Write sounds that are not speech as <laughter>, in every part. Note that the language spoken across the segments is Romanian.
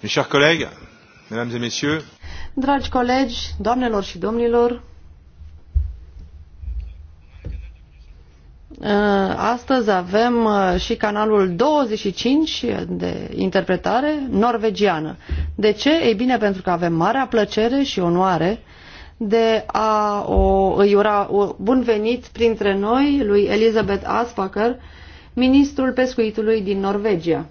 Mes chers collègues, mesdames et messieurs. Dragi colegi, doamnelor și domnilor, uh, astăzi avem uh, și canalul 25 de interpretare norvegiană. De ce? Ei bine, pentru că avem marea plăcere și onoare de a o, îi ura o, bun venit printre noi lui Elizabeth Aspaker, ministrul pescuitului din Norvegia.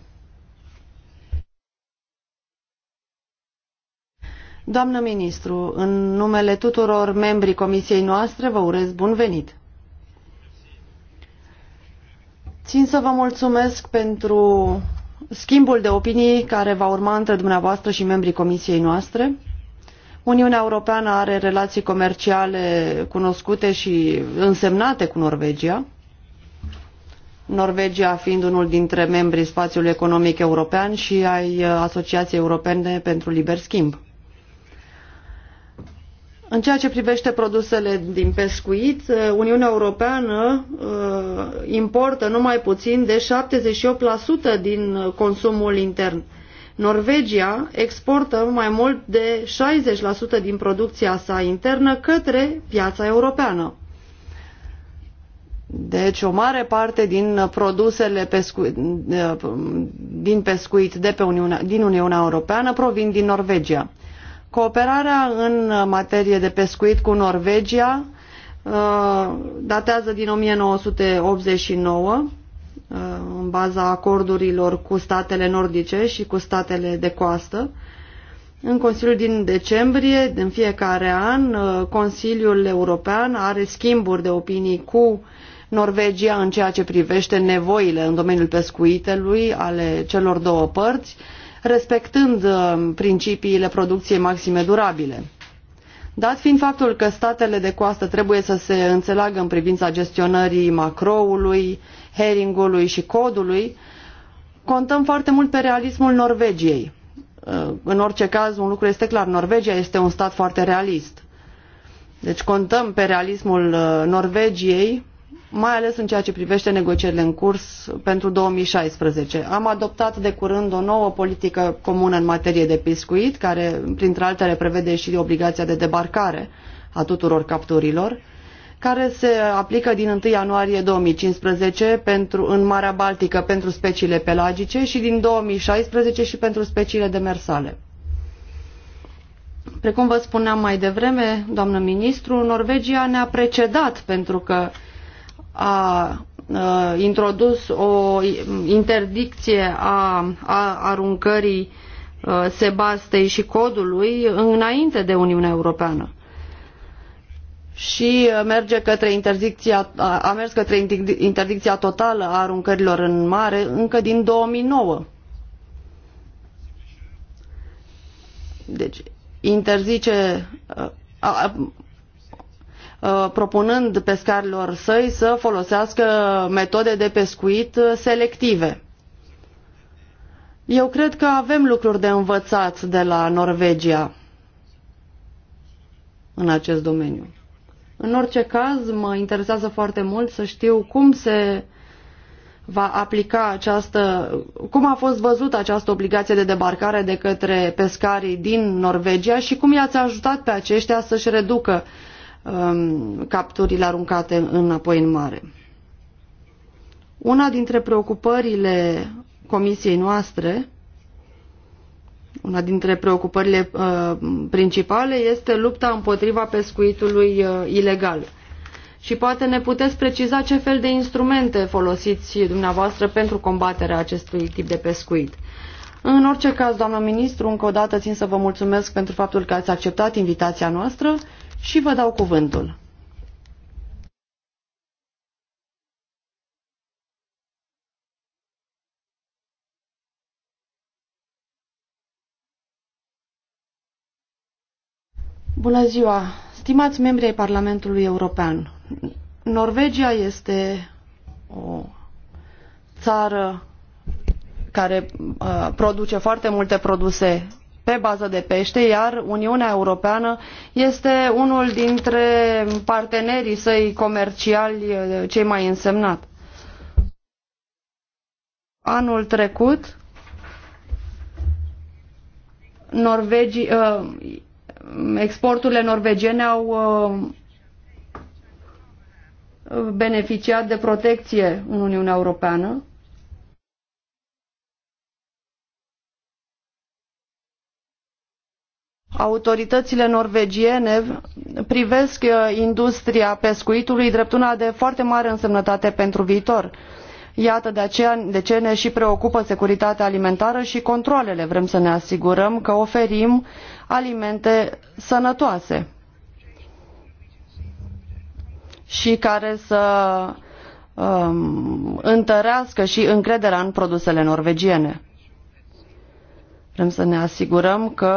Doamnă ministru, în numele tuturor membrii comisiei noastre vă urez bun venit. Țin să vă mulțumesc pentru schimbul de opinii care va urma între dumneavoastră și membrii comisiei noastre. Uniunea Europeană are relații comerciale cunoscute și însemnate cu Norvegia, Norvegia fiind unul dintre membrii spațiului economic european și ai Asociației Europene pentru Liber Schimb. În ceea ce privește produsele din pescuit, uh, Uniunea Europeană uh, importă numai puțin de 78% din uh, consumul intern. Norvegia exportă mai mult de 60% din producția sa internă către piața europeană. Deci o mare parte din produsele pescu... din pescuit de pe Uniunea... din Uniunea Europeană provin din Norvegia. Cooperarea în materie de pescuit cu Norvegia uh, datează din 1989 uh, în baza acordurilor cu statele nordice și cu statele de coastă. În Consiliul din decembrie, din fiecare an, uh, Consiliul European are schimburi de opinii cu Norvegia în ceea ce privește nevoile în domeniul pescuitelui ale celor două părți, respectând uh, principiile producției maxime durabile. Dat fiind faptul că statele de coastă trebuie să se înțeleagă în privința gestionării macroului, heringului și codului, contăm foarte mult pe realismul Norvegiei. Uh, în orice caz, un lucru este clar, Norvegia este un stat foarte realist. Deci contăm pe realismul uh, Norvegiei mai ales în ceea ce privește negocierile în curs pentru 2016. Am adoptat de curând o nouă politică comună în materie de pescuit, care, printre altele, prevede și obligația de debarcare a tuturor capturilor, care se aplică din 1 ianuarie 2015 pentru, în Marea Baltică pentru speciile pelagice și din 2016 și pentru speciile demersale. Precum vă spuneam mai devreme, doamnă ministru, Norvegia ne-a precedat pentru că a introdus o interdicție a, a aruncării sebastei și codului înainte de Uniunea Europeană și merge către interdicția, a mers către interdicția totală a aruncărilor în mare încă din 2009. Deci interzice Uh, propunând pescarilor săi să folosească metode de pescuit selective. Eu cred că avem lucruri de învățat de la Norvegia în acest domeniu. În orice caz, mă interesează foarte mult să știu cum se va aplica această, cum a fost văzută această obligație de debarcare de către pescarii din Norvegia și cum i-ați ajutat pe aceștia să-și reducă um, capturile aruncate înapoi în mare. Una dintre preocupările comisiei noastre, una dintre preocupările uh, principale este lupta împotriva pescuitului uh, ilegal. Și poate ne puteți preciza ce fel de instrumente folosiți dumneavoastră pentru combaterea acestui tip de pescuit. În orice caz, doamnă ministru, încă o dată țin să vă mulțumesc pentru faptul că ați acceptat invitația noastră și vă dau cuvântul. Bună ziua, stimați membri ai Parlamentului European. Norvegia este o țară care uh, produce foarte multe produse pe bază de pește, iar Uniunea Europeană este unul dintre partenerii săi comerciali eh, cei mai însemnat. Anul trecut, eh, exporturile norvegiene au eh, beneficiat de protecție în Uniunea Europeană autoritățile norvegiene privesc uh, industria pescuitului drept una de foarte mare însemnătate pentru viitor. Iată de, aceea, de ce ne și preocupă securitatea alimentară și controlele. Vrem să ne asigurăm că oferim alimente sănătoase și care să um, întărească și încrederea în produsele norvegiene. Vrem să ne asigurăm că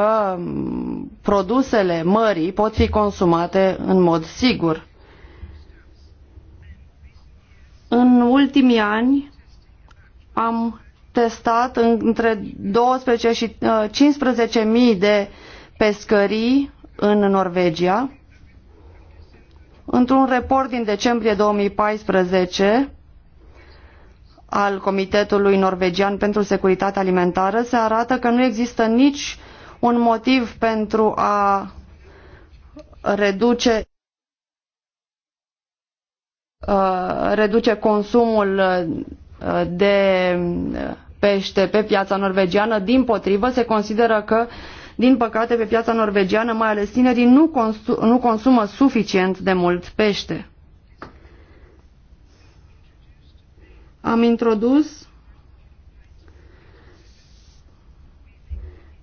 produsele mării pot fi consumate în mod sigur. În ultimii ani am testat între 12 și 15.000 ă, de pescării în Norvegia. Într-un report din decembrie 2014, al Comitetului Norvegian pentru Securitate Alimentară se arată că nu există nici un motiv pentru a reduce uh, reduce consumul uh, de pește pe piața norvegiană. Din potrivă, se consideră că, din păcate, pe piața norvegiană, mai ales tinerii, nu, consum nu consumă suficient de mult pește. Am introdus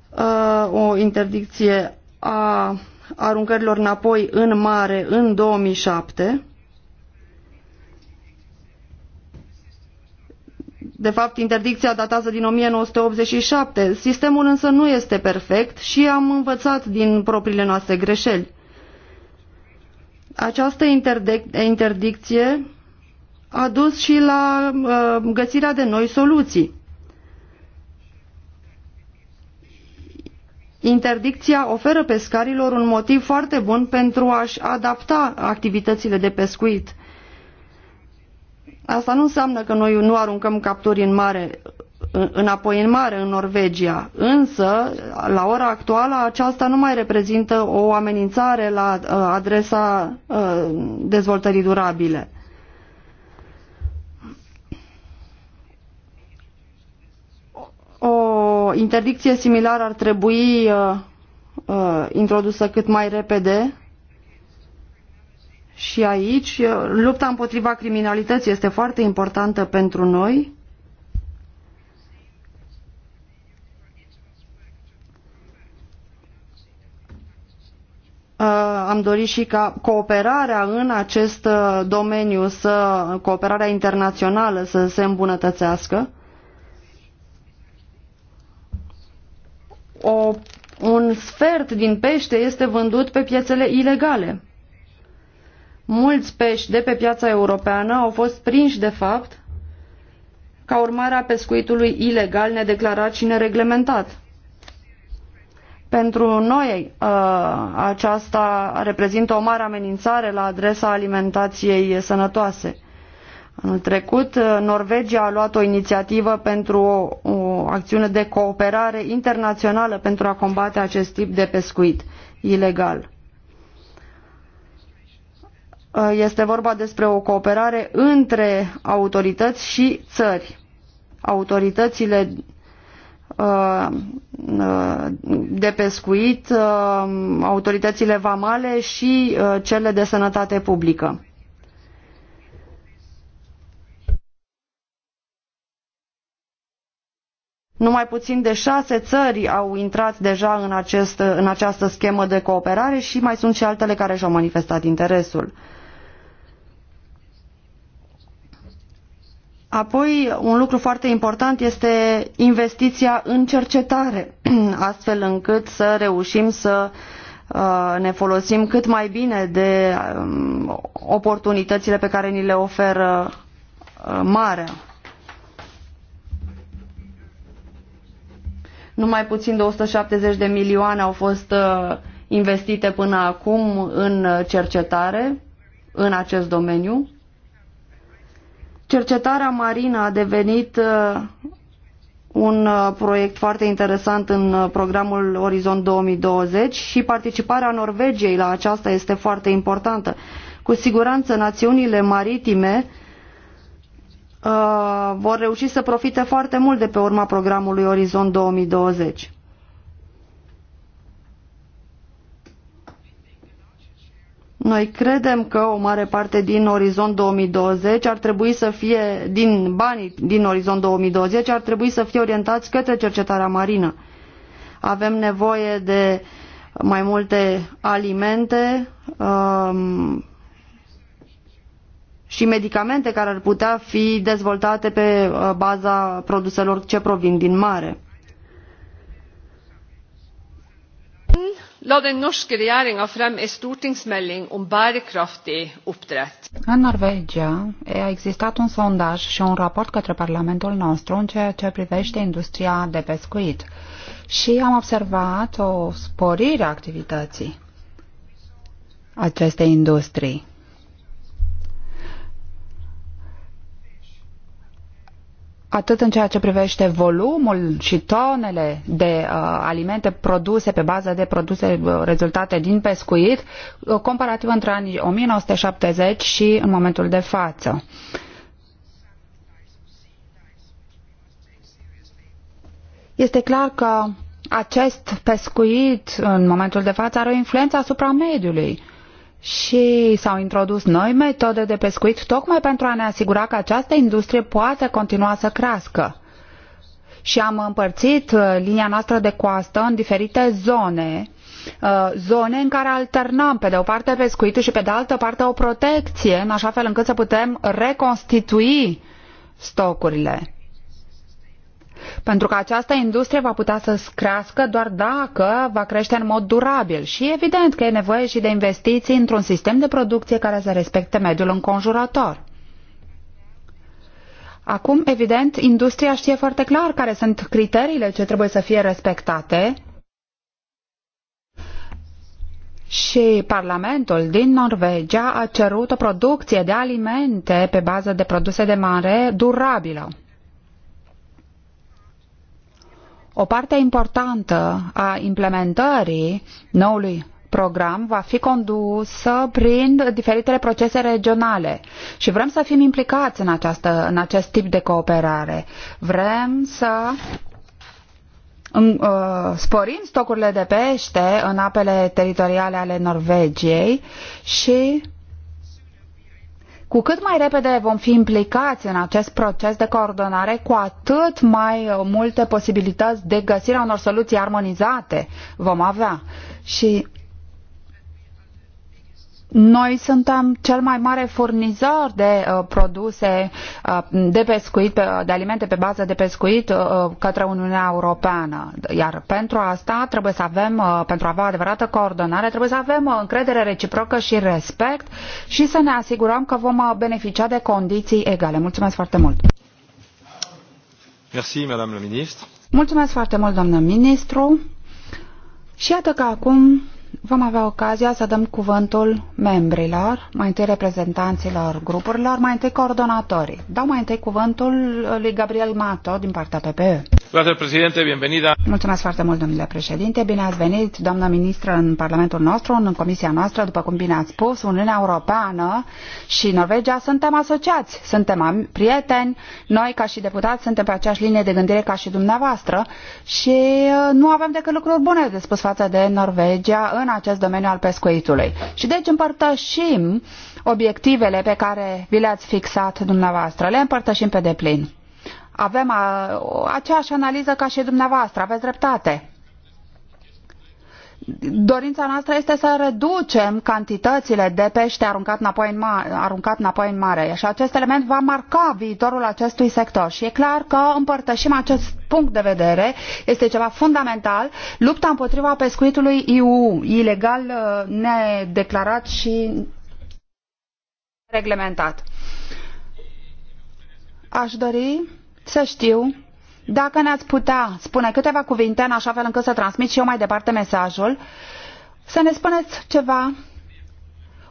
uh, o interdicție a aruncărilor înapoi în mare în 2007. De fapt, interdicția datează din 1987. Sistemul însă nu este perfect și am învățat din propriile noastre greșeli. Această interdic interdicție a dus și la uh, găsirea de noi soluții. Interdicția oferă pescarilor un motiv foarte bun pentru a-și adapta activitățile de pescuit. Asta nu înseamnă că noi nu aruncăm capturi în mare, înapoi în mare în Norvegia, însă la ora actuală aceasta nu mai reprezintă o amenințare la uh, adresa uh, dezvoltării durabile. O interdicție similară ar trebui uh, uh, introdusă cât mai repede și aici. Uh, lupta împotriva criminalității este foarte importantă pentru noi. Uh, am dorit și ca cooperarea în acest uh, domeniu, să, cooperarea internațională să se îmbunătățească. o, un sfert din pește este vândut pe piețele ilegale. Mulți pești de pe piața europeană au fost prinși de fapt ca urmare a pescuitului ilegal nedeclarat și nereglementat. Pentru noi uh, aceasta reprezintă o mare amenințare la adresa alimentației sănătoase. Anul trecut, uh, Norvegia a luat o inițiativă pentru o, o acțiune de cooperare internațională pentru a combate acest tip de pescuit ilegal. Uh, este vorba despre o cooperare între autorități și țări. Autoritățile uh, de pescuit, autoritățile vamale și cele de sănătate publică. Numai puțin de șase țări au intrat deja în, acest, în această schemă de cooperare și mai sunt și altele care și-au manifestat interesul. Apoi, un lucru foarte important este investiția în cercetare, <clears throat> astfel încât să reușim să uh, ne folosim cât mai bine de um, oportunitățile pe care ni le oferă uh, marea. numai puțin de 170 de milioane au fost uh, investite până acum în cercetare în acest domeniu. Cercetarea marină a devenit uh, un uh, proiect foarte interesant în programul Orizont 2020 și participarea Norvegiei la aceasta este foarte importantă. Cu siguranță națiunile maritime uh, vor reuși să profite foarte mult de pe urma programului Orizont 2020. Noi credem că o mare parte din Orizont 2020 ar trebui să fie, din banii din Orizont 2020 ar trebui să fie orientați către cercetarea marină. Avem nevoie de mai multe alimente, um, și medicamente care ar putea fi dezvoltate pe uh, baza produselor ce provin din mare. la den norske regjeringa frem ei stortingsmelding om bærekraftig oppdrett. În Norvegia a existat un sondaj și un raport către Parlamentul nostru în ceea ce privește industria de pescuit și am observat o sporire a activității acestei industrii. atât în ceea ce privește volumul și tonele de uh, alimente produse pe bază de produse uh, rezultate din pescuit, uh, comparativ între anii 1970 și în momentul de față. Este clar că acest pescuit în momentul de față are o influență asupra mediului și s-au introdus noi metode de pescuit tocmai pentru a ne asigura că această industrie poate continua să crească. Și am împărțit uh, linia noastră de coastă în diferite zone, uh, zone în care alternăm pe de o parte pescuitul și pe de altă parte o protecție, în așa fel încât să putem reconstitui stocurile. Pentru că această industrie va putea să crească doar dacă va crește în mod durabil și evident că e nevoie și de investiții într-un sistem de producție care să respecte mediul înconjurător. Acum, evident, industria știe foarte clar care sunt criteriile ce trebuie să fie respectate și Parlamentul din Norvegia a cerut o producție de alimente pe bază de produse de mare durabilă. O parte importantă a implementării noului program va fi condusă prin diferitele procese regionale și vrem să fim implicați în, această, în acest tip de cooperare. Vrem să în, uh, sporim stocurile de pește în apele teritoriale ale Norvegiei și cu cât mai repede vom fi implicați în acest proces de coordonare, cu atât mai uh, multe posibilități de găsirea unor soluții armonizate vom avea. Și noi suntem cel mai mare furnizor de uh, produse uh, de pescuit, pe, de alimente pe bază de pescuit uh, către Uniunea Europeană. Iar pentru asta trebuie să avem, uh, pentru a avea adevărată coordonare, trebuie să avem uh, încredere reciprocă și respect și să ne asigurăm că vom uh, beneficia de condiții egale. Mulțumesc foarte mult! Merci, Madame la Ministre. Mulțumesc foarte mult, doamnă ministru. Și iată că acum Vom avea ocazia să dăm cuvântul membrilor, mai întâi reprezentanților grupurilor, mai întâi coordonatorii. Dau mai întâi cuvântul lui Gabriel Mato din partea PPE. Mulțumesc foarte mult, domnule președinte. Bine ați venit, doamnă ministră, în Parlamentul nostru, în Comisia noastră. După cum bine ați spus, Uniunea Europeană și Norvegia suntem asociați, suntem prieteni. Noi, ca și deputați, suntem pe aceeași linie de gândire ca și dumneavoastră și uh, nu avem decât lucruri bune de spus față de Norvegia în acest domeniu al pescuitului. Și deci împărtășim obiectivele pe care vi le-ați fixat dumneavoastră. Le împărtășim pe deplin avem a, aceeași analiză ca și dumneavoastră, aveți dreptate. Dorința noastră este să reducem cantitățile de pește aruncat înapoi în mare, aruncat înapoi în mare. și acest element va marca viitorul acestui sector. Și e clar că împărtășim acest punct de vedere, este ceva fundamental, lupta împotriva pescuitului EU, ilegal, uh, nedeclarat și reglementat. Aș dori să știu dacă ne-ați putea spune câteva cuvinte în așa fel încât să transmit și eu mai departe mesajul, să ne spuneți ceva.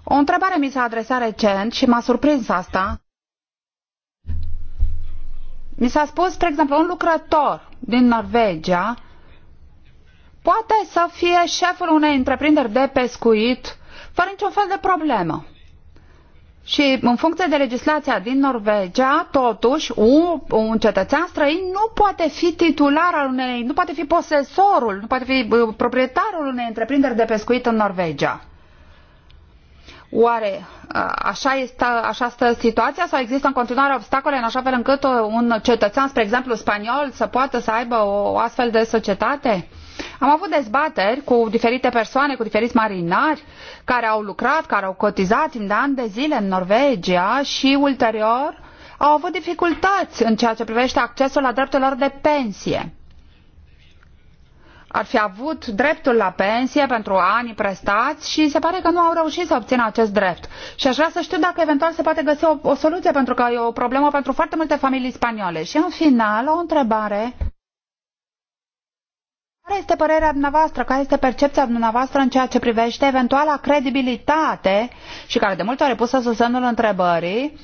O întrebare mi s-a adresat recent și m-a surprins asta. Mi s-a spus, spre exemplu, un lucrător din Norvegia poate să fie șeful unei întreprinderi de pescuit fără niciun fel de problemă. Și în funcție de legislația din Norvegia, totuși, un, un cetățean străin nu poate fi titular al unei, nu poate fi posesorul, nu poate fi proprietarul unei întreprinderi de pescuit în Norvegia. Oare așa, este, așa stă situația sau există în continuare obstacole în așa fel încât uh, un cetățean, spre exemplu spaniol, să poată să aibă o astfel de societate? Am avut dezbateri cu diferite persoane, cu diferiți marinari care au lucrat, care au cotizat timp de ani de zile în Norvegia și ulterior au avut dificultăți în ceea ce privește accesul la dreptul lor de pensie ar fi avut dreptul la pensie pentru anii prestați și se pare că nu au reușit să obțină acest drept. Și aș vrea să știu dacă eventual se poate găsi o, o soluție, pentru că e o problemă pentru foarte multe familii spaniole. Și în final, o întrebare care este părerea dumneavoastră, care este percepția dumneavoastră în ceea ce privește eventuala credibilitate și care de multe ori pusă sub semnul întrebării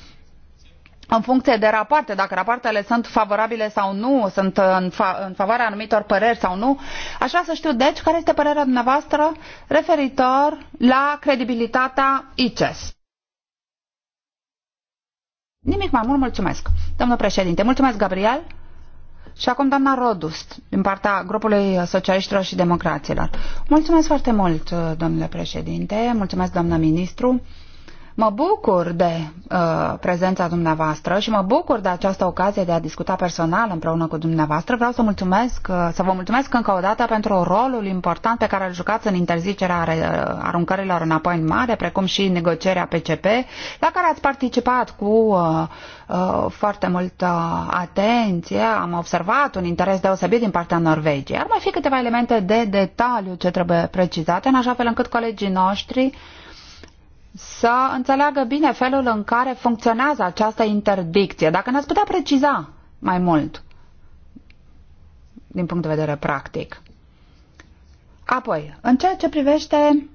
în funcție de rapoarte, dacă rapoartele sunt favorabile sau nu, sunt în, fa- în favoarea anumitor păreri sau nu. Aș vrea să știu, deci, care este părerea dumneavoastră referitor la credibilitatea ICES. Nimic mai mult, mulțumesc. Domnul președinte, mulțumesc, Gabriel. Și acum doamna Rodust, din partea grupului socialiștilor și democraților. Mulțumesc foarte mult, domnule președinte, mulțumesc doamna ministru. Mă bucur de uh, prezența dumneavoastră și mă bucur de această ocazie de a discuta personal împreună cu dumneavoastră. Vreau să, mulțumesc, uh, să vă mulțumesc încă o dată pentru rolul important pe care îl jucați în interzicerea uh, aruncărilor înapoi în mare, precum și negocierea PCP, la care ați participat cu uh, uh, foarte multă atenție. Am observat un interes deosebit din partea Norvegiei. Ar mai fi câteva elemente de detaliu ce trebuie precizate, în așa fel încât colegii noștri uh, să înțeleagă bine felul în care funcționează această interdicție. Dacă ne-ați putea preciza mai mult din punct de vedere practic. Apoi, în ceea ce privește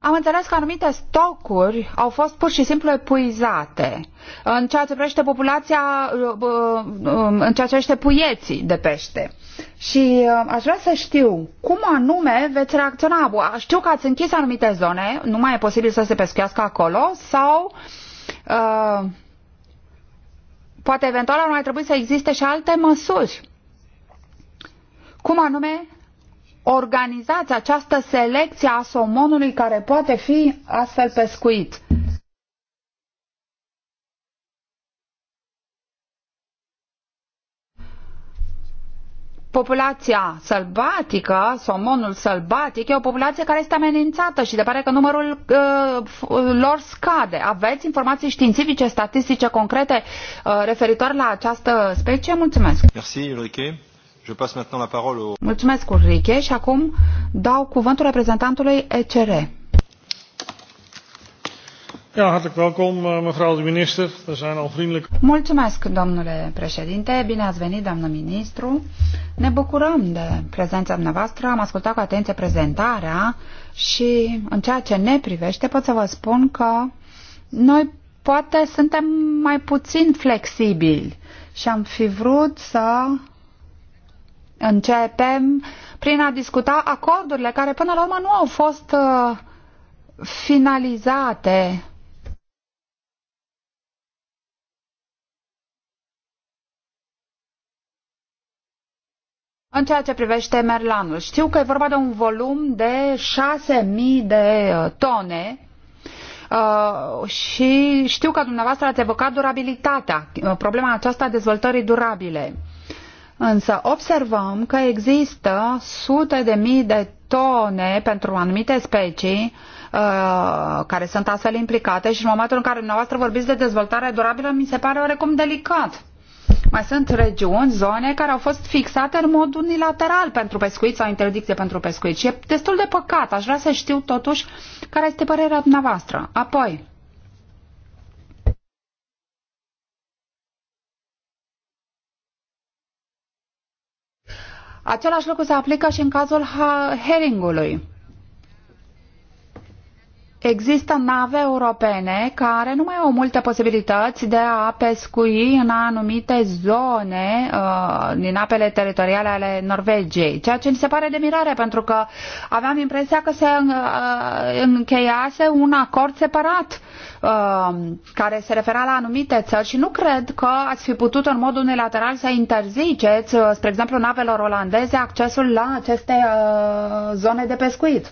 Am înțeles că anumite stocuri au fost pur și simplu epuizate în ceea ce privește populația, uh, um, în ceea ce privește puieții de pește. Și uh, aș vrea să știu cum anume veți reacționa. Știu că ați închis anumite zone, nu mai e posibil să se pescuiască acolo sau uh, poate eventual ar mai trebui să existe și alte măsuri. Cum anume organizați această selecție a somonului care poate fi astfel pescuit. populația sălbatică, somonul sălbatic, e o populație care este amenințată și de pare că numărul uh, lor scade. Aveți informații științifice, statistice concrete uh, referitoare la această specie? Mulțumesc! Merci, Je passe maintenant la parole au... Mulțumesc, Ulrike, și acum dau cuvântul reprezentantului ECR. Ja, hartelijk welkom, eh, mevrouw de minister. We zijn al vriendelijk. Mulțumesc, domnule președinte. Bine ați venit, doamnă ministru. Ne bucurăm de prezența dumneavoastră. Am ascultat cu atenție prezentarea și în ceea ce ne privește pot să vă spun că noi poate suntem mai puțin flexibili și am fi vrut să Începem prin a discuta acordurile care până la urmă nu au fost uh, finalizate. În ceea ce privește merlanul, știu că e vorba de un volum de 6.000 de uh, tone uh, și știu că dumneavoastră ați evocat durabilitatea, problema aceasta a dezvoltării durabile. Însă observăm că există sute de mii de tone pentru anumite specii uh, care sunt astfel implicate și în momentul în care dumneavoastră vorbiți de dezvoltare durabilă, mi se pare oarecum delicat. Mai sunt regiuni, zone care au fost fixate în mod unilateral pentru pescuit sau interdicție pentru pescuit și e destul de păcat. Aș vrea să știu totuși care este părerea dumneavoastră. Apoi, Același lucru se aplică și în cazul heringului. Există nave europene care nu mai au multe posibilități de a pescui în anumite zone uh, din apele teritoriale ale Norvegiei, ceea ce mi se pare de mirare, pentru că aveam impresia că se uh, uh, încheiase un acord separat uh, care se refera la anumite țări și nu cred că ați fi putut în mod unilateral să interziceți, uh, spre exemplu, navelor olandeze accesul la aceste uh, zone de pescuit.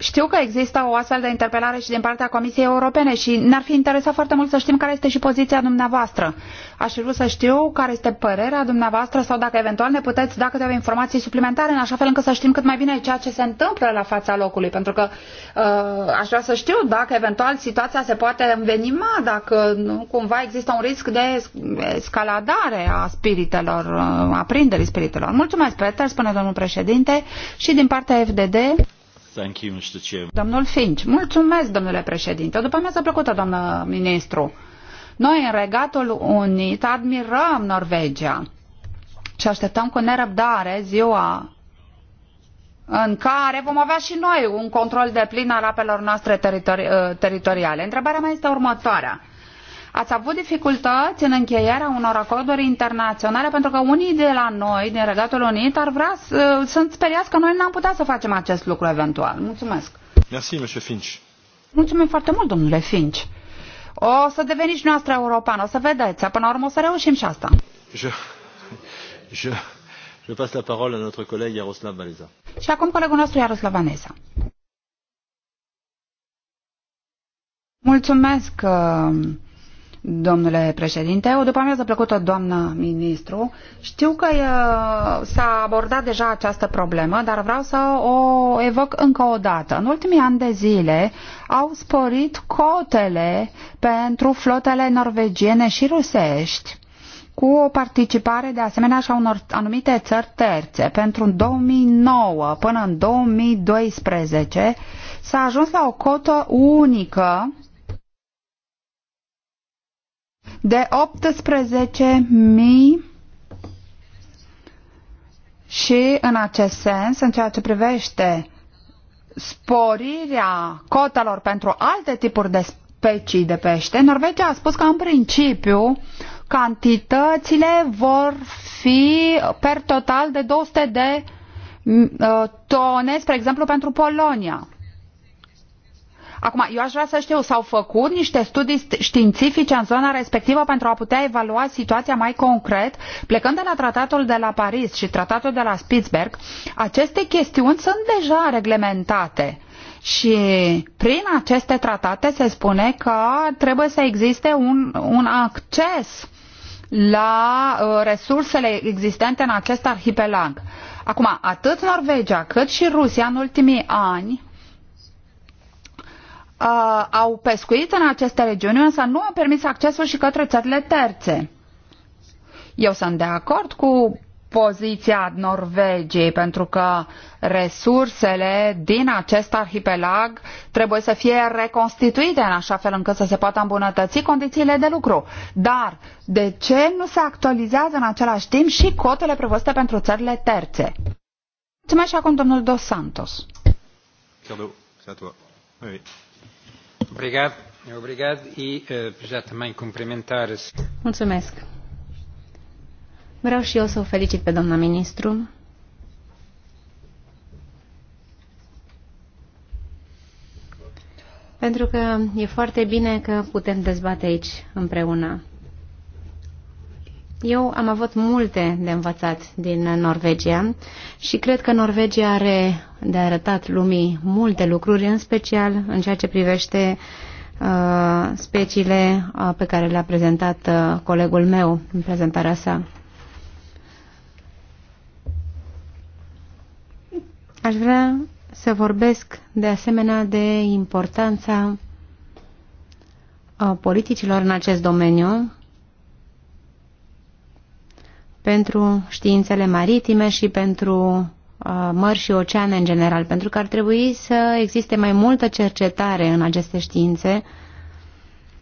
Știu că există o astfel de interpelare și din partea Comisiei Europene și ne-ar fi interesat foarte mult să știm care este și poziția dumneavoastră. Aș vrea să știu care este părerea dumneavoastră sau dacă eventual ne puteți da câteva informații suplimentare în așa fel încât să știm cât mai bine ceea ce se întâmplă la fața locului. Pentru că uh, aș vrea să știu dacă eventual situația se poate învenima, dacă nu cumva există un risc de escaladare a spiritelor, uh, a prinderii spiritelor. Mulțumesc, Peter, spune domnul președinte, și din partea FDD. Domnul Finch, mulțumesc, domnule președinte. După mea s-a plăcut, doamnă ministru. Noi, în Regatul Unit, admirăm Norvegia și așteptăm cu nerăbdare ziua în care vom avea și noi un control de plin al apelor noastre teritori ă, teritoriale. Întrebarea mea este următoarea ați avut dificultăți în încheierea unor acorduri internaționale pentru că unii de la noi, din Regatul Unit, ar vrea să, speriați că noi n-am putea să facem acest lucru eventual. Mulțumesc. Merci, monsieur Finch. Mulțumim foarte mult, domnule Finch. O să deveniți noastră europeană, o să vedeți. Până la urmă o să reușim și asta. Je, je, je passe la parole à notre collègue Jaroslav Valeza. Și acum colegul nostru Jaroslav Valeza. Mulțumesc. Uh Domnule președinte, o după amiază plăcută, doamnă ministru. Știu că s-a abordat deja această problemă, dar vreau să o evoc încă o dată. În ultimii ani de zile au sporit cotele pentru flotele norvegiene și rusești cu o participare de asemenea și a unor anumite țări terțe. Pentru 2009 până în 2012 s-a ajuns la o cotă unică de 18.000 și în acest sens, în ceea ce privește sporirea cotelor pentru alte tipuri de specii de pește, Norvegia a spus că în principiu cantitățile vor fi per total de 200 de uh, tone, spre exemplu pentru Polonia. Acum, eu aș vrea să știu, s-au făcut niște studii științifice în zona respectivă pentru a putea evalua situația mai concret? Plecând de la tratatul de la Paris și tratatul de la Spitsberg, aceste chestiuni sunt deja reglementate. Și prin aceste tratate se spune că trebuie să existe un, un acces la uh, resursele existente în acest arhipelag. Acum, atât Norvegia cât și Rusia în ultimii ani uh, au pescuit în aceste regiuni, însă nu au permis accesul și către țările terțe. Eu sunt de acord cu poziția Norvegiei, pentru că resursele din acest arhipelag trebuie să fie reconstituite în așa fel încât să se poată îmbunătăți condițiile de lucru. Dar de ce nu se actualizează în același timp și cotele prevăzute pentru țările terțe? Mulțumesc și acum domnul Dos Santos. Chiar, Eh, Mulțumesc. Vreau și eu să o felicit pe doamna ministru. Pentru că e foarte bine că putem dezbate aici împreună. Eu am avut multe de învățat din Norvegia și cred că Norvegia are de arătat lumii multe lucruri, în special în ceea ce privește uh, speciile uh, pe care le-a prezentat uh, colegul meu în prezentarea sa. Aș vrea să vorbesc de asemenea de importanța uh, politicilor în acest domeniu pentru științele maritime și pentru uh, mări și oceane în general, pentru că ar trebui să existe mai multă cercetare în aceste științe,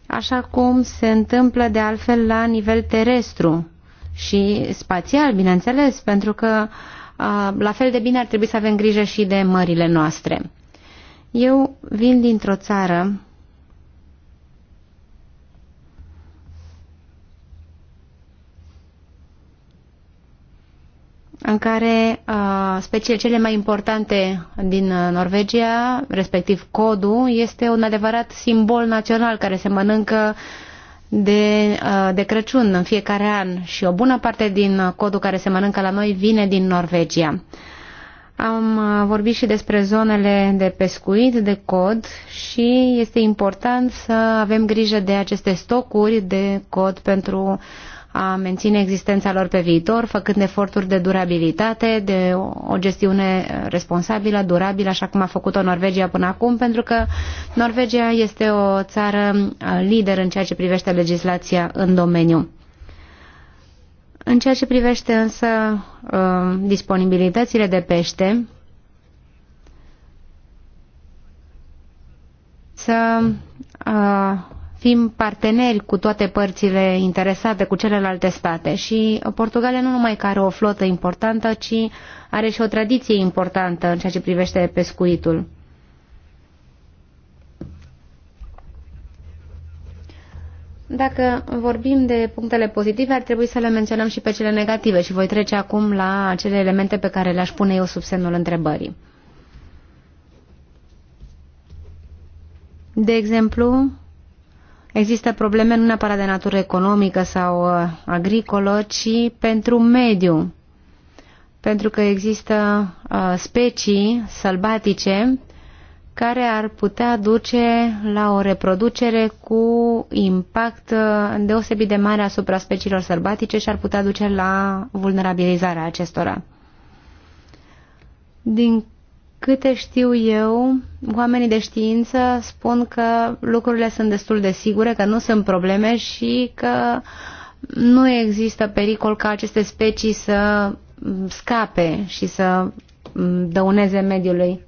așa cum se întâmplă de altfel la nivel terestru și spațial, bineînțeles, pentru că uh, la fel de bine ar trebui să avem grijă și de mările noastre. Eu vin dintr-o țară în care uh, speciile cele mai importante din uh, Norvegia, respectiv codul, este un adevărat simbol național care se mănâncă de, uh, de Crăciun în fiecare an și o bună parte din codul care se mănâncă la noi vine din Norvegia. Am uh, vorbit și despre zonele de pescuit, de cod și este important să avem grijă de aceste stocuri de cod pentru uh, a menține existența lor pe viitor, făcând eforturi de durabilitate, de o gestiune responsabilă, durabilă, așa cum a făcut-o Norvegia până acum, pentru că Norvegia este o țară lider în ceea ce privește legislația în domeniu. În ceea ce privește însă disponibilitățile de pește, să fim parteneri cu toate părțile interesate, cu celelalte state. Și Portugalia nu numai că are o flotă importantă, ci are și o tradiție importantă în ceea ce privește pescuitul. Dacă vorbim de punctele pozitive, ar trebui să le menționăm și pe cele negative și voi trece acum la acele elemente pe care le-aș pune eu sub semnul întrebării. De exemplu, Există probleme nu neapărat de natură economică sau uh, agricolă, ci pentru mediu. Pentru că există uh, specii sălbatice care ar putea duce la o reproducere cu impact uh, deosebit de mare asupra speciilor sălbatice și ar putea duce la vulnerabilizarea acestora. Din câte știu eu, oamenii de știință spun că lucrurile sunt destul de sigure, că nu sunt probleme și că nu există pericol ca aceste specii să mm, scape și să mm, dăuneze mediului,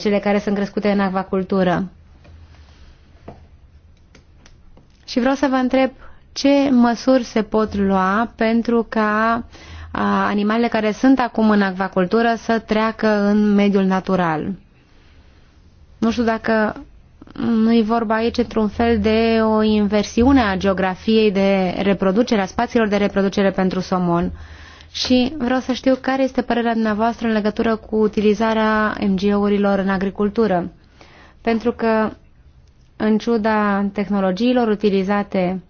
cele care sunt crescute în acvacultură. Și vreau să vă întreb ce măsuri se pot lua pentru ca uh, animalele care sunt acum în acvacultură să treacă în mediul natural. Nu știu dacă nu e vorba aici într-un fel de o inversiune a geografiei de reproducere, a spațiilor de reproducere pentru somon. Și vreau să știu care este părerea dumneavoastră în legătură cu utilizarea MGO-urilor în agricultură. Pentru că, în ciuda tehnologiilor utilizate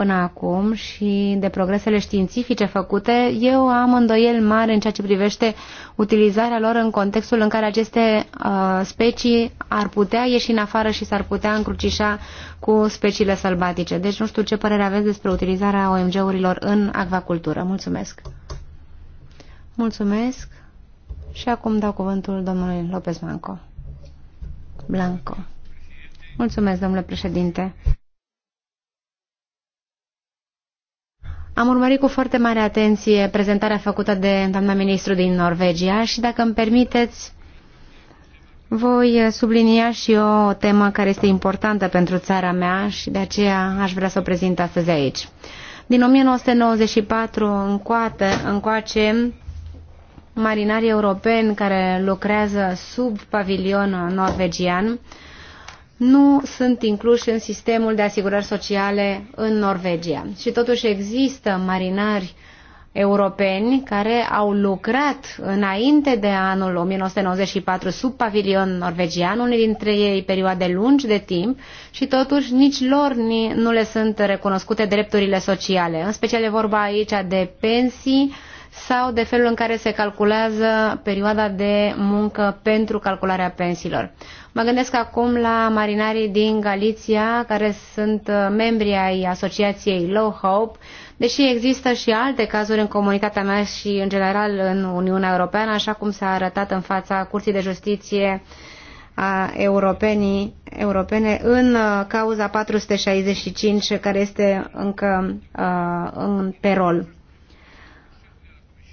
până acum și de progresele științifice făcute, eu am îndoieli mare în ceea ce privește utilizarea lor în contextul în care aceste uh, specii ar putea ieși în afară și s-ar putea încrucișa cu speciile sălbatice. Deci nu știu ce părere aveți despre utilizarea OMG-urilor în acvacultură. Mulțumesc! Mulțumesc și acum dau cuvântul domnului Lopez Manco. Blanco. Mulțumesc, domnule președinte. Am urmărit cu foarte mare atenție prezentarea făcută de doamna ministru din Norvegia și, dacă îmi permiteți, voi sublinia și eu o temă care este importantă pentru țara mea și de aceea aș vrea să o prezint astăzi aici. Din 1994 încoace, marinarii europeni care lucrează sub pavilion norvegian nu sunt incluși în sistemul de asigurări sociale în Norvegia. Și totuși există marinari europeni care au lucrat înainte de anul 1994 sub pavilion norvegian, unii dintre ei perioade lungi de timp și totuși nici lor nu le sunt recunoscute drepturile sociale. În special e vorba aici de pensii, sau de felul în care se calculează perioada de muncă pentru calcularea pensiilor. Mă gândesc acum la marinarii din Galiția, care sunt uh, membri ai asociației Low Hope, deși există și alte cazuri în comunitatea mea și în general în Uniunea Europeană, așa cum s-a arătat în fața Curții de Justiție a europenii, europene în uh, cauza 465 care este încă uh, în perol.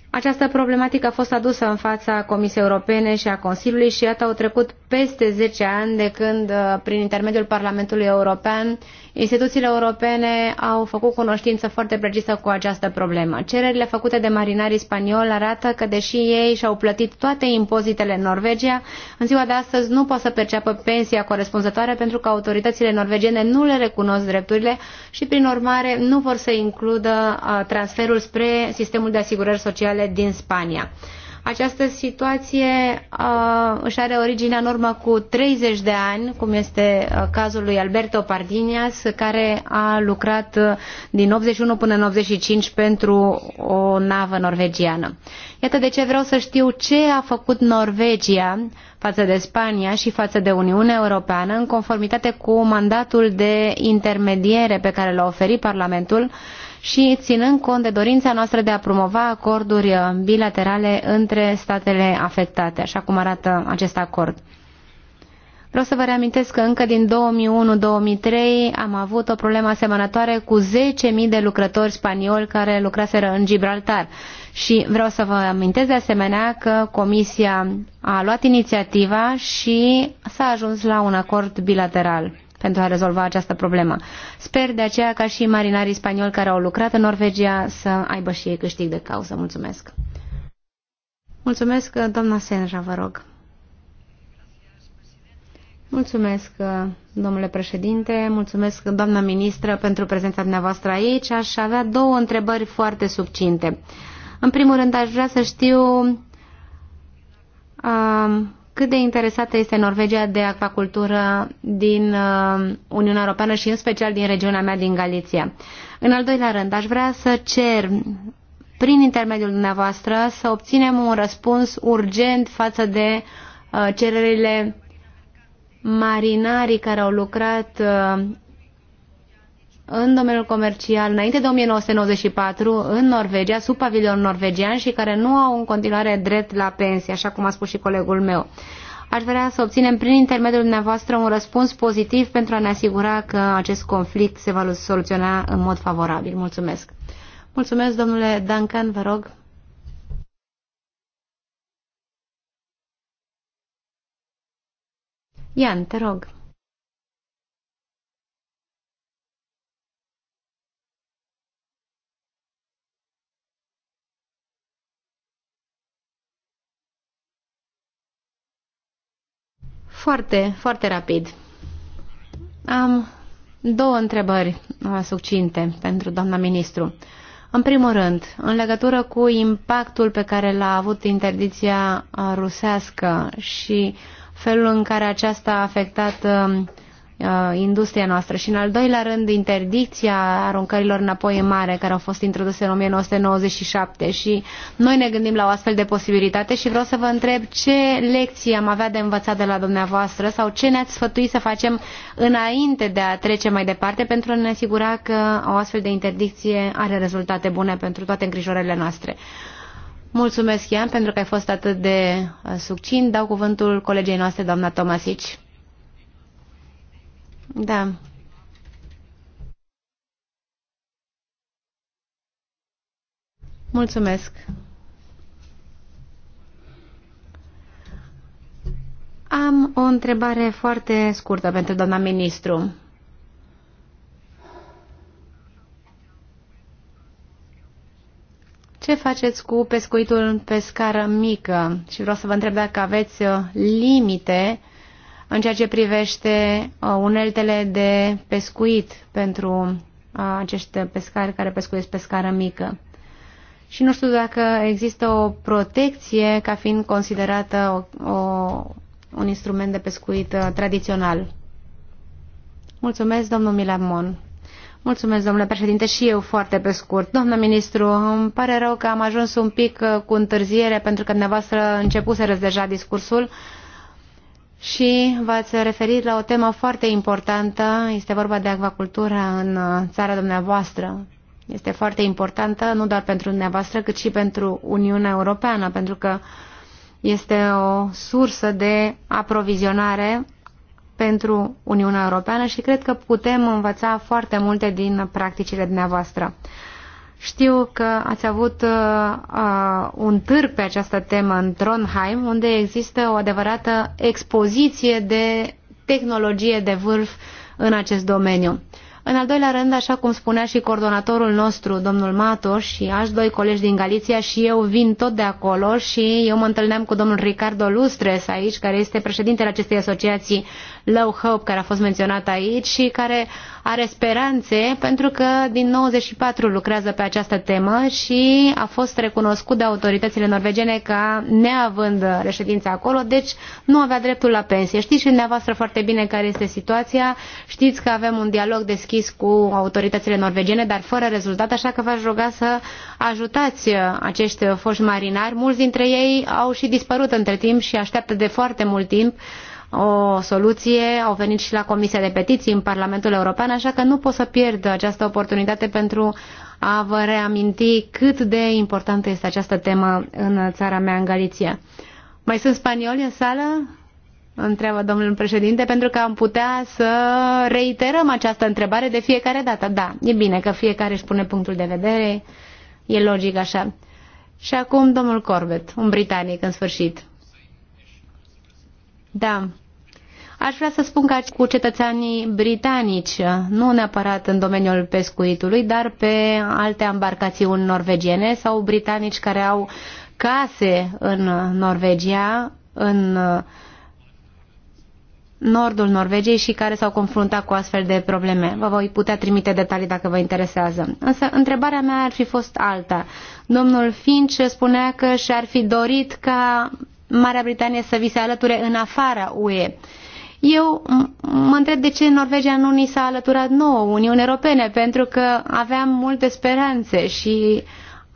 Această problematică a fost adusă în fața Comisiei Europene și a Consiliului și iată au trecut peste 10 ani de când, uh, prin intermediul Parlamentului European, instituțiile europene au făcut cunoștință foarte precisă cu această problemă. Cererile făcute de marinarii spanioli arată că, deși ei și-au plătit toate impozitele în Norvegia, în ziua de astăzi nu pot să perceapă pensia corespunzătoare pentru că autoritățile norvegiene nu le recunosc drepturile și, prin urmare, nu vor să includă uh, transferul spre sistemul de asigurări sociale din Spania. Această situație uh, își are originea în urmă cu 30 de ani, cum este uh, cazul lui Alberto Pardinias, care a lucrat uh, din 81 până în 85 pentru o navă norvegiană. Iată de ce vreau să știu ce a făcut Norvegia față de Spania și față de Uniunea Europeană în conformitate cu mandatul de intermediere pe care l-a oferit Parlamentul uh, și ținând cont de dorința noastră de a promova acorduri uh, bilaterale între statele afectate, așa cum arată acest acord. Vreau să vă reamintesc că încă din 2001-2003 am avut o problemă asemănătoare cu 10.000 de lucrători spanioli care lucraseră în Gibraltar. Și vreau să vă amintesc de asemenea că Comisia a luat inițiativa și s-a ajuns la un acord bilateral pentru a rezolva această problemă. Sper de aceea ca și marinarii spanioli care au lucrat în Norvegia să aibă și ei câștig de cauză. Mulțumesc! Mulțumesc, doamna Senja, vă rog. Mulțumesc, domnule președinte, mulțumesc, doamna ministră, pentru prezența dumneavoastră aici. Aș avea două întrebări foarte subcinte. În primul rând, aș vrea să știu uh, cât de interesată este Norvegia de acvacultură din uh, Uniunea Europeană și în special din regiunea mea din Galiția. În al doilea rând, aș vrea să cer prin intermediul dumneavoastră să obținem un răspuns urgent față de uh, cererile marinarii care au lucrat uh, în domeniul comercial înainte de 1994 în Norvegia, sub pavilion norvegian și care nu au în continuare drept la pensie, așa cum a spus și colegul meu. Aș vrea să obținem prin intermediul dumneavoastră un răspuns pozitiv pentru a ne asigura că acest conflict se va soluționa în mod favorabil. Mulțumesc. Mulțumesc, domnule Duncan, vă rog. Ian, te rog. Foarte, foarte rapid. Am două întrebări uh, succinte pentru doamna ministru. În primul rând, în legătură cu impactul pe care l-a avut interdicția uh, rusească și felul în care aceasta a afectat uh, Uh, industria noastră și în al doilea rând interdicția aruncărilor înapoi în mare care au fost introduse în 1997 și noi ne gândim la o astfel de posibilitate și vreau să vă întreb ce lecții am avea de învățat de la dumneavoastră sau ce ne-ați sfătuit să facem înainte de a trece mai departe pentru a ne asigura că o astfel de interdicție are rezultate bune pentru toate îngrijorările noastre. Mulțumesc, Ian, pentru că ai fost atât de uh, succint. Dau cuvântul colegei noastre, doamna Tomasici. Da. Mulțumesc. Am o întrebare foarte scurtă pentru doamna ministru. Ce faceți cu pescuitul pe scară mică? Și vreau să vă întreb dacă aveți uh, limite uh, în ceea ce privește uh, uneltele de pescuit pentru uh, acești pescari care pescuiesc pe scară mică. Și nu știu dacă există o protecție ca fiind considerată o, o, un instrument de pescuit uh, tradițional. Mulțumesc, domnul Milamon. Mulțumesc, domnule președinte, și eu foarte pe scurt. Doamna ministru, îmi pare rău că am ajuns un pic cu întârziere pentru că dumneavoastră începuse deja discursul și v-ați referit la o temă foarte importantă, este vorba de acvacultura în uh, țara dumneavoastră. Este foarte importantă nu doar pentru dumneavoastră, cât și pentru Uniunea Europeană, pentru că este o sursă de aprovizionare pentru Uniunea Europeană și cred că putem învăța foarte multe din practicile dumneavoastră. Știu că ați avut uh, uh, un târg pe această temă în Trondheim, unde există o adevărată expoziție de tehnologie de vârf în acest domeniu. Uh, în al doilea rând, așa cum spunea și coordonatorul nostru, domnul Mato, și alți doi colegi din Galiția și eu vin tot de acolo și eu mă întâlneam cu domnul Ricardo Lustres aici, care este președintele acestei asociații Low Hope, care a fost menționat aici și care are speranțe pentru că din 94 lucrează pe această temă și a fost recunoscut de autoritățile norvegene ca neavând reședința acolo, deci nu avea dreptul la pensie. Știți și dumneavoastră foarte bine care este situația, știți că avem un dialog deschis deschis cu autoritățile norvegiene, dar fără rezultat, așa că v-aș ruga să ajutați acești foști marinari. Mulți dintre ei au și dispărut între timp și așteaptă de foarte mult timp o soluție, au venit și la Comisia de Petiții în Parlamentul European, așa că nu pot să pierd această oportunitate pentru a vă reaminti cât de importantă este această temă în țara mea, în Galiția. Mai sunt spanioli în sală? întreabă domnul președinte, pentru că am putea să reiterăm această întrebare de fiecare dată. Da, e bine că fiecare își pune punctul de vedere, e logic așa. Și acum domnul Corbett, un britanic în sfârșit. Da. Aș vrea să spun că cu cetățenii britanici, nu neapărat în domeniul pescuitului, dar pe alte embarcațiuni norvegiene sau britanici care au case în Norvegia, în uh, nordul Norvegiei și care s-au confruntat cu astfel de probleme. Vă voi putea trimite detalii dacă vă interesează. Însă întrebarea mea ar fi fost alta. Domnul Finch spunea că și-ar fi dorit ca Marea Britanie să vi se alăture în afara UE. Eu mă întreb de ce Norvegia nu ni s-a alăturat nouă Uniunii Europene, pentru că aveam multe speranțe și uh,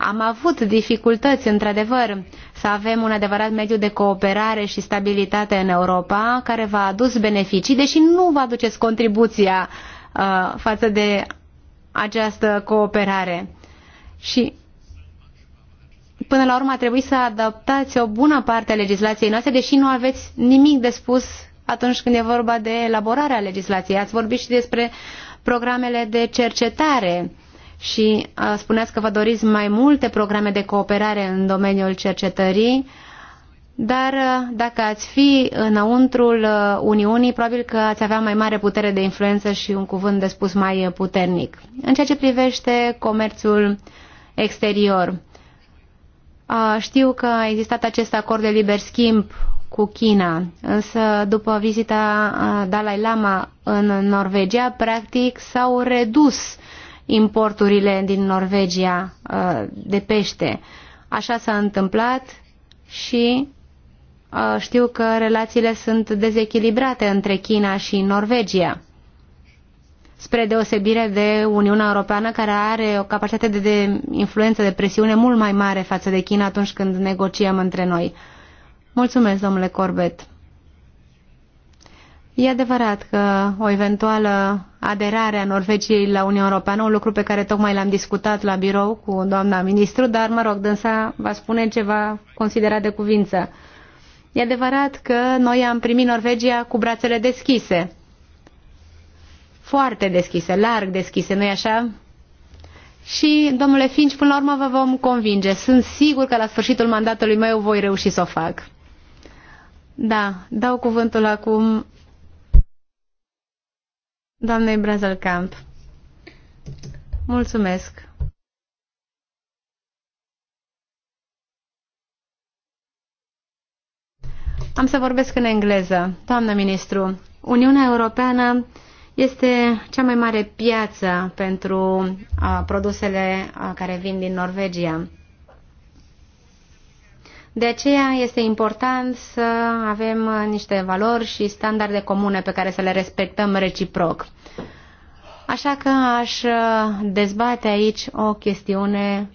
am avut dificultăți, într-adevăr, să avem un adevărat mediu de cooperare și stabilitate în Europa, care v-a adus beneficii, deși nu vă aduceți contribuția uh, față de această cooperare. Și până la urmă a trebuit să adaptați o bună parte a legislației noastre, deși nu aveți nimic de spus atunci când e vorba de elaborarea legislației. Ați vorbit și despre programele de cercetare și spuneați că vă doriți mai multe programe de cooperare în domeniul cercetării, dar dacă ați fi înăuntrul Uniunii, probabil că ați avea mai mare putere de influență și un cuvânt de spus mai puternic. În ceea ce privește comerțul exterior, știu că a existat acest acord de liber schimb cu China, însă după vizita Dalai Lama în Norvegia, practic s-au redus importurile din Norvegia uh, de pește. Așa s-a întâmplat și uh, știu că relațiile sunt dezechilibrate între China și Norvegia spre deosebire de Uniunea Europeană, care are o capacitate de, de influență, de presiune mult mai mare față de China atunci când negociem între noi. Mulțumesc, domnule Corbett. E adevărat că o eventuală aderare a Norvegiei la Uniunea Europeană, un lucru pe care tocmai l-am discutat la birou cu doamna ministru, dar, mă rog, dânsa va spune ceva considerat de cuvință. E adevărat că noi am primit Norvegia cu brațele deschise. Foarte deschise, larg deschise, nu-i așa? Și, domnule Finci, până la urmă vă vom convinge. Sunt sigur că la sfârșitul mandatului meu voi reuși să o fac. Da, dau cuvântul acum doamnei Brazelcamp. Mulțumesc! Am să vorbesc în engleză. Doamnă ministru, Uniunea Europeană este cea mai mare piață pentru produsele care vin din Norvegia. De aceea este important să avem niște valori și standarde comune pe care să le respectăm reciproc. Așa că aș uh, dezbate aici o chestiune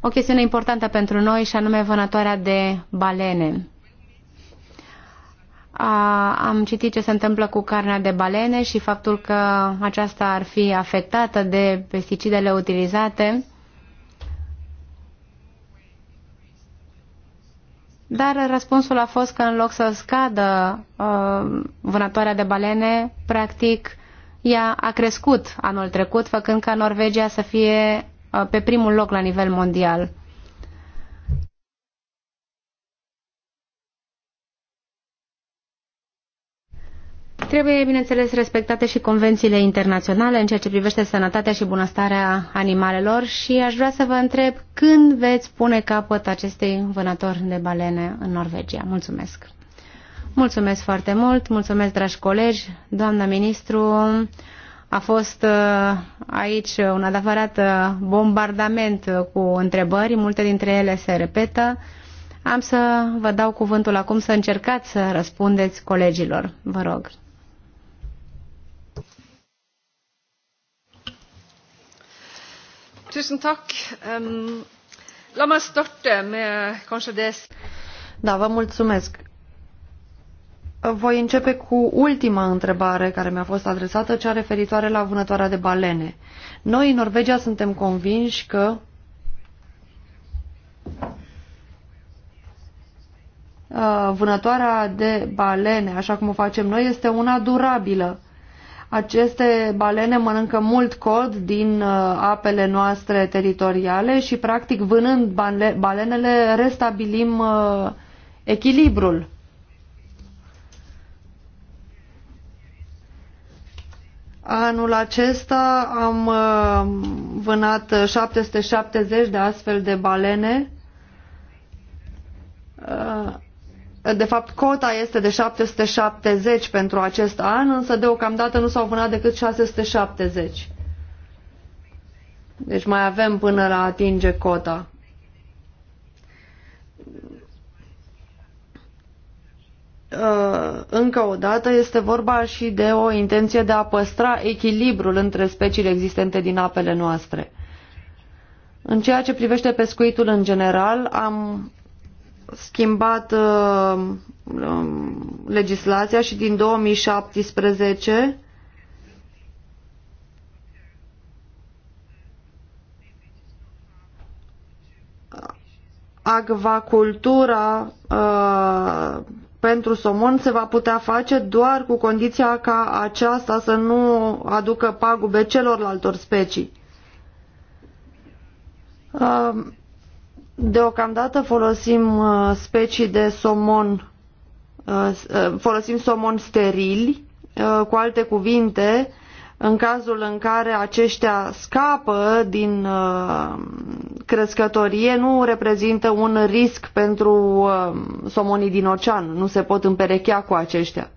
o chestiune importantă pentru noi și anume vânătoarea de balene. A, am citit ce se întâmplă cu carnea de balene și faptul că aceasta ar fi afectată de pesticidele utilizate Dar răspunsul a fost că în loc să scadă uh, vânătoarea de balene, practic ea a crescut anul trecut, făcând ca Norvegia să fie uh, pe primul loc la nivel mondial. Trebuie, bineînțeles, respectate și convențiile internaționale în ceea ce privește sănătatea și bunăstarea animalelor și aș vrea să vă întreb când veți pune capăt acestei vânători de balene în Norvegia. Mulțumesc! Mulțumesc foarte mult, mulțumesc, dragi colegi, doamna ministru. A fost uh, aici un adevărat uh, bombardament cu întrebări, multe dintre ele se repetă. Am să vă dau cuvântul acum să încercați să răspundeți colegilor. Vă rog. Tusen takk. Um, la meg starte med kanskje det Da, vă mulțumesc. Voi începe cu ultima întrebare care mi-a fost adresată, cea referitoare la vânătoarea de balene. Noi, în Norvegia, suntem convinși că vânătoarea de balene, așa cum o facem noi, este una durabilă aceste balene mănâncă mult cod din uh, apele noastre teritoriale și, practic, vânând balenele, restabilim uh, echilibrul. Anul acesta am uh, vânat 770 de astfel de balene de fapt, cota este de 770 pentru acest an, însă deocamdată nu s-au vânat decât 670. Deci mai avem până la atinge cota. Uh, încă o dată este vorba și de o intenție de a păstra echilibrul între speciile existente din apele noastre. În ceea ce privește pescuitul în general, am schimbat uh, um, legislația și din 2017 acvacultura uh, pentru somon se va putea face doar cu condiția ca aceasta să nu aducă pagube celorlaltor specii. Uh, Deocamdată folosim uh, specii de somon, uh, uh, folosim somon sterili, cu alte cuvinte, în cazul în care aceștia scapă din crescătorie, nu reprezintă un risc pentru somonii din ocean, nu se pot împerechea cu aceștia.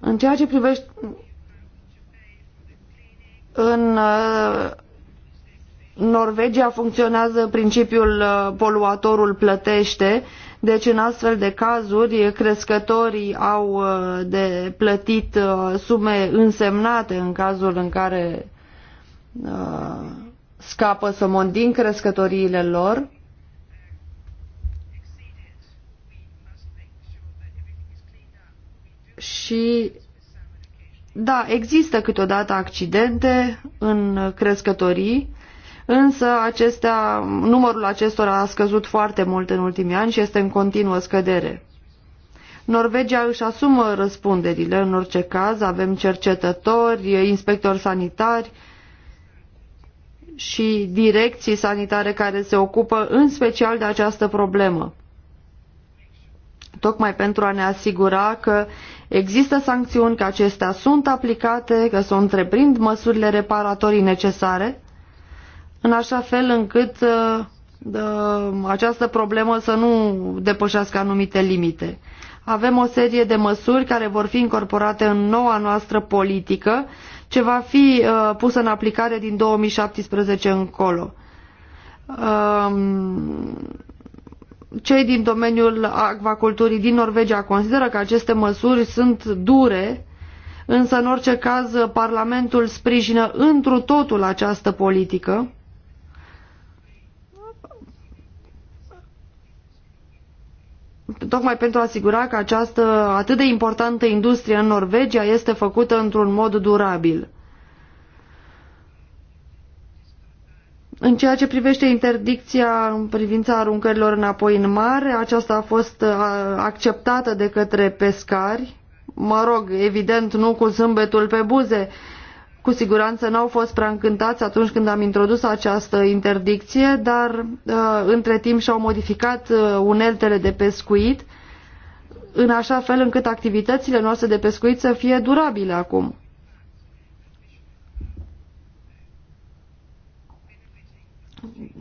În ceea ce privește în Norvegia funcționează principiul uh, poluatorul plătește, deci în astfel de cazuri crescătorii au uh, de plătit uh, sume însemnate în cazul în care scapă să mondin crescătoriile lor. Și da, există câteodată accidente în crescătorii, însă acestea, numărul acestora a scăzut foarte mult în ultimii ani și este în continuă scădere. Norvegia își asumă răspunderile, în orice caz avem cercetători, inspectori sanitari și direcții sanitare care se ocupă în special de această problemă tocmai pentru a ne asigura că există sancțiuni, că acestea sunt aplicate, că se întreprind măsurile reparatorii necesare în așa fel încât uh, această problemă să nu depășească anumite limite. Avem o serie de măsuri care vor fi incorporate în noua noastră politică, ce va fi uh, pusă în aplicare din 2017 încolo. Um, cei din domeniul acvaculturii din Norvegia consideră că aceste măsuri sunt dure, însă în orice caz Parlamentul sprijină întru totul această politică tocmai pentru a asigura că această atât de importantă industrie în Norvegia este făcută într-un mod durabil. În ceea ce privește interdicția în privința aruncărilor înapoi în mare, aceasta a fost acceptată de către pescari, mă rog, evident, nu cu zâmbetul pe buze, cu siguranță n-au fost prea încântați atunci când am introdus această interdicție, dar uh, între timp și-au modificat uh, uneltele de pescuit în așa fel încât activitățile noastre de pescuit să fie durabile acum.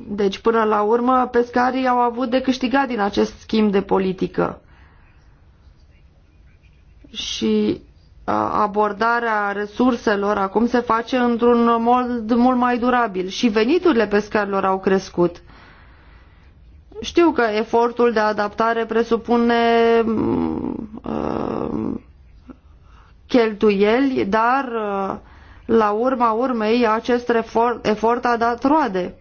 Deci, până la urmă, pescarii au avut de câștigat din acest schimb de politică. Și abordarea resurselor acum se face într-un mod mult mai durabil și veniturile pescarilor au crescut. Știu că efortul de adaptare presupune mm, uh, cheltuieli, dar uh, la urma urmei acest efort, efort a dat roade.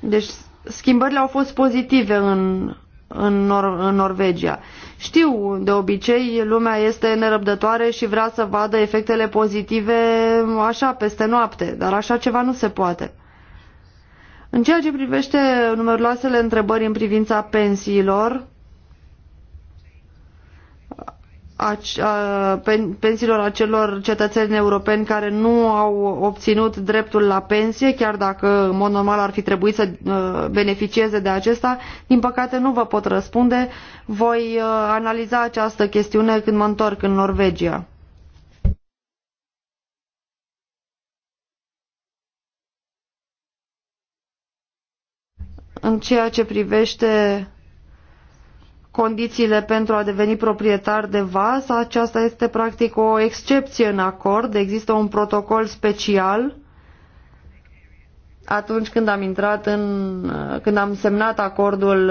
Deci schimbările au fost pozitive în în, Nor în Norvegia. Știu, de obicei, lumea este nerăbdătoare și vrea să vadă efectele pozitive așa, peste noapte, dar așa ceva nu se poate. În ceea ce privește numeroasele întrebări în privința pensiilor, pensiilor acelor cetățeni europeni care nu au obținut dreptul la pensie, chiar dacă în mod normal ar fi trebuit să beneficieze de acesta. Din păcate nu vă pot răspunde. Voi analiza această chestiune când mă întorc în Norvegia. În ceea ce privește condițiile pentru a deveni proprietar de vas. Aceasta este practic o excepție în acord. Există un protocol special atunci când am intrat în, când am semnat acordul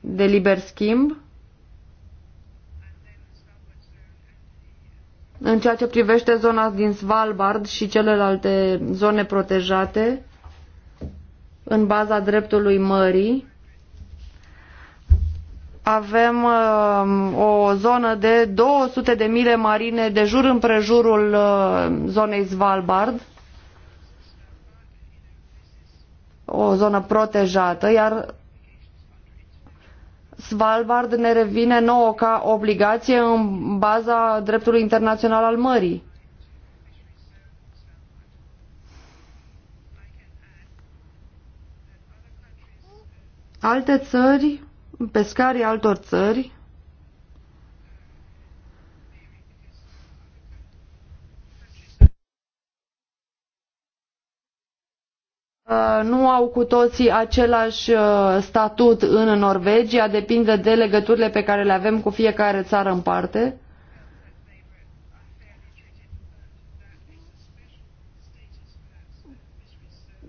de liber schimb. În ceea ce privește zona din Svalbard și celelalte zone protejate, în baza dreptului mării, avem uh, o zonă de 200 de mile marine de jur împrejurul uh, zonei Svalbard, o zonă protejată, iar Svalbard ne revine nouă ca obligație în baza dreptului internațional al mării. Alte țări pescarii altor țări uh, nu au cu toții același uh, statut în Norvegia, depinde de legăturile pe care le avem cu fiecare țară în parte.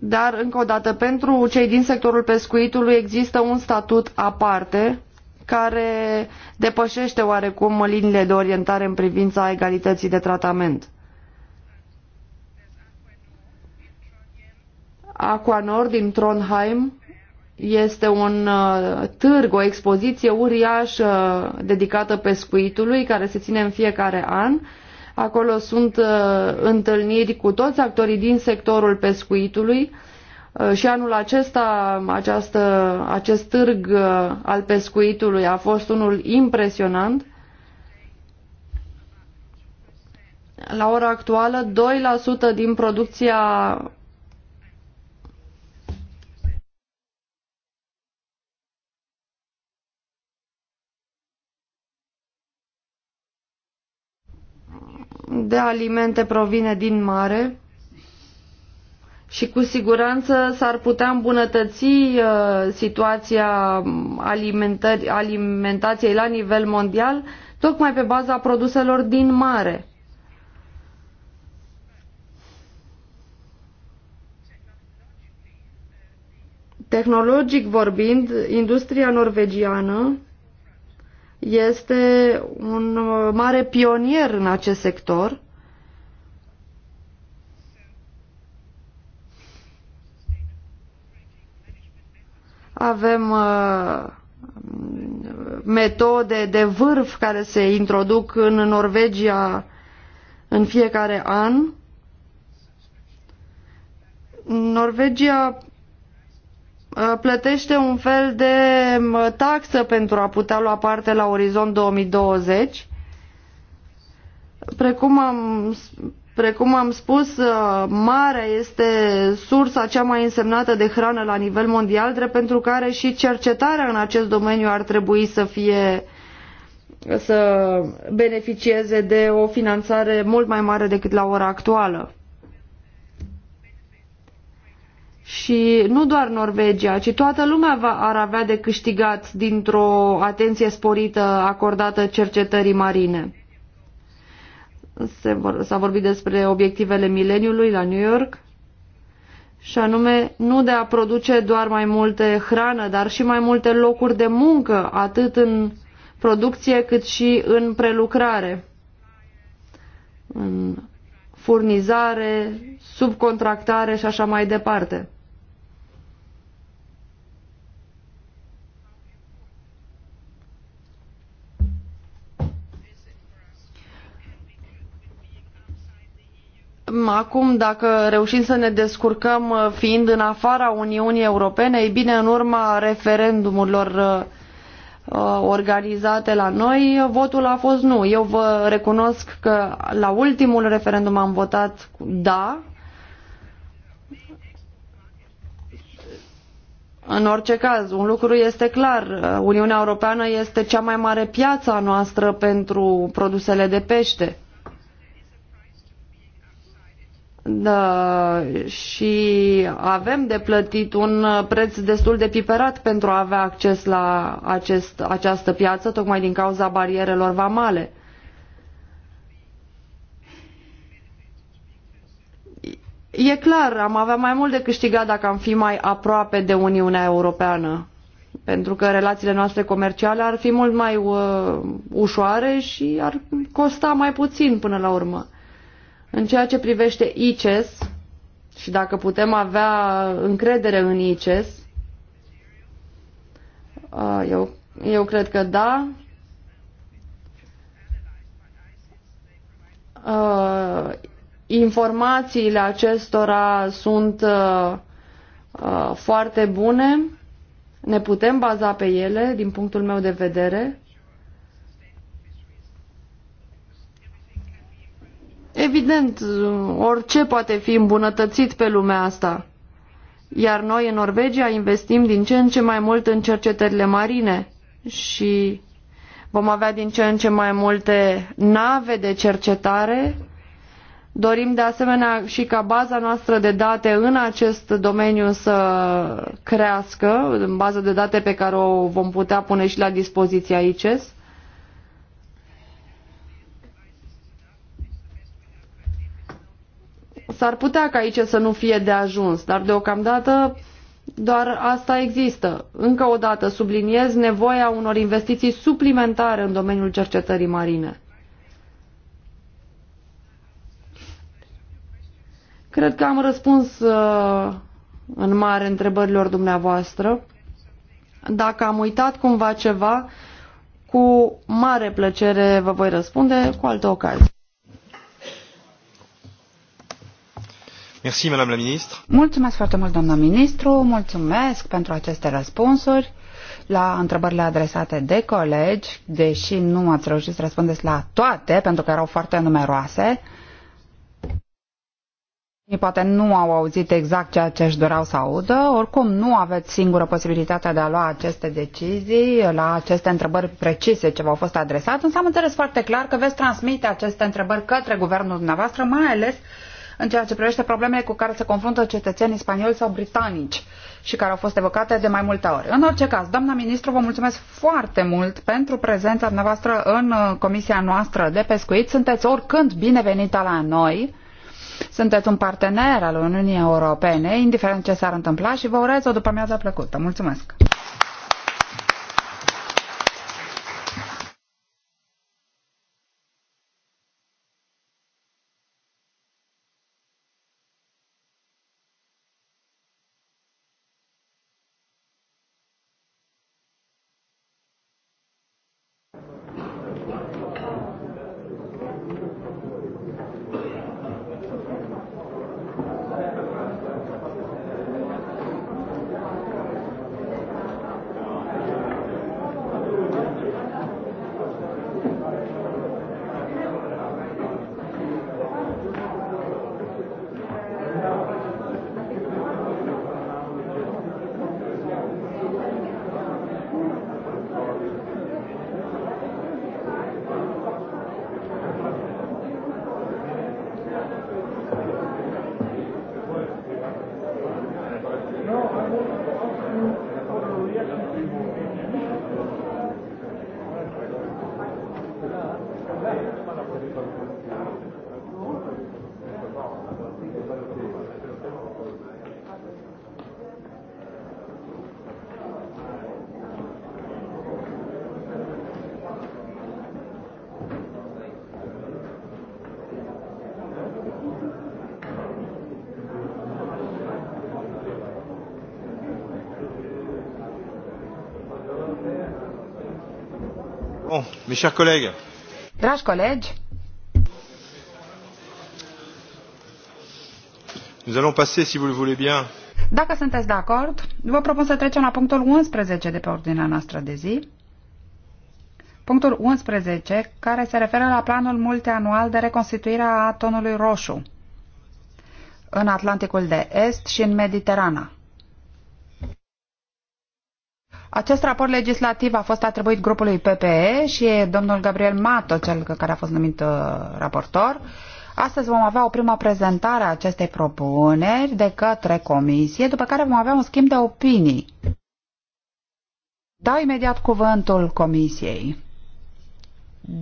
Dar, încă o dată, pentru cei din sectorul pescuitului există un statut aparte care depășește oarecum liniile de orientare în privința egalității de tratament. Aquanor din Trondheim este un uh, târg, o expoziție uriașă uh, dedicată pescuitului care se ține în fiecare an Acolo sunt uh, întâlniri cu toți actorii din sectorul pescuitului uh, și anul acesta această, acest târg uh, al pescuitului a fost unul impresionant. La ora actuală, 2% din producția de alimente provine din mare și cu siguranță s-ar putea îmbunătăți uh, situația alimentației la nivel mondial tocmai pe baza produselor din mare. Tehnologic vorbind, industria norvegiană este un mare pionier în acest sector. Avem uh, metode de vârf care se introduc în Norvegia în fiecare an. Norvegia Uh, plătește un fel de um, taxă pentru a putea lua parte la Orizont 2020. Precum am, precum am spus, uh, marea este sursa cea mai însemnată de hrană la nivel mondial, drept pentru care și cercetarea în acest domeniu ar trebui să fie să beneficieze de o finanțare mult mai mare decât la ora actuală. Și nu doar Norvegia, ci toată lumea va, ar avea de câștigat dintr-o atenție sporită acordată cercetării marine. S-a vorbit despre obiectivele mileniului la New York și anume nu de a produce doar mai multe hrană, dar și mai multe locuri de muncă, atât în producție cât și în prelucrare, în furnizare, subcontractare și așa mai departe. acum dacă reușim să ne descurcăm uh, fiind în afara Uniunii Europene, ei bine, în urma referendumurilor uh, uh, organizate la noi, votul a fost nu. Eu vă recunosc că la ultimul referendum am votat da. În orice caz, un lucru este clar, Uniunea Europeană este cea mai mare piață a noastră pentru produsele de pește. Da, și avem de plătit un preț destul de piperat pentru a avea acces la acest, această piață, tocmai din cauza barierelor vamale. E clar, am avea mai mult de câștigat dacă am fi mai aproape de Uniunea Europeană, pentru că relațiile noastre comerciale ar fi mult mai uh, ușoare și ar costa mai puțin până la urmă. În ceea ce privește ICES și dacă putem avea încredere în ICES, eu, eu cred că da. Informațiile acestora sunt foarte bune, ne putem baza pe ele din punctul meu de vedere. Evident, orice poate fi îmbunătățit pe lumea asta. Iar noi în Norvegia investim din ce în ce mai mult în cercetările marine și vom avea din ce în ce mai multe nave de cercetare. Dorim de asemenea și ca baza noastră de date în acest domeniu să crească, în bază de date pe care o vom putea pune și la dispoziția ICES. s-ar putea ca aici să nu fie de ajuns, dar deocamdată doar asta există. Încă o dată subliniez nevoia unor investiții suplimentare în domeniul cercetării marine. Cred că am răspuns uh, în mare întrebărilor dumneavoastră. Dacă am uitat cumva ceva, cu mare plăcere vă voi răspunde cu altă ocazie. Merci, Madame la Ministre. Mulțumesc foarte mult, doamna ministru, mulțumesc pentru aceste răspunsuri la întrebările adresate de colegi, deși nu ați reușit să răspundeți la toate, pentru că erau foarte numeroase. Poate nu au auzit exact ceea ce își doreau să audă, oricum nu aveți singură posibilitatea de a lua aceste decizii la aceste întrebări precise ce v-au fost adresate, însă am înțeles foarte clar că veți transmite aceste întrebări către guvernul dumneavoastră, mai ales în ceea ce privește problemele cu care se confruntă cetățenii spanioli sau britanici și care au fost evocate de mai multe ori. În orice caz, doamna ministru, vă mulțumesc foarte mult pentru prezența dumneavoastră în uh, comisia noastră de pescuit. Sunteți oricând binevenită la noi. Sunteți un partener al Uniunii Europene, indiferent ce s-ar întâmpla și vă urez o după-amiază plăcută. Mulțumesc! Bon, mes chers collègues. Dragi colegi, Nous allons passer, si vous le voulez bien. Dacă sunteți de acord, vă propun să trecem la punctul 11 de pe ordinea noastră de zi. Punctul 11, care se referă la planul multianual de reconstituire a tonului roșu în Atlanticul de Est și în Mediterana. Acest raport legislativ a fost atribuit grupului PPE și domnul Gabriel Mato, cel care a fost numit uh, raportor, Astăzi vom avea o primă prezentare a acestei propuneri de către comisie, după care vom avea un schimb de opinii. Dau imediat cuvântul comisiei.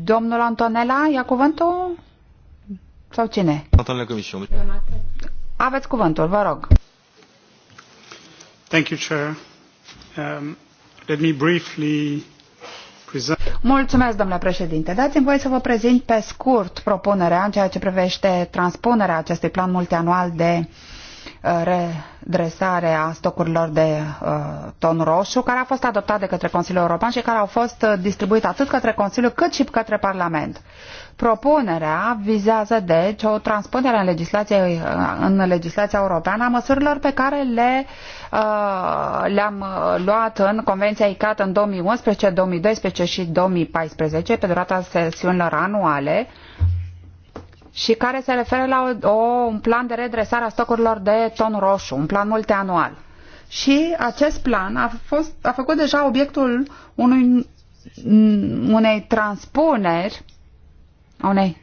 Domnul Antonella, ia cuvântul? Sau cine? Antonella Comisiune. Aveți cuvântul, vă rog. Thank you, Chair. Um, let me briefly Mulțumesc, domnule președinte. Dați-mi voie să vă prezint pe scurt propunerea în ceea ce privește transpunerea acestui plan multianual de uh, redresare a stocurilor de uh, ton roșu, care a fost adoptat de către Consiliul European și care au fost uh, distribuit atât către Consiliu cât și către Parlament. Propunerea vizează, deci, o transpunere în legislația, în legislația europeană a măsurilor pe care le Ah, le-am ah, luat în Convenția ICAT în 2011, 2012 și 2014 pe durata sesiunilor anuale și care se referă la o, un plan de redresare a stocurilor de ton roșu, un plan multianual. Și acest plan a, fost, a făcut deja obiectul unui, unei transpuneri, unei,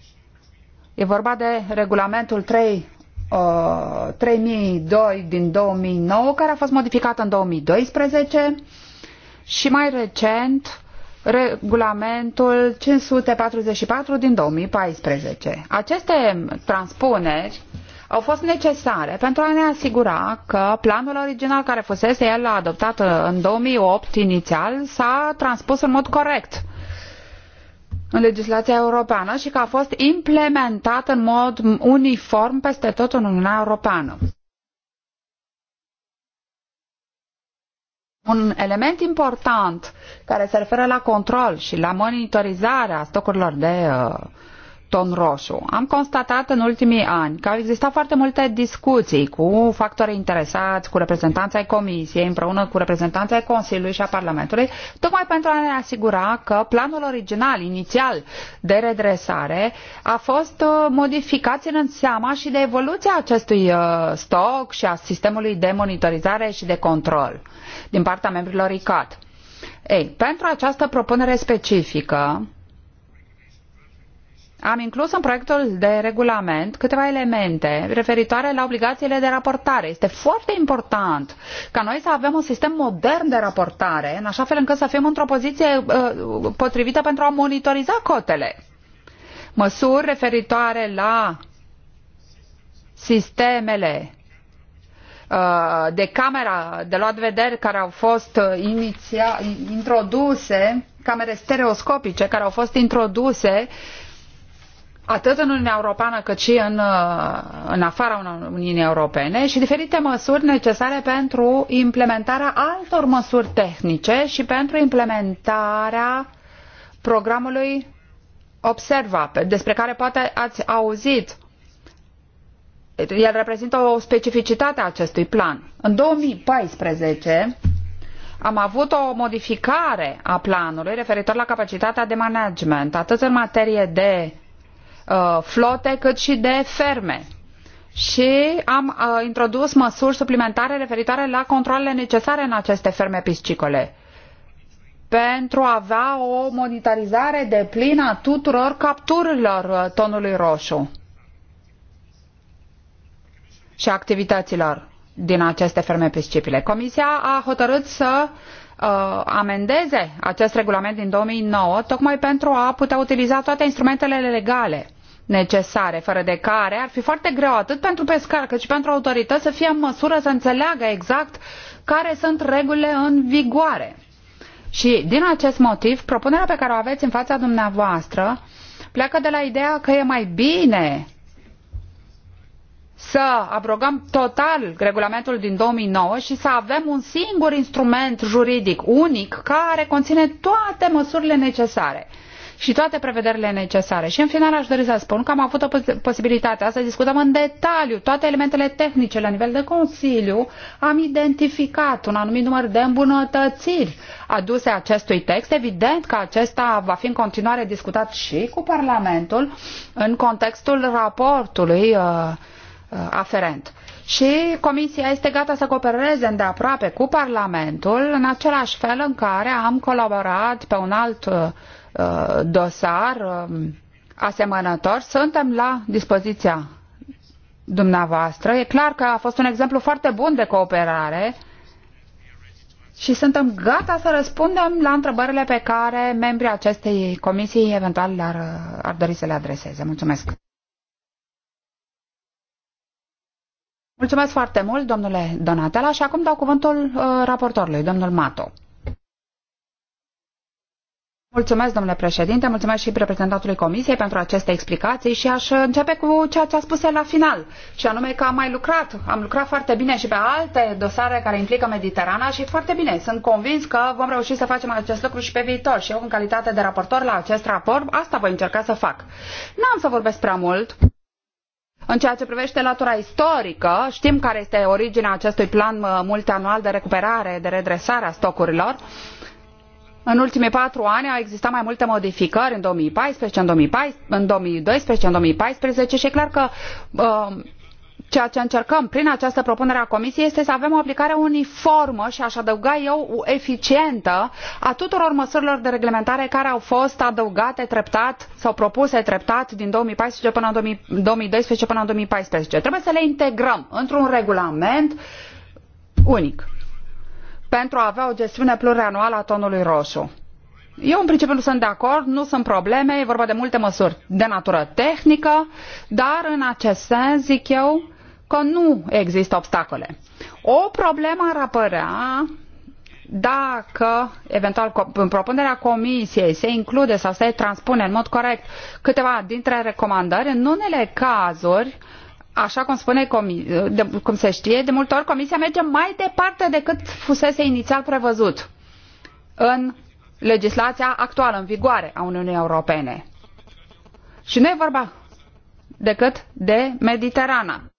e vorba de regulamentul 3 3002 uh, din 2009, care a fost modificată în 2012 și mai recent regulamentul 544 din 2014. Aceste transpuneri au fost necesare pentru a ne asigura că planul original care fusese el adoptat uh, în 2008 inițial s-a transpus în mod corect în legislația europeană și că a fost implementat în mod uniform peste tot în Uniunea Europeană. Un element important care se referă la control și la monitorizarea stocurilor de uh, ton roșu. Am constatat în ultimii ani că au existat foarte multe discuții cu factori interesați, cu reprezentanța ai Comisiei, împreună cu reprezentanța ai Consiliului și a Parlamentului, tocmai pentru a ne asigura că planul original, inițial de redresare, a fost uh, modificat în seama și de evoluția acestui uh, stoc și a sistemului de monitorizare și de control din partea membrilor ICAT. Ei, pentru această propunere specifică, am inclus în proiectul de regulament câteva elemente referitoare la obligațiile de raportare. Este foarte important ca noi să avem un sistem modern de raportare, în așa fel încât să fim într-o poziție uh, potrivită pentru a monitoriza cotele. Măsuri referitoare la sistemele uh, de camera de luat vederi care au fost uh, iniția, introduse, camere stereoscopice care au fost introduse uh, atât în Uniunea Europeană cât și în, uh, în afara Uniunii Europene și diferite măsuri necesare pentru implementarea altor măsuri tehnice și pentru implementarea programului Observa, despre care poate ați auzit. El reprezintă o specificitate a acestui plan. În 2014, am avut o modificare a planului referitor la capacitatea de management, atât în materie de Uh, flote cât și de ferme și am uh, introdus măsuri suplimentare referitoare la controlele necesare în aceste ferme piscicole pentru a avea o monitorizare de plină a tuturor capturilor uh, tonului roșu și activităților din aceste ferme piscicole. Comisia a hotărât să uh, Uh, amendeze acest regulament din 2009 tocmai pentru a putea utiliza toate instrumentele legale necesare, fără de care ar fi foarte greu atât pentru pescar cât și pentru autorități să fie în măsură să înțeleagă exact care sunt regulile în vigoare. Și din acest motiv, propunerea pe care o aveți în fața dumneavoastră pleacă de la ideea că e mai bine să abrogăm total regulamentul din 2009 și să avem un singur instrument juridic unic care conține toate măsurile necesare și toate prevederile necesare. Și în final aș dori să spun că am avut o posibilitate să discutăm în detaliu toate elementele tehnice la nivel de Consiliu. Am identificat un anumit număr de îmbunătățiri aduse acestui text. Evident că acesta va fi în continuare discutat și cu Parlamentul în contextul raportului uh, Uh, aferent. Și Comisia este gata să coopereze îndeaproape cu Parlamentul în același fel în care am colaborat pe un alt uh, dosar um, asemănător. Suntem la dispoziția dumneavoastră. E clar că a fost un exemplu foarte bun de cooperare și suntem gata să răspundem la întrebările pe care membrii acestei comisii eventual ar, ar dori să le adreseze. Mulțumesc! Mulțumesc foarte mult, domnule Donatela, și acum dau cuvântul uh, raportorului, domnul Mato. Mulțumesc, domnule președinte, mulțumesc și reprezentantului Comisiei pentru aceste explicații și aș începe cu ceea ce a spus el la final, și anume că am mai lucrat, am lucrat foarte bine și pe alte dosare care implică Mediterana și foarte bine. Sunt convins că vom reuși să facem acest lucru și pe viitor și eu, în calitate de raportor la acest raport, asta voi încerca să fac. Nu am să vorbesc prea mult, în ceea ce privește latura istorică, știm care este originea acestui plan uh, multianual de recuperare, de redresare a stocurilor. În ultimii patru ani au existat mai multe modificări în 2014, în, 2014, în 2012, în 2014 și e clar că uh, Ceea ce încercăm prin această propunere a Comisiei este să avem o aplicare uniformă și aș adăuga eu eficientă a tuturor măsurilor de reglementare care au fost adăugate treptat sau propuse treptat din 2014 până în 2012 până în 2014. Trebuie să le integrăm într-un regulament unic pentru a avea o gestiune plurianuală a tonului roșu. Eu în principiu nu sunt de acord, nu sunt probleme, e vorba de multe măsuri de natură tehnică, dar în acest sens, zic eu, că nu există obstacole. O problemă ar apărea dacă eventual în propunerea comisiei se include sau se transpune în mod corect câteva dintre recomandări, în unele cazuri, așa cum spune de, cum se știe, de multe ori comisia merge mai departe decât fusese inițial prevăzut în legislația actuală în vigoare a Uniunii Europene. Și nu e vorba decât de Mediterana.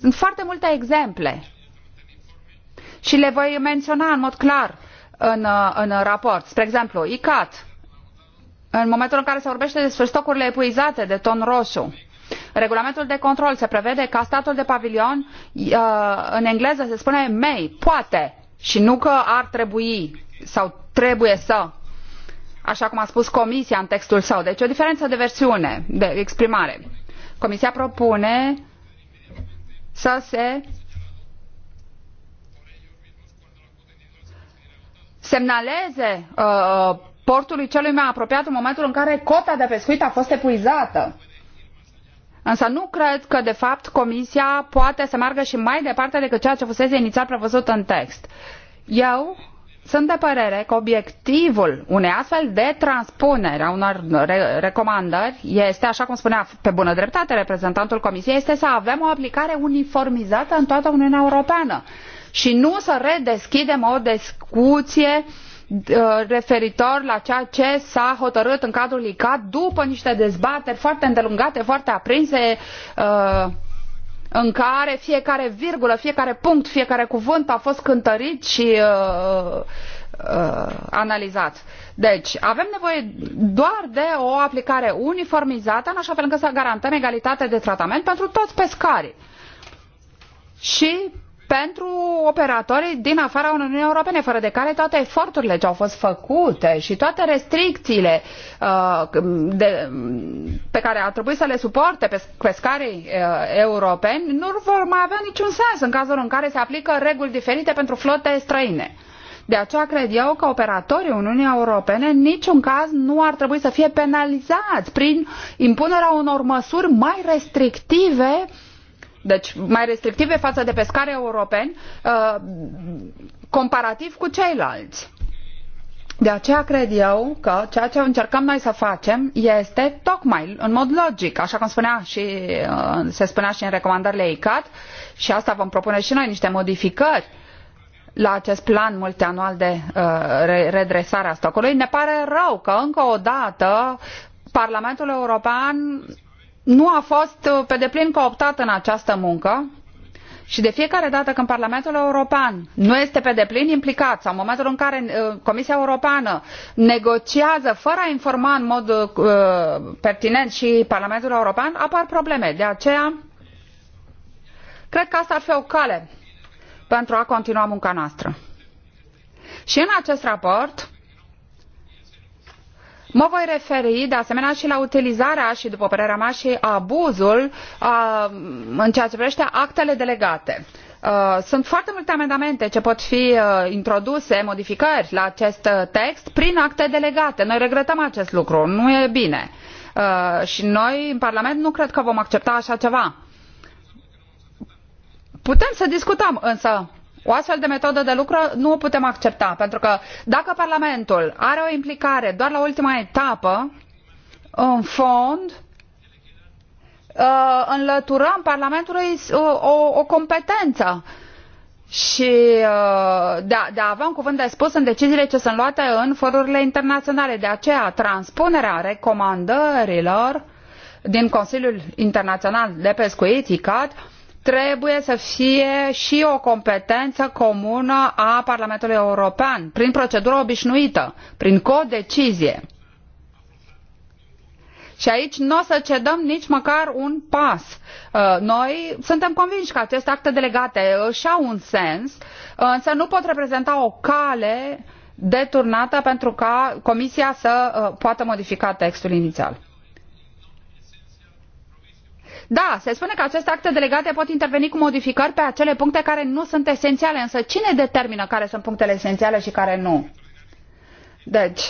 Sunt foarte multe exemple și le voi menționa în mod clar în, uh, în raport. Spre exemplu, ICAT, în momentul în care se vorbește despre stocurile epuizate de ton roșu, regulamentul de control se prevede ca statul de pavilion, uh, în engleză se spune may, poate, și nu că ar trebui sau trebuie să, așa cum a spus Comisia în textul său. Deci o diferență de versiune, de exprimare. Comisia propune să se semnaleze uh, uh, portului celui mai apropiat în momentul în care cota de pescuit a fost epuizată. Însă nu cred că, de fapt, Comisia poate să meargă și mai departe decât ceea ce fusese inițial prevăzut în text. Eu sunt de părere că obiectivul unei astfel de transpunere a unor re recomandări este, așa cum spunea pe bună dreptate reprezentantul Comisiei, este să avem o aplicare uniformizată în toată Uniunea Europeană și nu să redeschidem o discuție uh, referitor la ceea ce s-a hotărât în cadrul ICAT după niște dezbateri foarte îndelungate, foarte aprinse uh, în care fiecare virgulă, fiecare punct, fiecare cuvânt a fost cântărit și uh, uh, analizat. Deci, avem nevoie doar de o aplicare uniformizată, în așa fel încât să garantăm egalitate de tratament pentru toți pescarii. Și pentru operatorii din afara Uniunii Europene, fără de care toate eforturile ce au fost făcute și toate restricțiile uh, de, pe care ar trebui să le suporte pe pescarii uh, europeni nu vor mai avea niciun sens în cazul în care se aplică reguli diferite pentru flote străine. De aceea cred eu că operatorii Uniunii Europene în niciun caz nu ar trebui să fie penalizați prin impunerea unor măsuri mai restrictive uh, deci mai restrictive față de pescare europeni uh, comparativ cu ceilalți. De aceea cred eu că ceea ce încercăm noi să facem este tocmai în mod logic, așa cum spunea și, uh, se spunea și în recomandările ICAT și asta vom propune și noi niște modificări la acest plan multianual de uh, redresare a stocului. Ne pare rău că încă o dată Parlamentul European nu a fost uh, pe deplin cooptată în această muncă și de fiecare dată când Parlamentul European nu este pe deplin implicat sau în momentul în care uh, Comisia Europeană negociază fără a informa în mod uh, pertinent și Parlamentul European, apar probleme. De aceea, cred că asta ar fi o cale pentru a continua munca noastră. Și în acest raport, Mă voi referi de asemenea și la utilizarea și, după părerea mea, și abuzul a, în ceea ce privește actele delegate. sunt foarte multe amendamente ce pot fi introduse modificări la acest text prin acte delegate. noi regretăm acest lucru nu e bine și noi în parlament nu cred că vom accepta așa ceva. putem să discutăm însă o astfel de metodă de lucru nu o putem accepta, pentru că dacă Parlamentul are o implicare doar la ultima etapă, în fond, uh, înlăturăm Parlamentului uh, o, o competență și uh, de a, de a avea un cuvânt de spus în deciziile ce sunt luate în forurile internaționale. De aceea, transpunerea recomandărilor din Consiliul Internațional de Pescuit, ICAT, trebuie să fie și o competență comună a Parlamentului European, prin procedură obișnuită, prin codecizie. Și aici nu o să cedăm nici măcar un pas. Uh, noi suntem convinși că aceste acte delegate își au un sens, însă nu pot reprezenta o cale deturnată pentru ca Comisia să uh, poată modifica textul inițial. Da, se spune că aceste acte delegate pot interveni cu modificări pe acele puncte care nu sunt esențiale, însă cine determină care sunt punctele esențiale și care nu? Deci,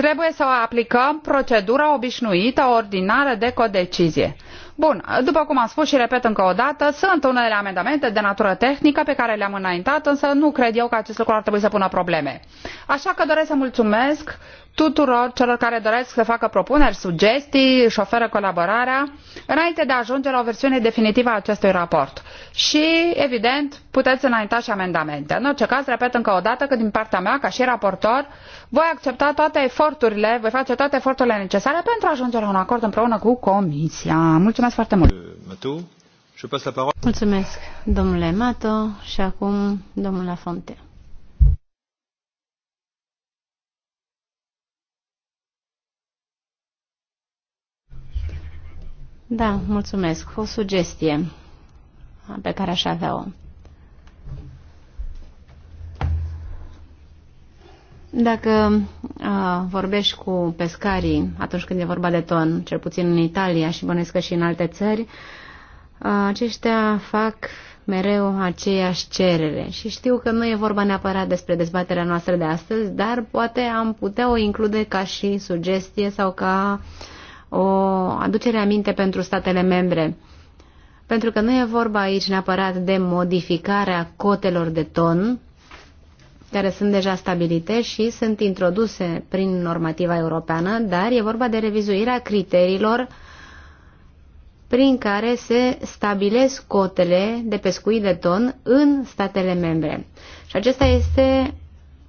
trebuie să aplicăm procedura obișnuită, ordinară de codecizie. Bun, după cum am spus și repet încă o dată, sunt unele amendamente de natură tehnică pe care le-am înaintat, însă nu cred eu că acest lucru ar trebui să pună probleme. Așa că doresc să mulțumesc tuturor celor care doresc să facă propuneri, sugestii, își oferă colaborarea, înainte de a ajunge la o versiune definitivă a acestui raport și, evident, puteți înainta și amendamente. În orice caz, repet încă o dată că din partea mea, ca și raportor, voi accepta toate eforturile, voi face toate eforturile necesare pentru a ajunge la un acord împreună cu Comisia. Mulțumesc foarte mult! Mulțumesc, domnule Mato, și acum domnul Lafonte. Da, mulțumesc. O sugestie pe care aș avea-o. Dacă uh, vorbești cu pescarii atunci când e vorba de ton, cel puțin în Italia și bănesc că și în alte țări, uh, aceștia fac mereu aceeași cerere. Și știu că nu e vorba neapărat despre dezbaterea noastră de astăzi, dar poate am putea o include ca și sugestie sau ca o aducere aminte pentru statele membre pentru că nu e vorba aici neapărat de modificarea cotelor de ton, care sunt deja stabilite și sunt introduse prin normativa europeană, dar e vorba de revizuirea criteriilor prin care se stabilesc cotele de pescuit de ton în statele membre. Și acesta este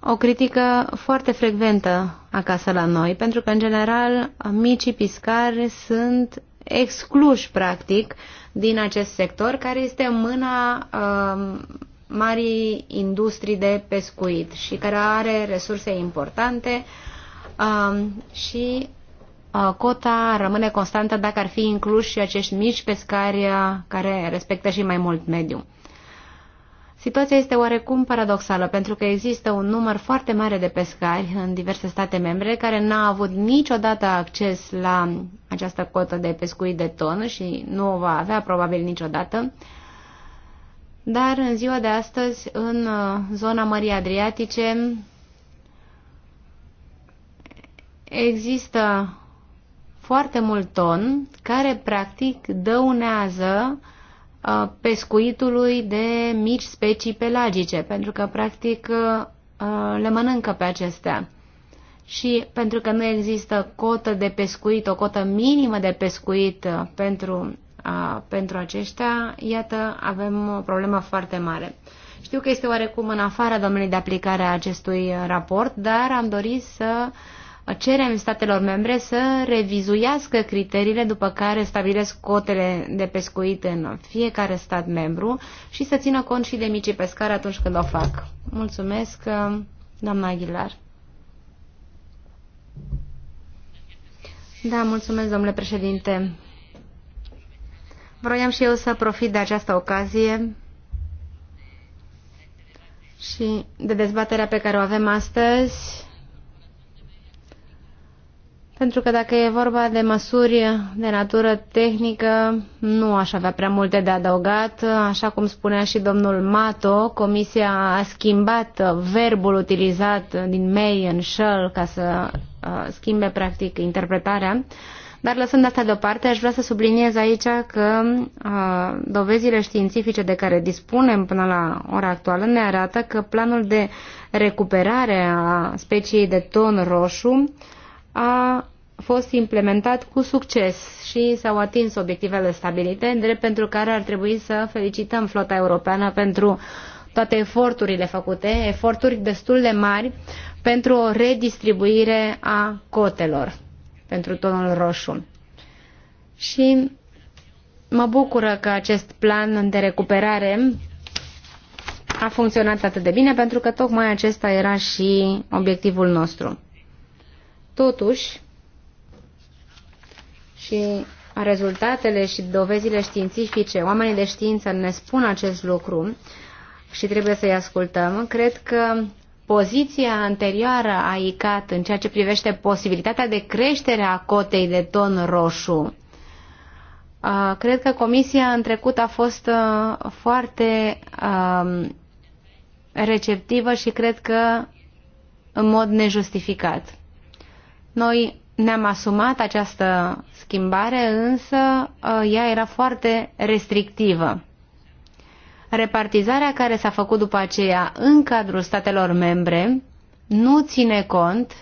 o critică foarte frecventă acasă la noi, pentru că, în general, micii piscari sunt excluși, practic, uh, din acest sector, care este mâna uh, marii industrii de pescuit și care are resurse importante uh, și uh, cota rămâne constantă dacă ar fi inclus și acești mici pescari uh, care respectă și mai mult mediul. Situația este oarecum paradoxală, pentru că există un număr foarte mare de pescari în diverse state membre care n au avut niciodată acces la această cotă de pescuit de ton și nu o va avea probabil niciodată. Dar în ziua de astăzi, în uh, zona Mării Adriatice, există foarte mult ton care practic dăunează pescuitului de mici specii pelagice, pentru că, practic, le mănâncă pe acestea. Și pentru că nu există cotă de pescuit, o cotă minimă de pescuit pentru, pentru aceștia, iată, avem o problemă foarte mare. Știu că este oarecum în afara domeniului de aplicare a acestui raport, dar am dorit să uh, cerem statelor membre să revizuiască criteriile după care stabilesc cotele de pescuit în fiecare stat membru și să țină cont și de micii pescari atunci când o fac. Mulțumesc, doamna Aguilar. Da, mulțumesc, domnule președinte. Vroiam și eu să profit de această ocazie și de dezbaterea pe care o avem astăzi pentru că dacă e vorba de măsuri de natură tehnică, nu aș avea prea multe de adăugat. Așa cum spunea și domnul Mato, Comisia a schimbat verbul utilizat din May în Shell ca să uh, schimbe practic interpretarea. Dar lăsând asta deoparte, aș vrea să subliniez aici că a, uh, dovezile științifice de care dispunem până la ora actuală ne arată că planul de recuperare a speciei de ton roșu a fost implementat cu succes și s-au atins obiectivele stabilite, drept pentru care ar trebui să felicităm flota europeană pentru toate eforturile făcute, eforturi destul de mari pentru o redistribuire a cotelor pentru tonul roșu. Și mă bucură că acest plan de recuperare a funcționat atât de bine pentru că tocmai acesta era și obiectivul nostru. Totuși, și rezultatele și dovezile științifice, oamenii de știință ne spun acest lucru și trebuie să-i ascultăm, cred că poziția anterioară a ICAT în ceea ce privește posibilitatea de creștere a cotei de ton roșu, cred că comisia în trecut a fost foarte receptivă și cred că în mod nejustificat. Noi ne-am asumat această schimbare, însă uh, ea era foarte restrictivă. Repartizarea care s-a făcut după aceea în cadrul statelor membre nu ține cont,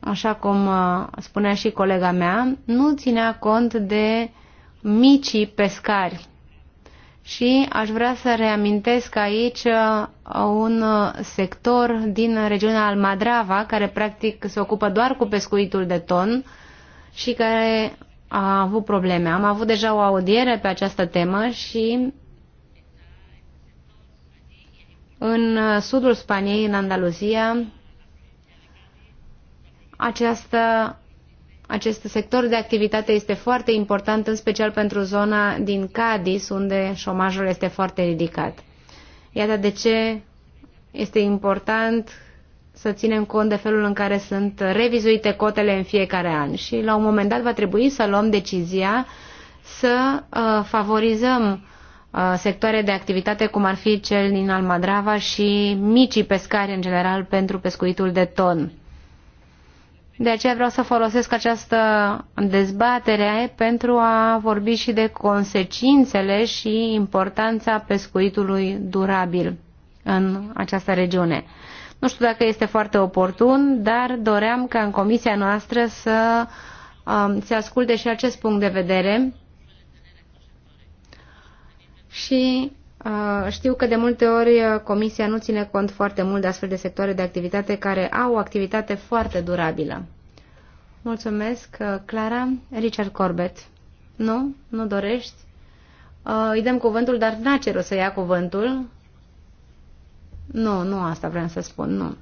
așa cum uh, spunea și colega mea, nu ținea cont de micii pescari și aș vrea să reamintesc aici uh, un uh, sector din regiunea Almadrava, care practic se ocupă doar cu pescuitul de ton și care a avut probleme. Am avut deja o audiere pe această temă și în uh, sudul Spaniei, în Andaluzia, această acest sector de activitate este foarte important, în special pentru zona din Cadiz, unde șomajul este foarte ridicat. Iată de ce este important să ținem cont de felul în care sunt revizuite cotele în fiecare an și la un moment dat va trebui să luăm decizia să uh, favorizăm uh, sectoare de activitate cum ar fi cel din Almadrava și micii pescari în general pentru pescuitul de ton. De aceea vreau să folosesc această dezbatere pentru a vorbi și de consecințele și importanța pescuitului durabil în această regiune. Nu știu dacă este foarte oportun, dar doream ca în comisia noastră să um, se asculte și acest punct de vedere și Uh, știu că de multe ori uh, Comisia nu ține cont foarte mult de astfel de sectoare de activitate care au o activitate foarte durabilă. Mulțumesc, uh, Clara. Richard Corbett. Nu? Nu dorești? Îi dăm cuvântul, dar n-a cerut să ia cuvântul. Nu, nu asta vreau să spun, nu.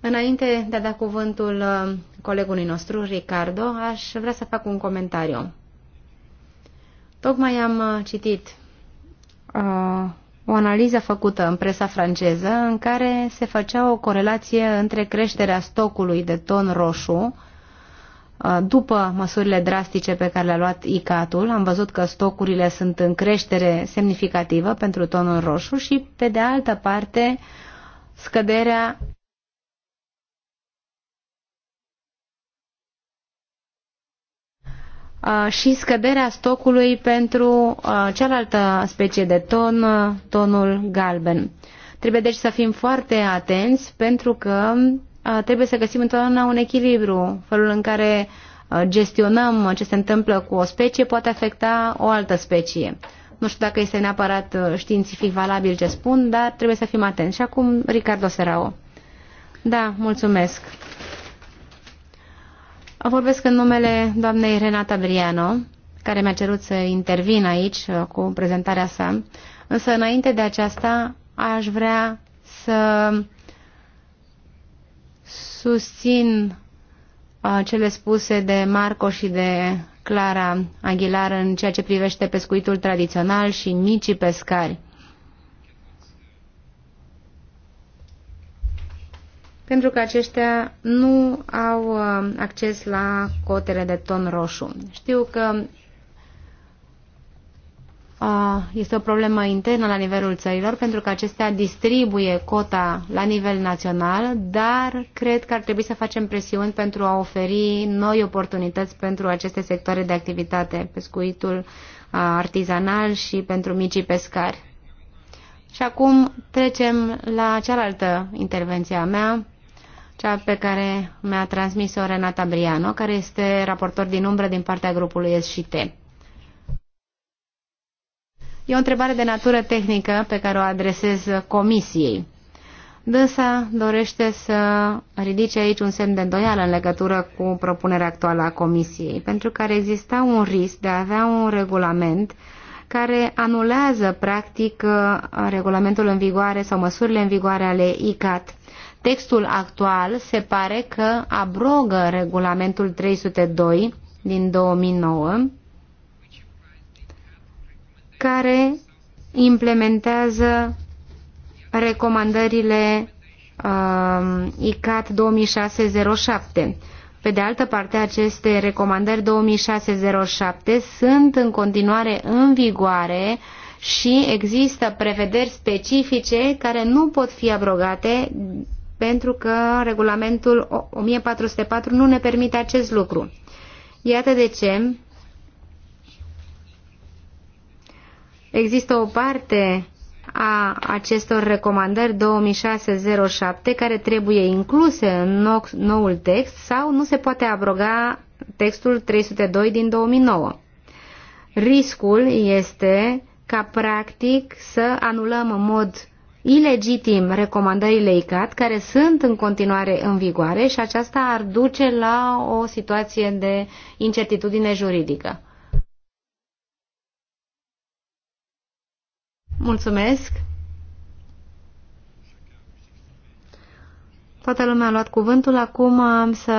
Înainte de a da cuvântul colegului nostru, Ricardo, aș vrea să fac un comentariu. Tocmai am uh, citit uh, o analiză făcută în presa franceză în care se făcea o corelație între creșterea stocului de ton roșu uh, după măsurile drastice pe care le-a luat ICAT-ul, am văzut că stocurile sunt în creștere semnificativă pentru tonul roșu și, pe de altă parte, scăderea și scăderea stocului pentru cealaltă specie de ton, tonul galben. Trebuie deci să fim foarte atenți pentru că trebuie să găsim întotdeauna un echilibru, felul în care gestionăm ce se întâmplă cu o specie poate afecta o altă specie. Nu știu dacă este neapărat științific valabil ce spun, dar trebuie să fim atenți. Și acum Ricardo Serao. Da, mulțumesc. Vorbesc în numele doamnei Renata Briano, care mi-a cerut să intervin aici uh, cu prezentarea sa, însă înainte de aceasta aș vrea să susțin uh, cele spuse de Marco și de Clara Aguilar în ceea ce privește pescuitul tradițional și micii pescari. pentru că aceștia nu au uh, acces la cotele de ton roșu. Știu că uh, este o problemă internă la nivelul țărilor, pentru că acestea distribuie cota la nivel național, dar cred că ar trebui să facem presiuni pentru a oferi noi oportunități pentru aceste sectoare de activitate, pescuitul uh, artizanal și pentru micii pescari. Și acum trecem la cealaltă intervenție a mea, cea pe care mi-a transmis-o Renata Briano, care este raportor din umbră din partea grupului SCT. E o întrebare de natură tehnică pe care o adresez comisiei. Dânsa dorește să ridice aici un semn de îndoială în legătură cu propunerea actuală a Comisiei, pentru că ar exista un risc de a avea un regulament care anulează practic regulamentul în vigoare sau măsurile în vigoare ale ICAT Textul actual se pare că abrogă regulamentul 302 din 2009, care implementează recomandările uh, ICAT 2607. Pe de altă parte, aceste recomandări 2607 sunt în continuare în vigoare și există prevederi specifice care nu pot fi abrogate pentru că regulamentul 1404 nu ne permite acest lucru. Iată de ce există o parte a acestor recomandări 2607 care trebuie incluse în noul text sau nu se poate abroga textul 302 din 2009. Riscul este ca practic să anulăm în mod ilegitim recomandările ICAT, care sunt în continuare în vigoare și aceasta ar duce la o situație de incertitudine juridică. Mulțumesc! Toată lumea a luat cuvântul, acum am să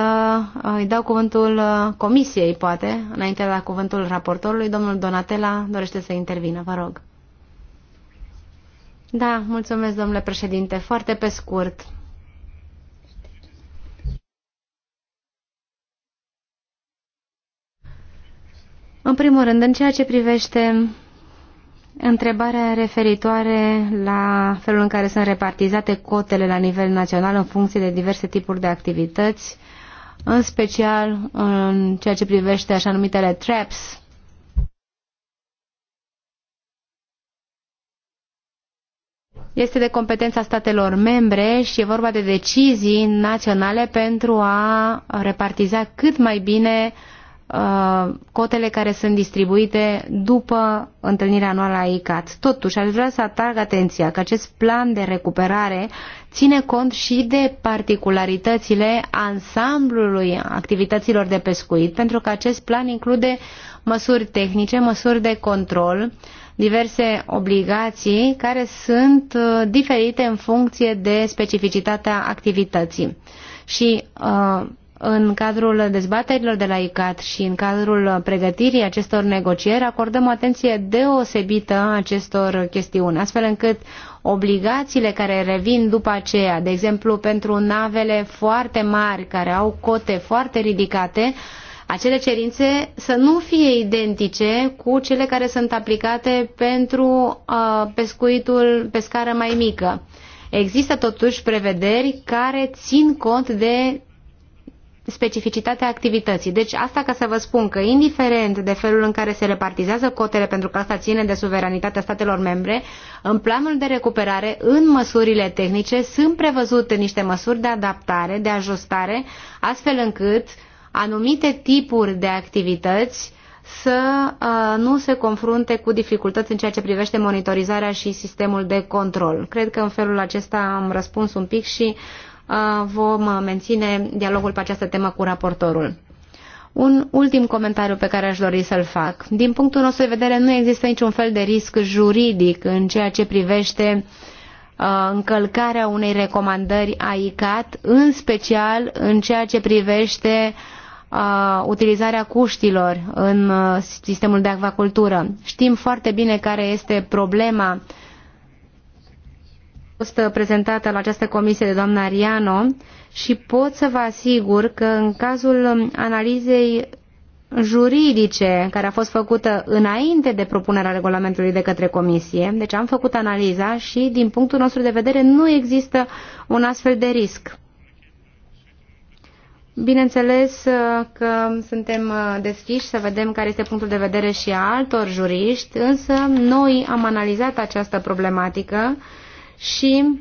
uh, îi dau cuvântul uh, comisiei, poate, înainte de la da cuvântul raportorului. Domnul Donatela dorește să intervină, vă rog. Da, mulțumesc, domnule președinte. Foarte pe scurt. În primul rând, în ceea ce privește întrebarea referitoare la felul în care sunt repartizate cotele la nivel național în funcție de diverse tipuri de activități, în special în ceea ce privește așa numitele TRAPS, este de competența statelor membre și e vorba de decizii naționale pentru a repartiza cât mai bine uh, cotele care sunt distribuite după întâlnirea anuală a ICAT. Totuși, aș vrea să atrag atenția că acest plan de recuperare ține cont și de particularitățile ansamblului activităților de pescuit, pentru că acest plan include măsuri tehnice, măsuri de control, uh, diverse obligații care sunt uh, diferite în funcție de specificitatea activității. Și uh, în cadrul dezbaterilor de la ICAT și în cadrul pregătirii acestor negocieri acordăm atenție deosebită acestor chestiuni, astfel încât obligațiile care revin după aceea, de exemplu pentru navele foarte mari care au cote foarte ridicate, acele cerințe să nu fie identice cu cele care sunt aplicate pentru uh, pescuitul pe scară mai mică. Există totuși prevederi care țin cont de specificitatea activității. Deci asta ca să vă spun că indiferent de felul în care se repartizează cotele, pentru că asta ține de suveranitatea statelor membre, în planul de recuperare, în măsurile tehnice, sunt prevăzute niște măsuri de adaptare, de ajustare, astfel încât uh, anumite tipuri de activități să uh, nu se confrunte cu dificultăți în ceea ce privește monitorizarea și sistemul de control. Cred că în felul acesta am răspuns un pic și uh, vom uh, menține dialogul pe această temă cu raportorul. Un ultim comentariu pe care aș dori să-l fac. Din punctul nostru de vedere, nu există niciun fel de risc juridic în ceea ce privește încălcarea unei recomandări a ICAT, în special în ceea ce privește uh, utilizarea cuștilor în uh, sistemul de acvacultură. Știm foarte bine care este problema a fost prezentată la această comisie de doamna Ariano și pot să vă asigur că în cazul analizei juridice care a fost făcută înainte de propunerea regulamentului de către comisie, deci am făcut analiza și din punctul nostru de vedere nu există un astfel de risc. Bineînțeles uh, că suntem uh, deschiși să vedem care este punctul de vedere și a altor juriști, însă noi am analizat această problematică și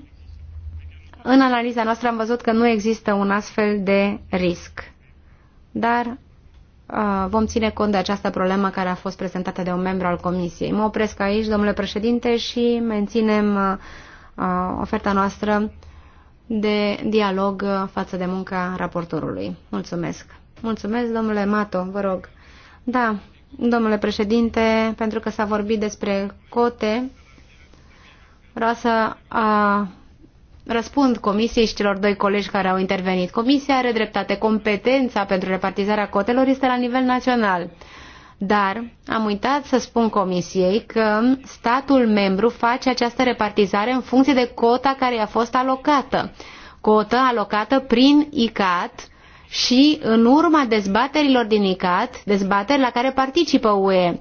în analiza noastră am văzut că nu există un astfel de risc. Dar uh, vom ține cont de această problemă care a fost prezentată de un membru al Comisiei. Mă opresc aici, domnule președinte, și menținem oferta noastră de dialog față de munca raportorului. Mulțumesc. Mulțumesc, domnule Mato, vă rog. Da, domnule președinte, pentru că s-a vorbit despre cote, vreau să a, răspund comisiei și celor doi colegi care au intervenit. Comisia are dreptate. Competența pentru repartizarea cotelor este la nivel național. Dar am uitat să spun comisiei că statul membru face această repartizare în funcție de cota care i-a fost alocată. cota alocată prin ICAT și în urma dezbaterilor din ICAT, dezbateri la care participă UE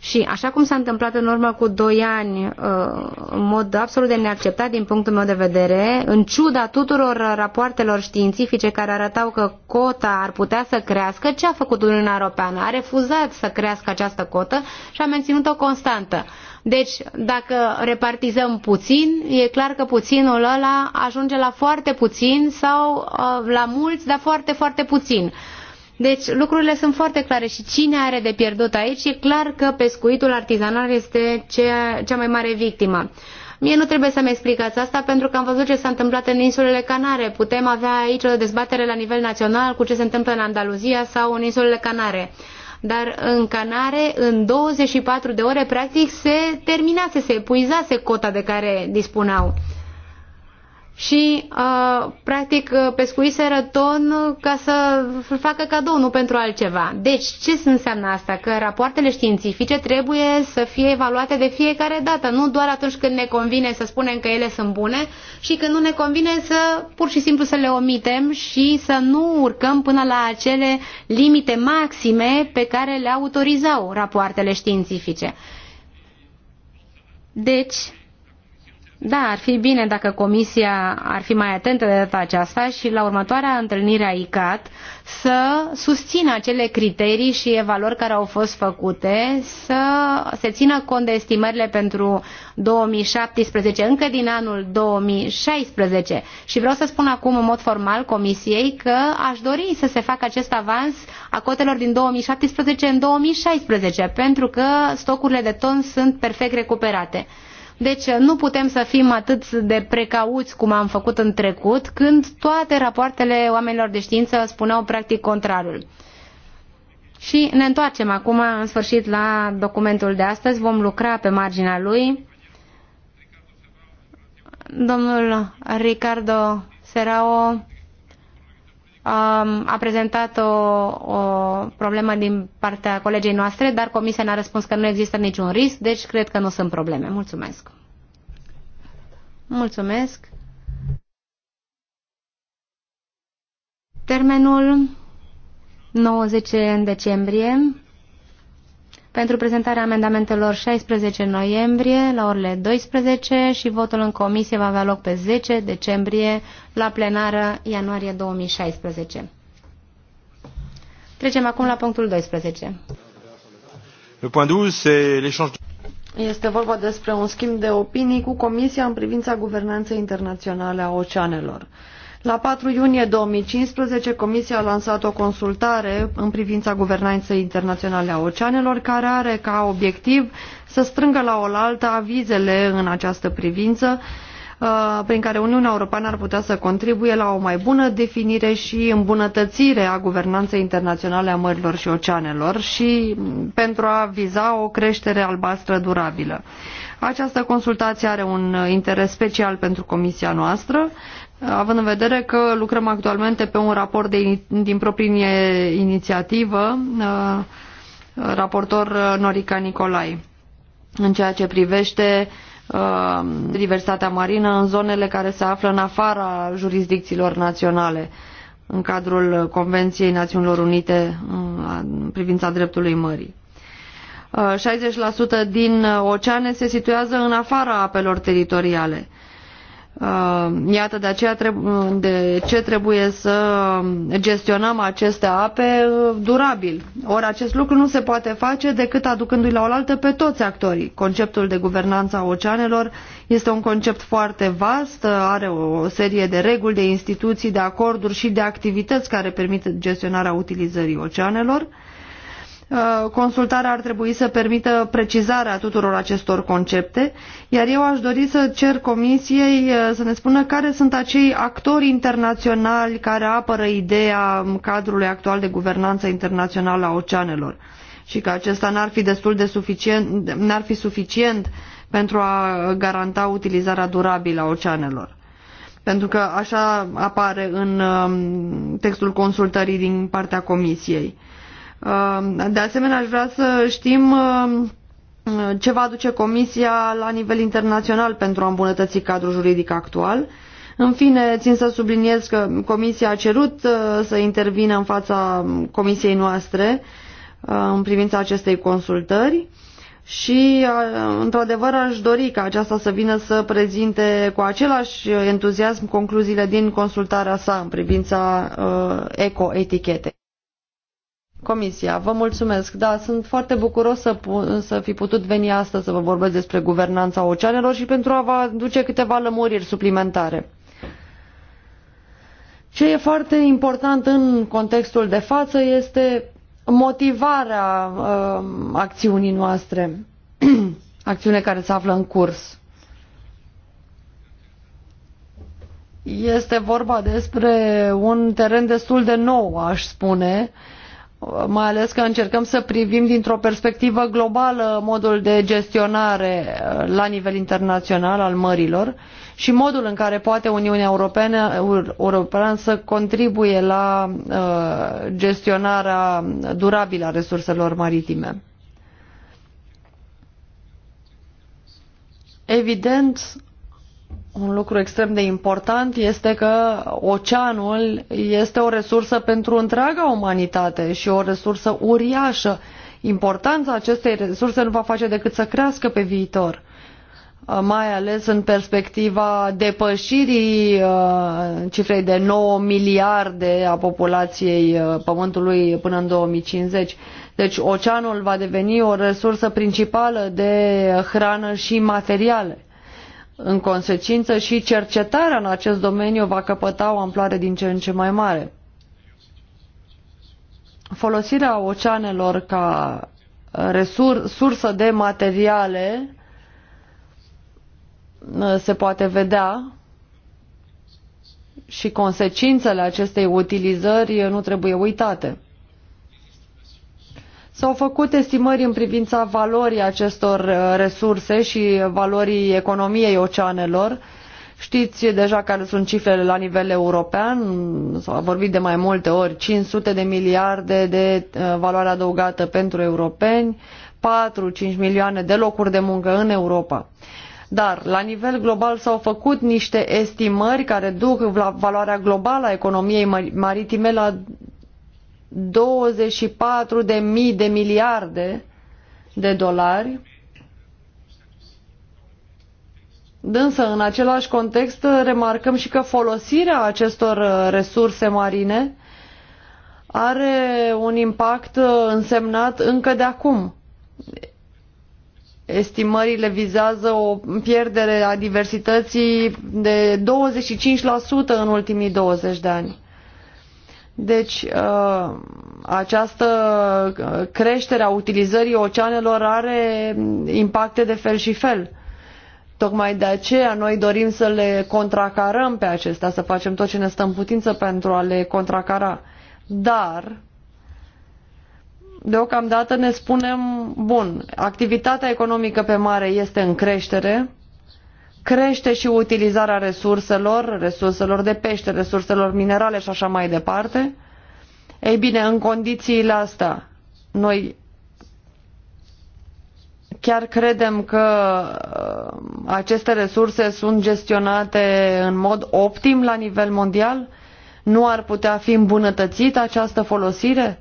și așa cum s-a întâmplat în urmă cu doi ani, uh, în mod absolut de neacceptat din punctul meu de vedere, în ciuda tuturor rapoartelor științifice care arătau că cota ar putea să crească, ce a făcut Uniunea Europeană? A refuzat să crească această cotă și a menținut-o constantă. Deci, dacă repartizăm puțin, e clar că puținul ăla ajunge la foarte puțin sau uh, la mulți, dar foarte, foarte puțin. Deci lucrurile sunt foarte clare și cine are de pierdut aici e clar că pescuitul artizanal este cea, cea mai mare victimă. Mie nu trebuie să-mi explicați asta pentru că am văzut ce s-a întâmplat în insulele Canare. Putem avea aici o dezbatere la nivel național cu ce se întâmplă în Andaluzia sau în insulele Canare. Dar în Canare, în 24 de ore, practic, se terminase, se epuizase cota de care dispuneau și uh, practic pescuiseră ton ca să facă cadou, nu pentru altceva. Deci, ce înseamnă asta? Că rapoartele științifice trebuie să fie evaluate de fiecare dată, nu doar atunci când ne convine să spunem că ele sunt bune și când nu ne convine să pur și simplu să le omitem și să nu urcăm până la acele limite maxime pe care le autorizau rapoartele științifice. Deci, da, ar fi bine dacă Comisia ar fi mai atentă de data aceasta și la următoarea întâlnire a ICAT să susțină acele criterii și evaluări care au fost făcute, să se țină cont de estimările pentru 2017, încă din anul 2016. Și vreau să spun acum în mod formal Comisiei că aș dori să se facă acest avans a cotelor din 2017 în 2016, pentru că stocurile de ton sunt perfect recuperate. Deci uh, nu putem să fim atât de precauți cum am făcut în trecut, când toate rapoartele oamenilor de știință spuneau practic contrarul. Și ne întoarcem acum, în sfârșit, la documentul de astăzi. Vom lucra pe marginea lui. Domnul Ricardo Serao a prezentat o, o problemă din partea colegei noastre, dar comisia ne-a răspuns că nu există niciun risc, deci cred că nu sunt probleme. Mulțumesc. Mulțumesc. Termenul 90 în decembrie pentru prezentarea amendamentelor 16 noiembrie la orele 12 și votul în comisie va avea loc pe 10 decembrie la plenară ianuarie 2016. Trecem acum la punctul 12. Le point 12 c'est este vorba despre un schimb de opinii cu Comisia în privința guvernanței internaționale a oceanelor. La 4 iunie 2015, Comisia a lansat o consultare în privința guvernanței internaționale a oceanelor, care are ca obiectiv să strângă la oaltă avizele în această privință, uh, prin care Uniunea Europeană ar putea să contribuie la o mai bună definire și îmbunătățire a guvernanței internaționale a mărilor și oceanelor și mm, pentru a viza o creștere albastră durabilă. Această consultație are un interes special pentru comisia noastră, având în vedere că lucrăm actualmente pe un raport de, din proprie inițiativă, uh, raportor uh, Norica Nicolai, în ceea ce privește uh, diversitatea marină în zonele care se află în afara jurisdicțiilor naționale în cadrul Convenției Națiunilor Unite în privința dreptului mării. 60% din oceane se situează în afara apelor teritoriale. Uh, iată de, aceea de ce trebuie să gestionăm aceste ape uh, durabil. Ori acest lucru nu se poate face decât aducându-i la oaltă pe toți actorii. Conceptul de guvernanță a oceanelor este un concept foarte vast, uh, are o serie de reguli, de instituții, de acorduri și de activități care permit gestionarea utilizării oceanelor. Uh, consultarea ar trebui să permită precizarea tuturor acestor concepte, iar eu aș dori să cer comisiei uh, să ne spună care sunt acei actori internaționali care apără ideea cadrului actual de guvernanță internațională a oceanelor și că acesta n-ar fi destul de suficient, n-ar fi suficient pentru a garanta utilizarea durabilă a oceanelor. Pentru că așa apare în um, textul consultării din partea comisiei. Um, de asemenea, aș vrea să știm um, ce va aduce Comisia la nivel internațional pentru a îmbunătăți cadrul juridic actual. În fine, țin să subliniez că Comisia a cerut uh, să intervină în fața Comisiei noastre uh, în privința acestei consultări și, uh, într-adevăr, aș dori ca aceasta să vină să prezinte cu același entuziasm concluziile din consultarea sa în privința ecoetichetei. Comisia, vă mulțumesc. Da, sunt foarte bucuros să, să fi putut veni astăzi să vă vorbesc despre guvernanța oceanelor și pentru a vă aduce câteva lămuriri suplimentare. Ce e foarte important în contextul de față este motivarea uh, acțiunii noastre, <clears throat> acțiune care se află în curs. Este vorba despre un teren destul de nou, aș spune, uh, mai ales că încercăm să privim dintr-o perspectivă globală modul de gestionare uh, la nivel internațional al mărilor și modul în care poate Uniunea Europeană, Europeană să contribuie la uh, gestionarea durabilă a resurselor maritime. Evident, un lucru extrem de important este că oceanul este o resursă pentru întreaga umanitate și o resursă uriașă. Importanța acestei resurse nu va face decât să crească pe viitor, uh, mai ales în perspectiva depășirii uh, cifrei de 9 miliarde a populației uh, Pământului până în 2050. Deci oceanul va deveni o resursă principală de hrană și materiale în consecință și cercetarea în acest domeniu va căpăta o amploare din ce în ce mai mare. Folosirea oceanelor ca resursă de materiale uh, se poate vedea și consecințele acestei utilizări nu trebuie uitate. S-au făcut estimări în privința valorii acestor uh, resurse și valorii economiei oceanelor. Știți deja care sunt cifrele la nivel european, s-a vorbit de mai multe ori, 500 de miliarde de uh, valoare adăugată pentru europeni, 4-5 milioane de locuri de muncă în Europa. Dar la nivel global s-au făcut niște estimări care duc la valoarea globală a economiei maritime la 24 de mii de miliarde de dolari. Însă, în același context, remarcăm și că folosirea acestor uh, resurse marine are un impact uh, însemnat încă de acum. Estimările vizează o pierdere a diversității de 25% în ultimii 20 de ani. Deci uh, această uh, creștere a utilizării oceanelor are impacte de fel și fel. Tocmai de aceea noi dorim să le contracarăm pe acestea, să facem tot ce ne stă în putință pentru a le contracara. Dar, deocamdată ne spunem, bun, activitatea economică pe mare este în creștere, crește și utilizarea resurselor, resurselor de pește, resurselor minerale și așa mai departe. Ei bine, în condițiile astea, noi chiar credem că uh, aceste resurse sunt gestionate în mod optim la nivel mondial? Nu ar putea fi îmbunătățită această folosire?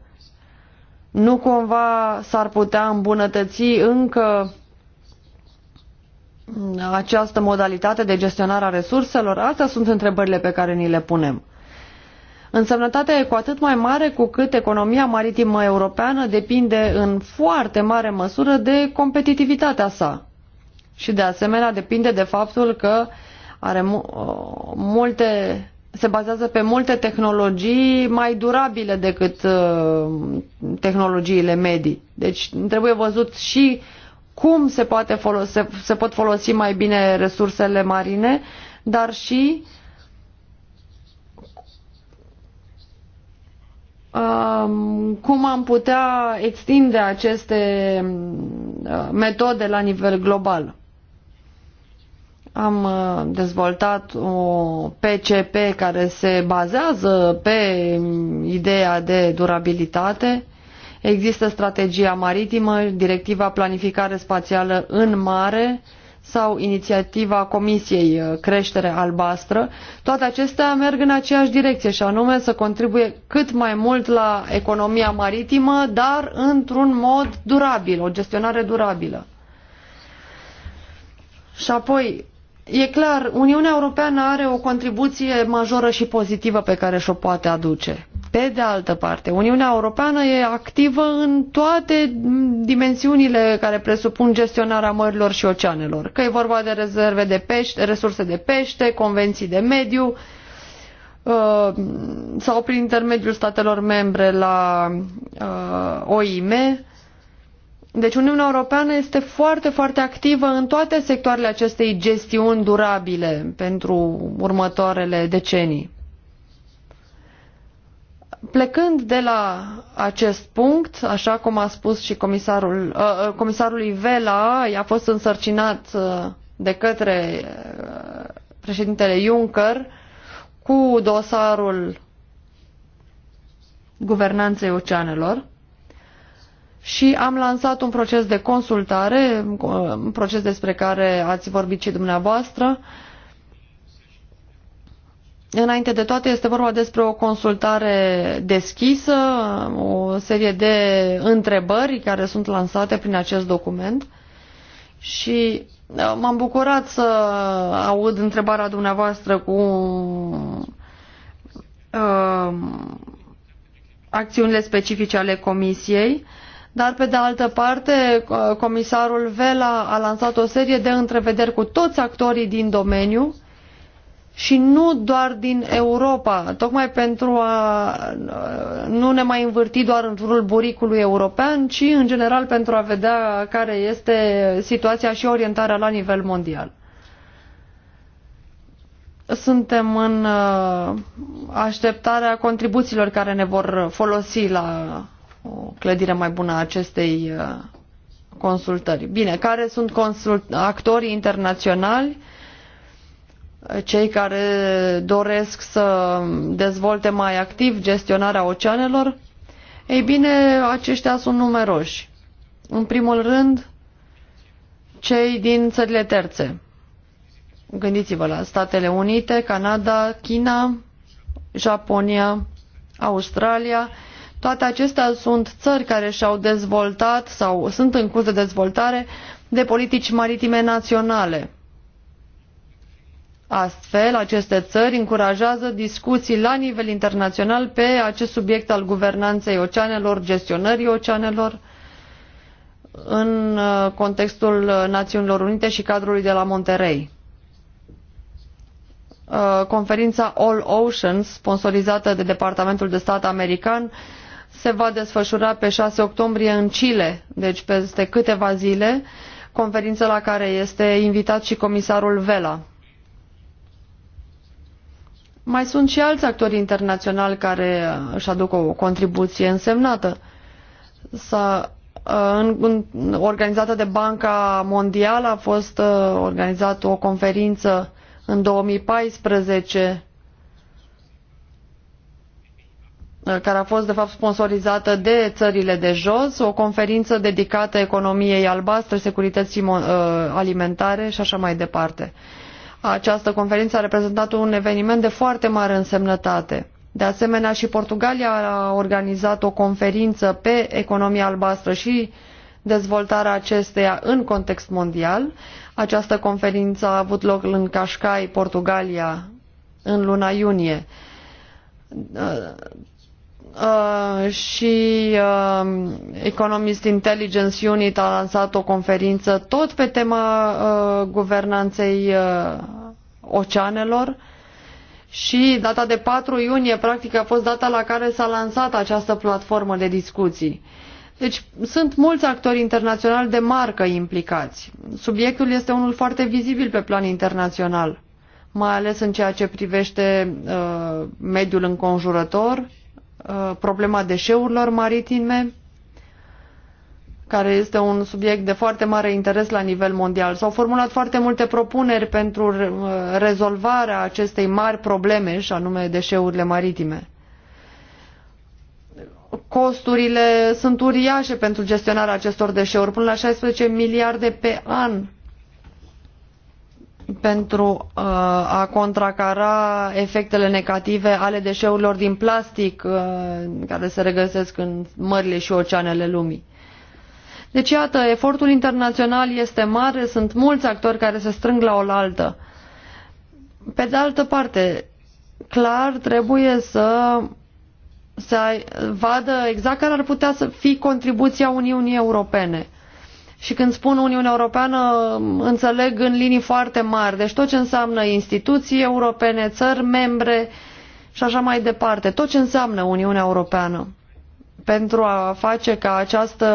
Nu cumva s-ar putea îmbunătăți încă această modalitate de gestionare a resurselor? Astea sunt întrebările pe care ni le punem. Însemnătatea e cu atât mai mare cu cât economia maritimă europeană depinde în foarte mare măsură de competitivitatea sa. Și de asemenea depinde de faptul că are uh, multe, se bazează pe multe tehnologii mai durabile decât uh, tehnologiile medii. Deci trebuie văzut și uh, cum se, poate se, se pot folosi mai bine resursele marine, dar și um, cum am putea extinde aceste uh, metode la nivel global. Am uh, dezvoltat o PCP care se bazează pe um, ideea de durabilitate Există strategia maritimă, directiva planificare spațială în mare sau inițiativa Comisiei uh, Creștere Albastră. Toate acestea merg în aceeași direcție și anume să contribuie cât mai mult la economia maritimă, dar într-un mod durabil, o gestionare durabilă. Și apoi, e clar, Uniunea Europeană are o contribuție majoră și pozitivă pe care și-o poate aduce. Pe de altă parte, Uniunea Europeană e activă în toate dimensiunile care presupun gestionarea mărilor și oceanelor, că e vorba de rezerve de pește, resurse de pește, convenții de mediu uh, sau prin intermediul statelor membre la uh, OIM. Deci Uniunea Europeană este foarte, foarte activă în toate sectoarele acestei gestiuni durabile pentru următoarele decenii. Plecând de la acest punct, așa cum a spus și comisarul, uh, uh, comisarului Vela, i-a fost însărcinat uh, de către președintele Juncker cu dosarul guvernanței oceanelor și am lansat un proces de consultare, un proces despre care ați vorbit și dumneavoastră, uh, Înainte de toate, este vorba despre o consultare deschisă, o serie de întrebări care sunt lansate prin acest document și uh, m-am bucurat să aud întrebarea dumneavoastră cu uh, acțiunile specifice ale Comisiei, dar pe de altă parte uh, comisarul Vela a lansat o serie de întrevederi cu toți actorii din domeniu și nu doar din Europa, tocmai pentru a nu ne mai învârti doar în jurul buricului european, ci în general pentru a vedea care este situația și orientarea la nivel mondial. Suntem în uh, așteptarea contribuțiilor care ne vor folosi la o clădire mai bună a acestei uh, consultări. Bine, care sunt actorii internaționali? cei care doresc să dezvolte mai activ gestionarea oceanelor, ei bine, aceștia sunt numeroși. În primul rând, cei din țările terțe. Gândiți-vă la Statele Unite, Canada, China, Japonia, Australia. Toate acestea sunt țări care și-au dezvoltat sau sunt în curs de dezvoltare de politici maritime naționale Astfel, aceste țări încurajează discuții la nivel internațional pe acest subiect al guvernanței oceanelor, gestionării oceanelor, în uh, contextul uh, Națiunilor Unite și cadrului de la Monterey. Uh, conferința All Oceans, sponsorizată de Departamentul de Stat american, se va desfășura pe 6 octombrie în Chile, deci peste câteva zile, conferință la care este invitat și comisarul Vela. Mai sunt și alți actori internaționali care uh, își aduc o contribuție însemnată. S-a, uh, în, în, organizată de Banca Mondială a fost uh, organizată o conferință în 2014 care a fost de fapt sponsorizată de țările de jos, o conferință dedicată economiei albastre, securității alimentare și așa mai departe. Această conferință a reprezentat un eveniment de foarte mare însemnătate. De asemenea, și Portugalia a organizat o conferință pe economia albastră și dezvoltarea acesteia în context mondial. Această conferință a avut loc în Cascai, Portugalia, în luna iunie. Uh, și uh, Economist Intelligence Unit a lansat o conferință tot pe tema uh, guvernanței uh, oceanelor și data de 4 iunie practic a fost data la care s-a lansat această platformă de discuții. Deci sunt mulți actori internaționali de marcă implicați. Subiectul este unul foarte vizibil pe plan internațional, mai ales în ceea ce privește uh, mediul înconjurător Uh, problema deșeurilor maritime, care este un subiect de foarte mare interes la nivel mondial. S-au formulat foarte multe propuneri pentru uh, rezolvarea acestei mari probleme, și anume deșeurile maritime. Costurile sunt uriașe pentru gestionarea acestor deșeuri, până la 16 miliarde pe an pentru uh, a contracara efectele negative ale deșeurilor din plastic uh, care se regăsesc în mările și oceanele lumii. Deci, iată, efortul internațional este mare, sunt mulți actori care se strâng la oaltă. Pe de altă parte, clar trebuie să să vadă exact care ar putea să fie contribuția Uniunii Europene și când spun Uniunea Europeană, înțeleg în linii foarte mari. Deci tot ce înseamnă instituții europene, țări membre și așa mai departe. Tot ce înseamnă Uniunea Europeană pentru a face ca această,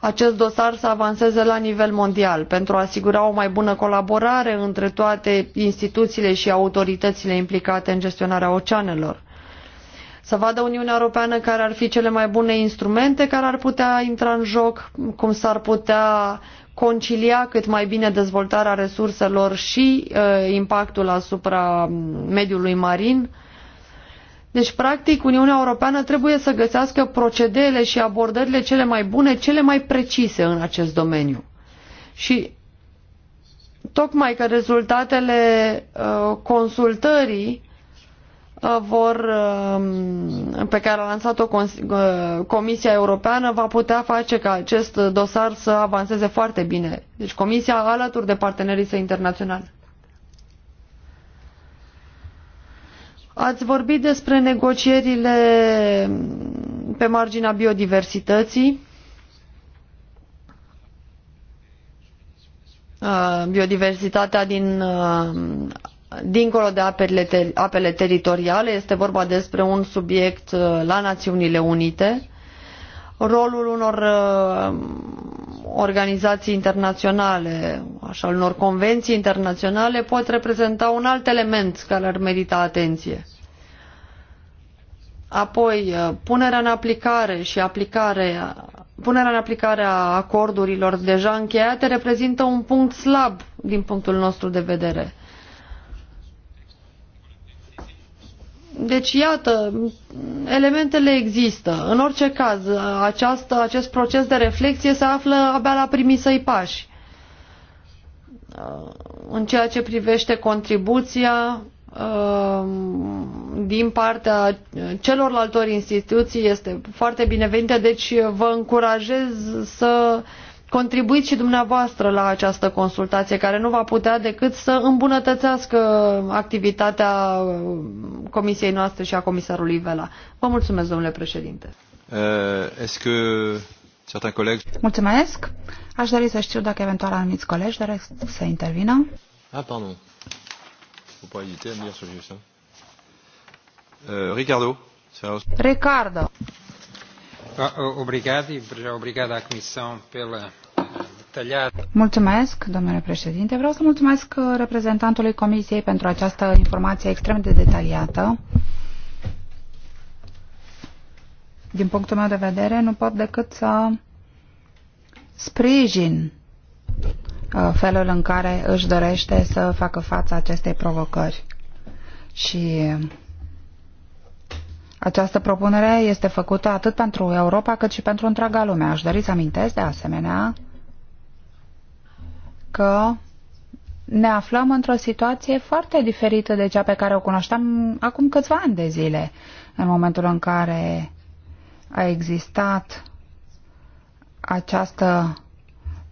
acest dosar să avanseze la nivel mondial, pentru a asigura o mai bună colaborare între toate instituțiile și autoritățile implicate în gestionarea oceanelor să vadă Uniunea Europeană care ar fi cele mai bune instrumente care ar putea intra în joc, cum s-ar putea concilia cât mai bine dezvoltarea resurselor și uh, impactul asupra mediului marin. Deci, practic, Uniunea Europeană trebuie să găsească procedeele și abordările cele mai bune, cele mai precise în acest domeniu. Și tocmai că rezultatele uh, consultării Uh, vor, uh, pe care a lansat-o uh, Comisia Europeană va putea face ca acest dosar să avanseze foarte bine. Deci Comisia alături de partenerii săi internaționali. Ați vorbit despre negocierile pe marginea biodiversității. Biodiversitatea din dincolo de apele, apele teritoriale, este vorba despre un subiect uh, la Națiunile Unite, rolul unor uh, organizații internaționale, așa, unor convenții internaționale, pot reprezenta un alt element care ar merita atenție. Apoi, uh, punerea în aplicare și aplicare, punerea în aplicare a acordurilor deja încheiate reprezintă un punct slab din punctul nostru de vedere. Deci, iată, elementele există. În orice caz, această, acest proces de reflexie se află abia la primii săi pași. Uh, în ceea ce privește contribuția uh, din partea celorlalte instituții este foarte binevenită, deci vă încurajez să uh, contribuiți și dumneavoastră la această consultație, care nu va putea decât să îmbunătățească activitatea uh, comisiei noastre și a comisarului Vela. Vă mulțumesc, domnule președinte. Uh, colegi. Mulțumesc. Aș dori să știu dacă eventual anumiți colegi doresc să intervină. Ah, pardon. Nu pot hésiter à me dire ce euh, Ricardo. Ricardo. Ah, ah, eh, mulțumesc, domnule președinte. Vreau să mulțumesc uh, reprezentantului Comisiei pentru această informație extrem de detaliată. Din punctul meu de vedere, nu pot decât să sprijin uh, felul în care își dorește să facă față acestei provocări. Și această propunere este făcută atât pentru Europa cât și pentru întreaga lume. Aș dori să amintesc de asemenea că ne aflăm într-o situație foarte diferită de cea pe care o cunoșteam acum câțiva ani de zile, în momentul în care a existat această,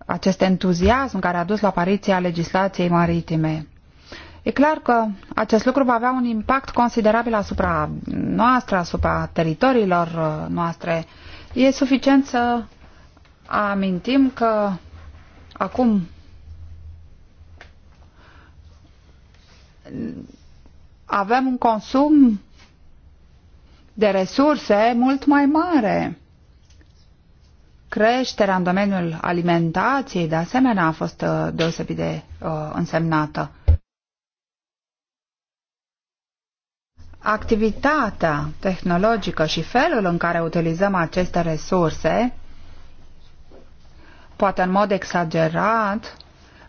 acest entuziasm care a dus la apariția legislației maritime. E clar că acest lucru va avea un impact considerabil asupra noastră, asupra teritoriilor uh, noastre. E suficient să amintim că acum avem un consum de resurse mult mai mare. Creșterea în domeniul alimentației, de asemenea, a fost uh, deosebit de uh, însemnată. activitatea tehnologică și felul în care utilizăm aceste resurse, poate în mod exagerat,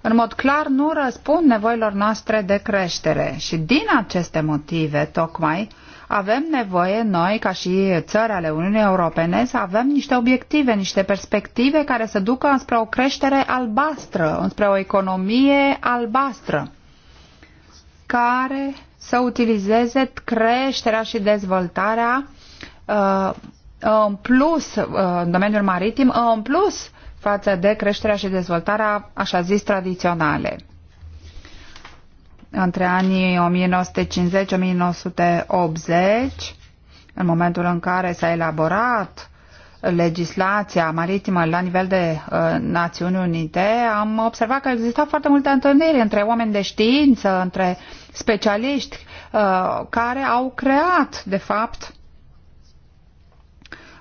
în mod clar nu răspund nevoilor noastre de creștere și din aceste motive, tocmai, avem nevoie noi, ca și țări ale Uniunii Europene, să avem niște obiective, niște perspective care să ducă înspre o creștere albastră, înspre o economie albastră, care să utilizeze creșterea și dezvoltarea uh, în plus uh, în domeniul maritim, în plus față de creșterea și dezvoltarea așa zis tradiționale. Între anii 1950-1980, în momentul în care s-a elaborat legislația maritimă la nivel de uh, Națiuni Unite, am observat că exista foarte multe întâlniri între oameni de știință, între specialiști uh, care au creat, de fapt,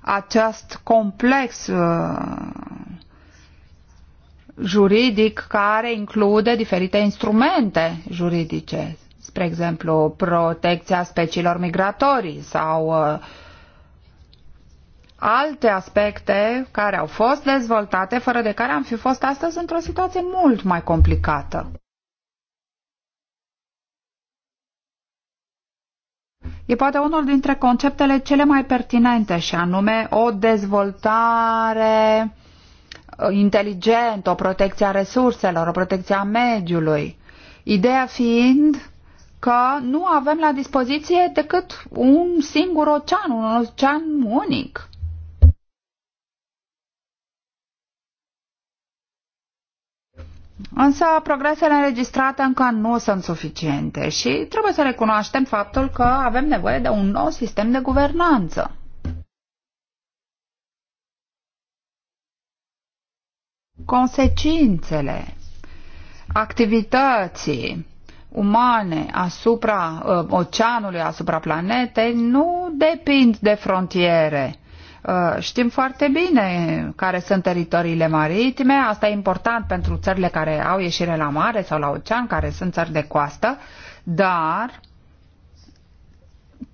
acest complex uh, juridic care include diferite instrumente juridice, spre exemplu protecția speciilor migratorii sau uh, alte aspecte care au fost dezvoltate, fără de care am fi fost astăzi într-o situație mult mai complicată. E poate unul dintre conceptele cele mai pertinente și anume o dezvoltare uh, inteligentă, o protecție a resurselor, o protecție a mediului. Ideea fiind că nu avem la dispoziție decât un singur ocean, un ocean unic. Însă progresele înregistrate încă nu sunt suficiente și trebuie să recunoaștem faptul că avem nevoie de un nou sistem de guvernanță. Consecințele activității umane asupra uh, oceanului, asupra planetei, nu depind de frontiere Uh, știm foarte bine care sunt teritoriile maritime, asta e important pentru țările care au ieșire la mare sau la ocean, care sunt țări de coastă, dar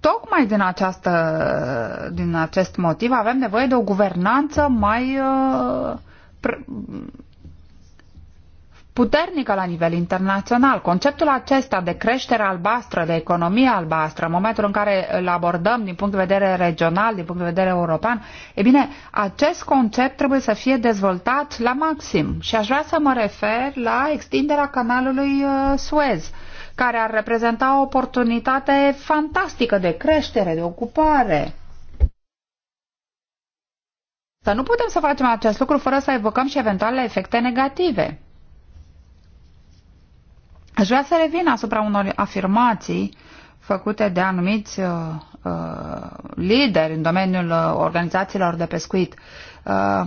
tocmai din, această, din acest motiv avem nevoie de o guvernanță mai uh, puternică la nivel internațional. Conceptul acesta de creștere albastră, de economie albastră, în momentul în care îl abordăm din punct de vedere regional, din punct de vedere european, e bine, acest concept trebuie să fie dezvoltat la maxim. Și aș vrea să mă refer la extinderea canalului uh, Suez care ar reprezenta o oportunitate fantastică de creștere, de ocupare. Să nu putem să facem acest lucru fără să evocăm și eventuale efecte negative. Aș vrea să revin asupra unor afirmații făcute de anumiți uh, uh, lideri în domeniul uh, organizațiilor de pescuit. Uh,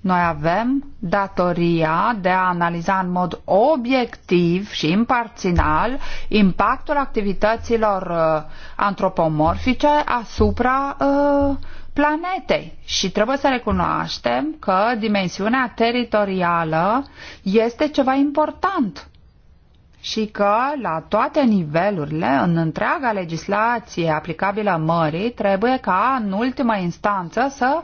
noi avem datoria de a analiza în mod obiectiv și imparțial impactul activităților uh, antropomorfice asupra uh, planetei. Și trebuie să recunoaștem că dimensiunea teritorială este ceva important și că la toate nivelurile, în întreaga legislație aplicabilă mării, trebuie ca în ultima instanță să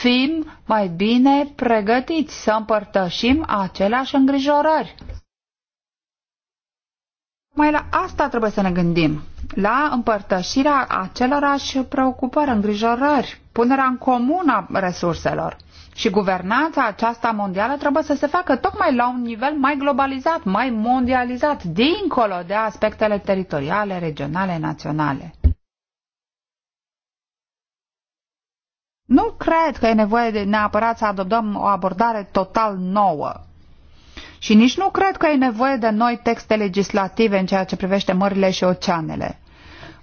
fim mai bine pregătiți, să împărtășim aceleași îngrijorări. Mai la asta trebuie să ne gândim, la împărtășirea acelorași preocupări, îngrijorări, punerea în comun a resurselor. Și guvernanța aceasta mondială trebuie să se facă tocmai la un nivel mai globalizat, mai mondializat, dincolo de aspectele teritoriale, regionale, naționale. Nu cred că e nevoie de neapărat să adoptăm o abordare total nouă. Și nici nu cred că e nevoie de noi texte legislative în ceea ce privește mările și oceanele.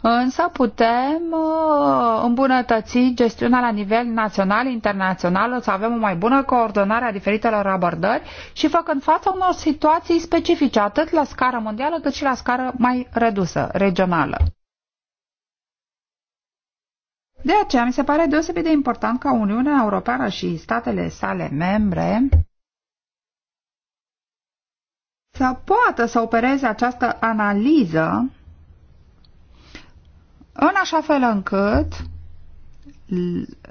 Însă putem uh, îmbunătăți gestiunea la nivel național, internațional, să avem o mai bună coordonare a diferitelor abordări și făcând față unor situații specifice, atât la scară mondială cât și la scară mai redusă, regională. De aceea mi se pare deosebit de important ca Uniunea Europeană și statele sale membre să poată să opereze această analiză în așa fel încât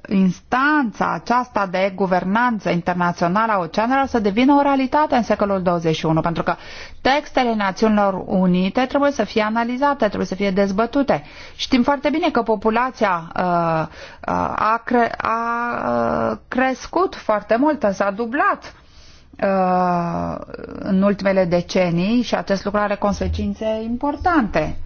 instanța aceasta de guvernanță internațională a oceanelor să devină o realitate în secolul 21, pentru că textele Națiunilor Unite trebuie să fie analizate, trebuie să fie dezbătute. Știm foarte bine că populația uh, uh a, cre- a uh, crescut foarte mult, s-a dublat Uh, în ultimele decenii și acest lucru are consecințe importante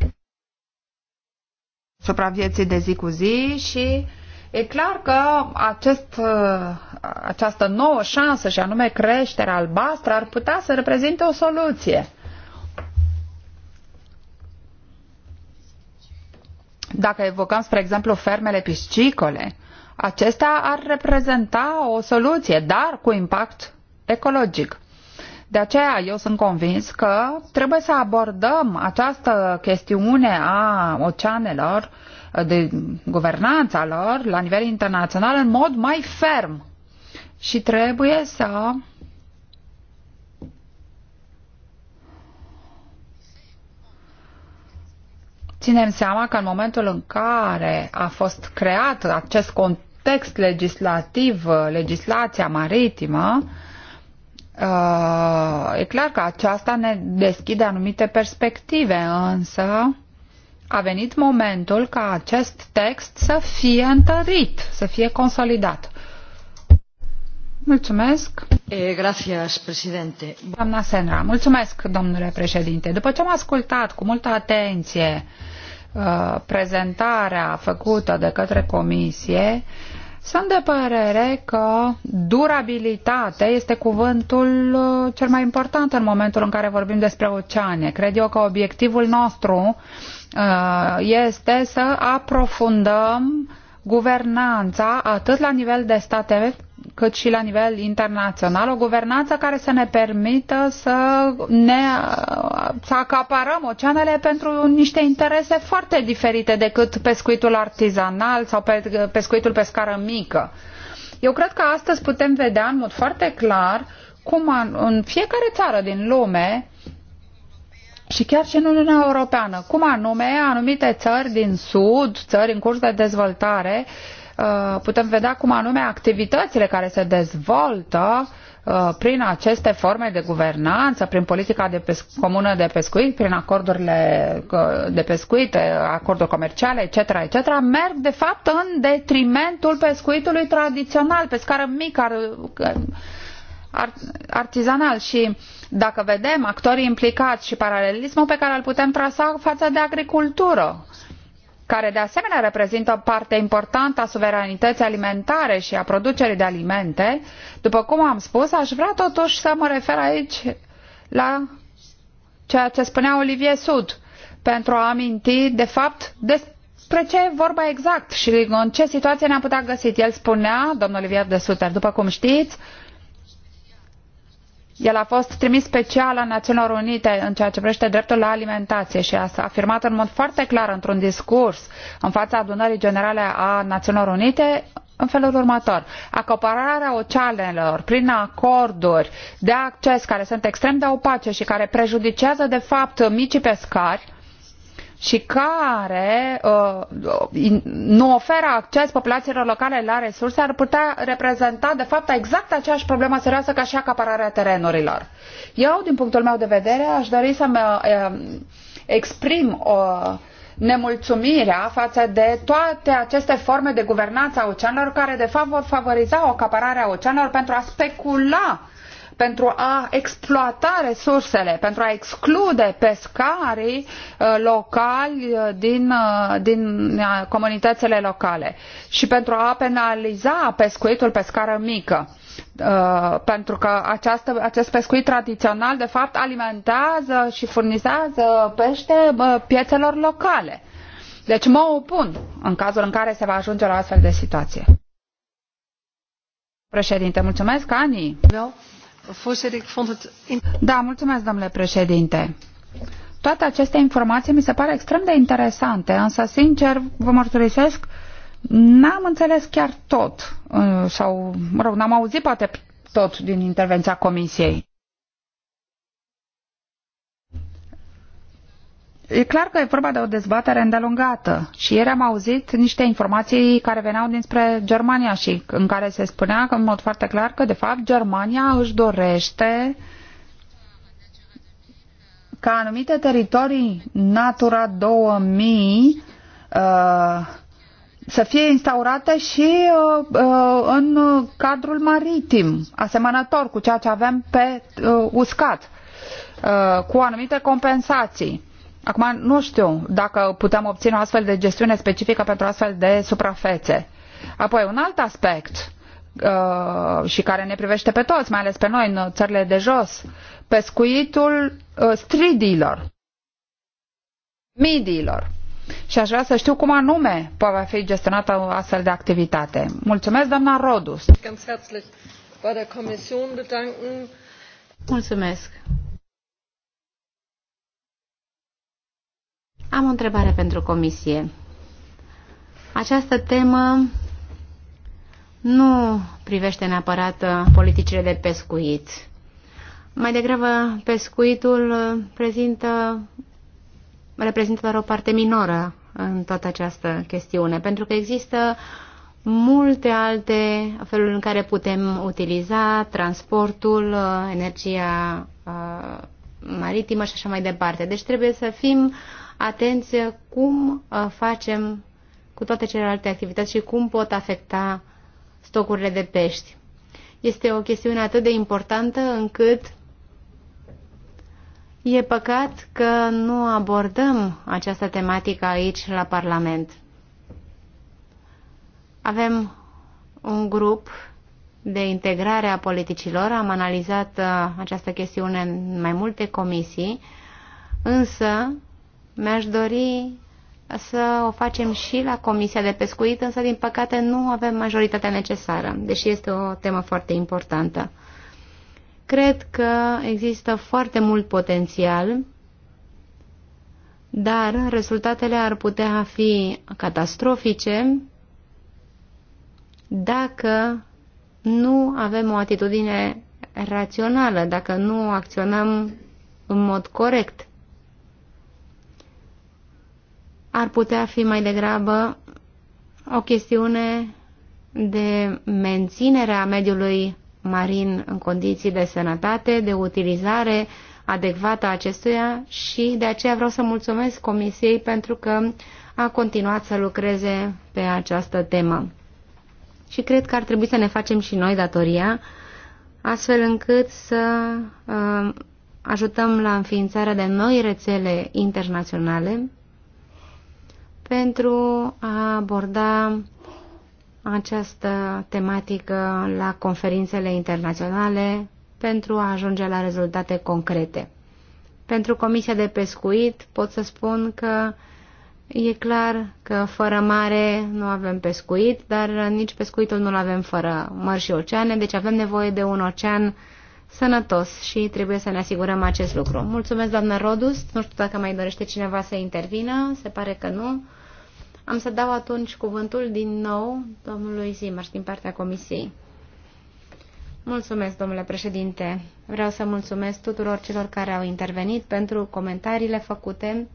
supravieții de zi cu zi și e clar că acest, uh, această nouă șansă și anume creșterea albastră ar putea să reprezinte o soluție. Dacă evocăm, spre exemplu, fermele piscicole, acestea ar reprezenta o soluție, dar cu impact ecologic. De aceea eu sunt convins că trebuie să abordăm această chestiune a oceanelor, de guvernanța lor la nivel internațional în mod mai ferm. Și trebuie să ținem seama că în momentul în care a fost creat acest context legislativ, legislația maritimă, Uh, e clar că aceasta ne deschide anumite perspective, însă a venit momentul ca acest text să fie întărit, să fie consolidat. Mulțumesc. E, eh, gracias, președinte. Doamna Senra, mulțumesc, domnule președinte. După ce am ascultat cu multă atenție uh, prezentarea făcută de către comisie, uh, sunt de părere că durabilitatea este cuvântul uh, cel mai important în momentul în care vorbim despre oceane. Cred eu că obiectivul nostru uh, este să aprofundăm uh, guvernanța atât la nivel de state cât și la nivel internațional, o guvernanță care să ne permită să ne să acaparăm oceanele pentru niște interese foarte diferite decât pescuitul artizanal sau pescuitul pe scară mică. Eu cred că astăzi putem vedea în mod foarte clar cum în fiecare țară din lume și chiar și în Uniunea Europeană. Cum anume, anumite țări din Sud, țări în curs de dezvoltare, uh, putem vedea cum anume activitățile care se dezvoltă uh, prin aceste forme de guvernanță, prin politica de pesc- comună de pescuit, prin acordurile uh, de pescuit, acorduri comerciale, etc., etc., merg de fapt în detrimentul pescuitului tradițional, pescară mică, artizanal și dacă vedem actorii implicați și paralelismul pe care îl putem trasa față de agricultură, care de asemenea reprezintă parte importantă a suveranității alimentare și a producerii de alimente, după cum am spus, aș vrea totuși să mă refer aici la ceea ce spunea Olivier Sud, pentru a aminti, de fapt, despre ce e vorba exact și în ce situație ne-am putea găsi. El spunea, domnul Olivier de Suter, după cum știți, el a fost trimis special la Națiunilor Unite în ceea ce privește dreptul la alimentație și a afirmat în mod foarte clar într-un discurs în fața adunării generale a Națiunilor Unite în felul următor. Acopărarea oceanelor prin acorduri de acces care sunt extrem de opace și care prejudicează de fapt micii pescari și care uh, nu oferă acces populațiilor locale la resurse ar putea reprezenta de fapt exact aceeași problemă serioasă ca și acapararea terenurilor. Eu, din punctul meu de vedere, aș dori să-mi uh, exprim o uh, nemulțumirea față de toate aceste forme de guvernanță a oceanelor care de fapt vor favoriza o acaparare a oceanelor pentru a specula pentru a exploata resursele, pentru a exclude pescarii uh, locali uh, din, uh, din comunitățile locale și pentru a penaliza pescuitul pe scară mică. Uh, pentru că această, acest pescuit tradițional, de fapt, alimentează și furnizează pește uh, piețelor locale. Deci mă opun în cazul în care se va ajunge la astfel de situație. Președinte, mulțumesc, Ani. Da, mulțumesc, domnule președinte. Toate aceste informații mi se pare extrem de interesante, însă, sincer, vă mărturisesc, n-am înțeles chiar tot, uh, sau, mă rog, n-am auzit poate tot din intervenția comisiei. E clar că e vorba de o dezbatere îndelungată și ieri am auzit niște informații care veneau dinspre Germania și în care se spunea că, în mod foarte clar că, de fapt, Germania își dorește ca anumite teritorii Natura 2000 uh, să fie instaurate și uh, uh, în cadrul maritim, asemănător cu ceea ce avem pe uh, uscat, uh, cu anumite compensații. Acum nu știu dacă putem obține o astfel de gestiune specifică pentru astfel de suprafețe. Apoi, un alt aspect uh, și care ne privește pe toți, mai ales pe noi în țările de jos, pescuitul uh, stridilor, midiilor. Și aș vrea să știu cum anume poate fi gestionată o astfel de activitate. Mulțumesc, doamna Rodus. Mulțumesc. Am o întrebare pentru comisie. Această temă nu privește neapărat uh, politicile de pescuit. Mai degrabă, pescuitul uh, prezintă, reprezintă doar o parte minoră în toată această chestiune, pentru că există multe alte feluri în care putem utiliza transportul, uh, energia maritimă și așa mai departe. Deci trebuie să fim uh, Atenție uh, cum uh, facem cu toate celelalte activități și cum pot afecta stocurile de pești. Este o chestiune atât de importantă încât e păcat că nu abordăm această tematică aici la Parlament. Avem un grup de integrare a politicilor. Am analizat uh, această chestiune în mai multe comisii, însă mi-aș dori să o facem și la Comisia de Pescuit, însă din păcate nu avem majoritatea necesară, deși este o temă foarte importantă. Cred că există foarte mult potențial, dar rezultatele ar putea fi catastrofice dacă nu avem o atitudine rațională, dacă nu acționăm în mod corect ar putea fi mai degrabă o chestiune de menținere a mediului marin în condiții de sănătate, de utilizare adecvată a acestuia și de aceea vreau să mulțumesc Comisiei pentru că a continuat să lucreze pe această temă. Și cred că ar trebui să ne facem și noi datoria, astfel încât să uh, ajutăm la înființarea de noi rețele internaționale pentru a aborda această tematică la conferințele internaționale pentru a ajunge la rezultate concrete. Pentru Comisia de Pescuit pot să spun că e clar că fără mare nu avem pescuit, dar nici pescuitul nu-l avem fără mări și oceane, deci avem nevoie de un ocean uh, sănătos și trebuie să ne asigurăm acest lucru. Mulțumesc, doamnă Rodus. Nu știu dacă mai dorește cineva să intervină. Se pare că nu. Am să dau atunci cuvântul din nou domnului Zimăr din partea comisiei. Mulțumesc, domnule președinte. Vreau să mulțumesc tuturor celor care au intervenit pentru comentariile făcute,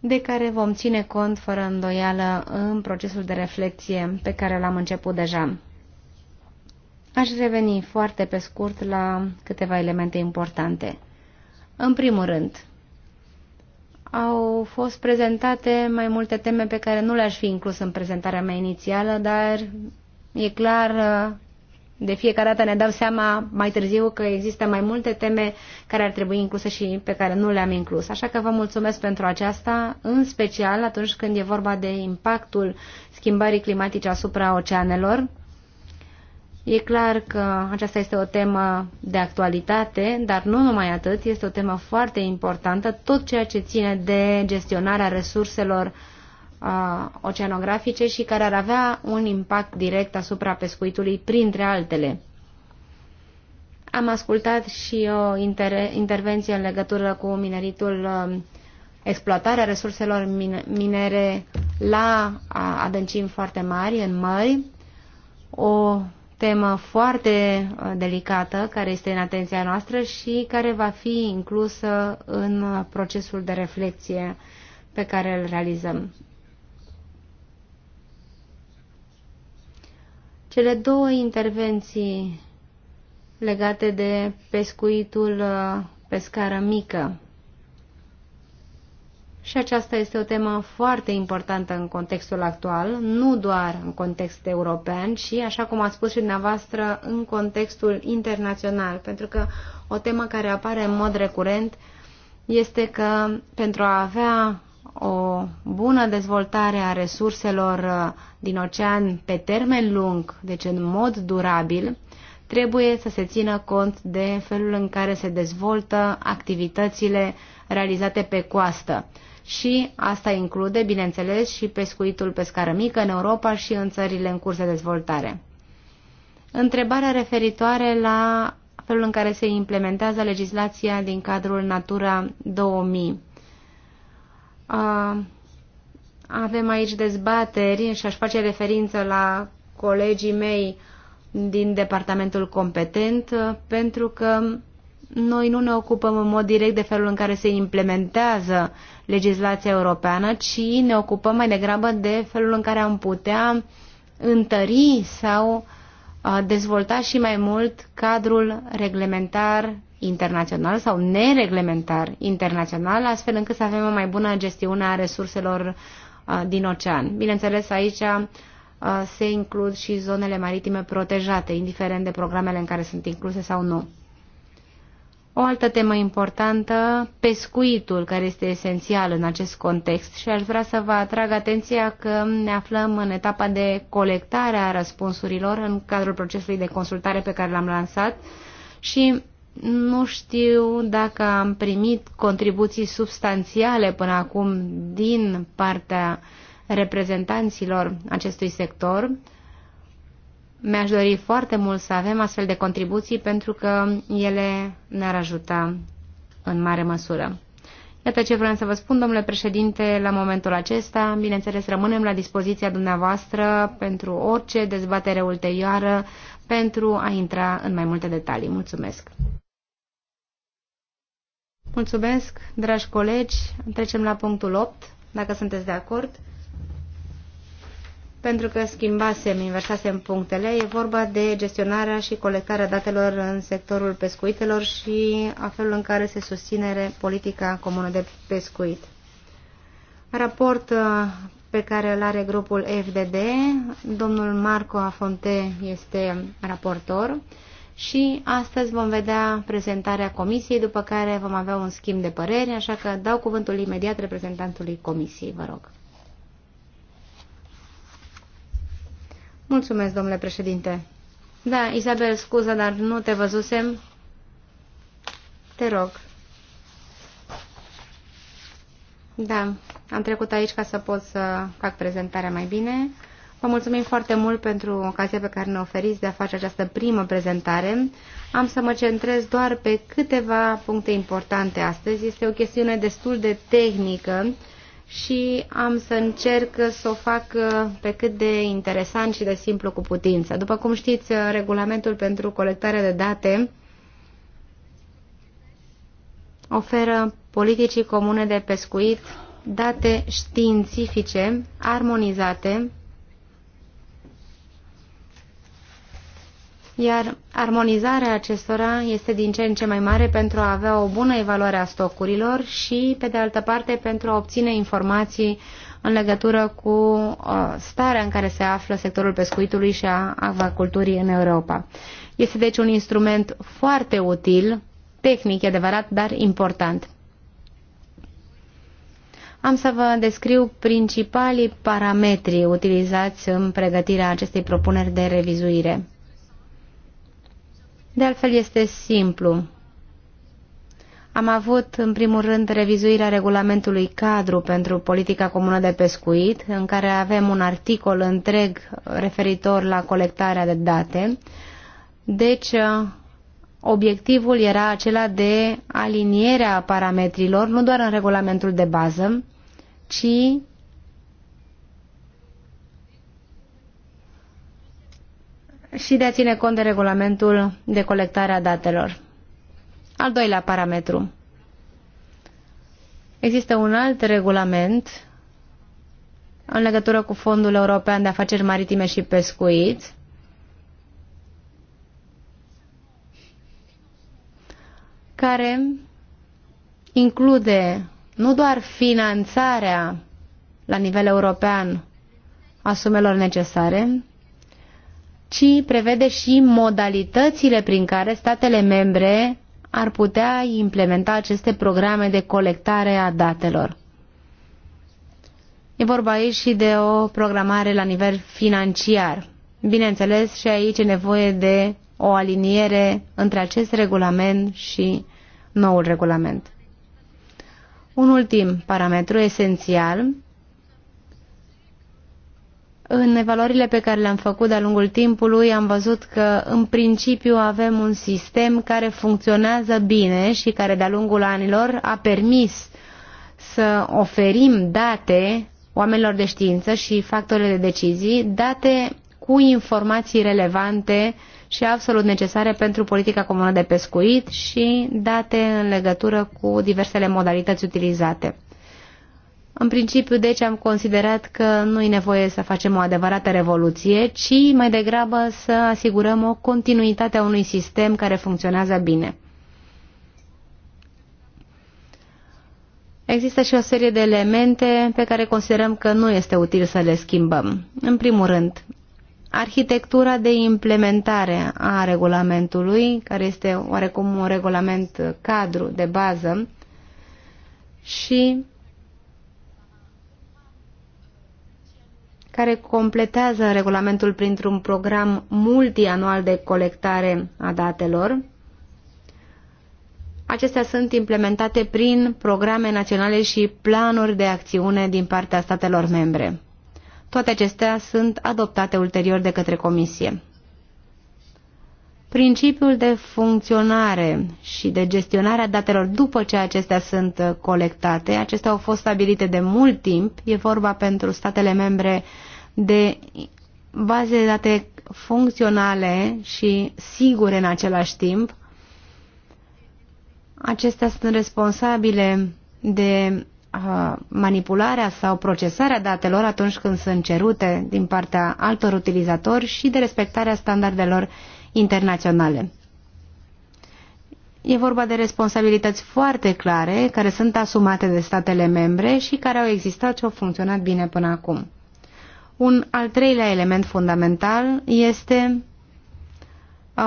de care vom ține cont fără îndoială în procesul de reflexie pe care l-am început deja. Aș reveni foarte pe scurt la câteva elemente importante. În primul rând, au fost prezentate mai multe teme pe care nu le-aș fi inclus în prezentarea mea inițială, dar e clar, de fiecare dată ne dau seama mai târziu că există mai multe teme care ar trebui incluse și pe care nu le-am inclus. Așa că vă mulțumesc pentru aceasta, în special atunci când e vorba de impactul schimbării climatice asupra oceanelor E clar că aceasta este o temă de actualitate, dar nu numai atât, este o temă foarte importantă, tot ceea ce ține de gestionarea resurselor uh, oceanografice și care ar avea un impact direct asupra pescuitului, printre altele. Am ascultat și o inter intervenție în legătură cu mineritul, uh, exploatarea resurselor min minere la adâncimi foarte mari în mări, o temă foarte uh, delicată care este în atenția noastră și care va fi inclusă în procesul de reflexie pe care îl realizăm. Cele două intervenții legate de pescuitul uh, pe scară mică și aceasta este o temă foarte importantă în contextul actual, nu doar în context european, ci, așa cum a spus și dumneavoastră, în contextul internațional, pentru că o temă care apare în mod recurent este că pentru a avea o bună dezvoltare a resurselor uh, din ocean pe termen lung, deci în mod durabil, trebuie să se țină cont de felul în care se dezvoltă activitățile realizate pe coastă și asta include, bineînțeles, și pescuitul pe scară mică în Europa și în țările în curs de dezvoltare. Întrebarea referitoare la felul în care se implementează legislația din cadrul Natura 2000. Avem aici dezbateri și aș face referință la colegii mei din departamentul competent, pentru că noi nu ne ocupăm în mod direct de felul în care se implementează legislația europeană, ci ne ocupăm mai degrabă de felul în care am putea întări sau uh, dezvolta și mai mult cadrul reglementar internațional sau nereglementar internațional, astfel încât să avem o mai bună gestiune a resurselor uh, din ocean. Bineînțeles, aici uh, se includ și zonele maritime protejate, indiferent de programele în care sunt incluse sau nu. O altă temă importantă, pescuitul, care este esențial în acest context și aș vrea să vă atrag atenția că ne aflăm în etapa de colectare a răspunsurilor în cadrul procesului de consultare pe care l-am lansat și nu știu dacă am primit contribuții substanțiale până acum din partea reprezentanților acestui sector mi-aș dori foarte mult să avem astfel de contribuții pentru că ele ne-ar ajuta în mare măsură. Iată ce vreau să vă spun, domnule președinte, la momentul acesta. Bineînțeles, rămânem la dispoziția dumneavoastră pentru orice dezbatere ulterioară, pentru a intra în mai multe detalii. Mulțumesc! Mulțumesc, dragi colegi. Trecem la punctul 8, dacă sunteți de acord pentru că schimbasem, inversasem punctele. E vorba de gestionarea și colectarea datelor în sectorul pescuitelor și a felul în care se susține politica comună de pescuit. Raport uh, pe care îl are grupul FDD, domnul Marco Afonte este raportor și astăzi vom vedea prezentarea comisiei, după care vom avea un schimb de păreri, așa că dau cuvântul imediat reprezentantului comisiei, vă rog. Mulțumesc, domnule președinte. Da, Isabel, scuză, dar nu te văzusem. Te rog. Da, am trecut aici ca să pot să fac prezentarea mai bine. Vă mulțumim foarte mult pentru ocazia pe care ne oferiți de a face această primă prezentare. Am să mă centrez doar pe câteva puncte importante astăzi. Este o chestiune destul de tehnică și am să încerc să o fac uh, pe cât de interesant și de simplu cu putință. După cum știți, uh, regulamentul pentru colectarea de date oferă politicii comune de pescuit date științifice, armonizate, iar armonizarea acestora este din ce în ce mai mare pentru a avea o bună evaluare a stocurilor și, pe de altă parte, pentru a obține informații în legătură cu uh, starea în care se află sectorul pescuitului și a acvaculturii în Europa. Este deci un instrument foarte util, tehnic, adevărat, dar important. Am să vă descriu principalii parametri utilizați în pregătirea acestei propuneri de revizuire. De altfel este simplu. Am avut, în primul rând, revizuirea regulamentului cadru pentru politica comună de pescuit, în care avem un articol întreg referitor la colectarea de date. Deci, obiectivul era acela de alinierea parametrilor, nu doar în regulamentul de bază, ci și de a ține cont de regulamentul de colectare a datelor. Al doilea parametru. Există un alt regulament în legătură cu Fondul European de Afaceri Maritime și Pescuit, care include nu doar finanțarea la nivel european a sumelor necesare, ci prevede și modalitățile prin care statele membre ar putea implementa aceste programe de colectare a datelor. E vorba aici și de o programare la nivel financiar. Bineînțeles, și aici e nevoie de o aliniere între acest regulament și noul regulament. Un ultim parametru esențial în evaluările pe care le-am făcut de-a lungul timpului am văzut că în principiu avem un sistem care funcționează bine și care de-a lungul anilor a permis să oferim date oamenilor de știință și factorii de decizii, date cu informații relevante și absolut necesare pentru politica comună de pescuit și date în legătură cu diversele modalități utilizate. În principiu, deci, am considerat că nu e nevoie să facem o adevărată revoluție, ci mai degrabă să asigurăm o continuitate a unui sistem care funcționează bine. Există și o serie de elemente pe care considerăm că nu este util să le schimbăm. În primul rând, arhitectura de implementare a regulamentului, care este oarecum un regulament cadru de bază, și care completează regulamentul printr-un program multianual de colectare a datelor. Acestea sunt implementate prin programe naționale și planuri de acțiune din partea statelor membre. Toate acestea sunt adoptate ulterior de către Comisie principiul de funcționare și de gestionare a datelor după ce acestea sunt uh, colectate. Acestea au fost stabilite de mult timp. E vorba pentru statele membre de baze de date funcționale și sigure în același timp. Acestea sunt responsabile de uh, manipularea sau procesarea datelor atunci când sunt cerute din partea altor utilizatori și de respectarea standardelor internaționale. E vorba de responsabilități foarte clare care sunt asumate de statele membre și care au existat și au funcționat bine până acum. Un al treilea element fundamental este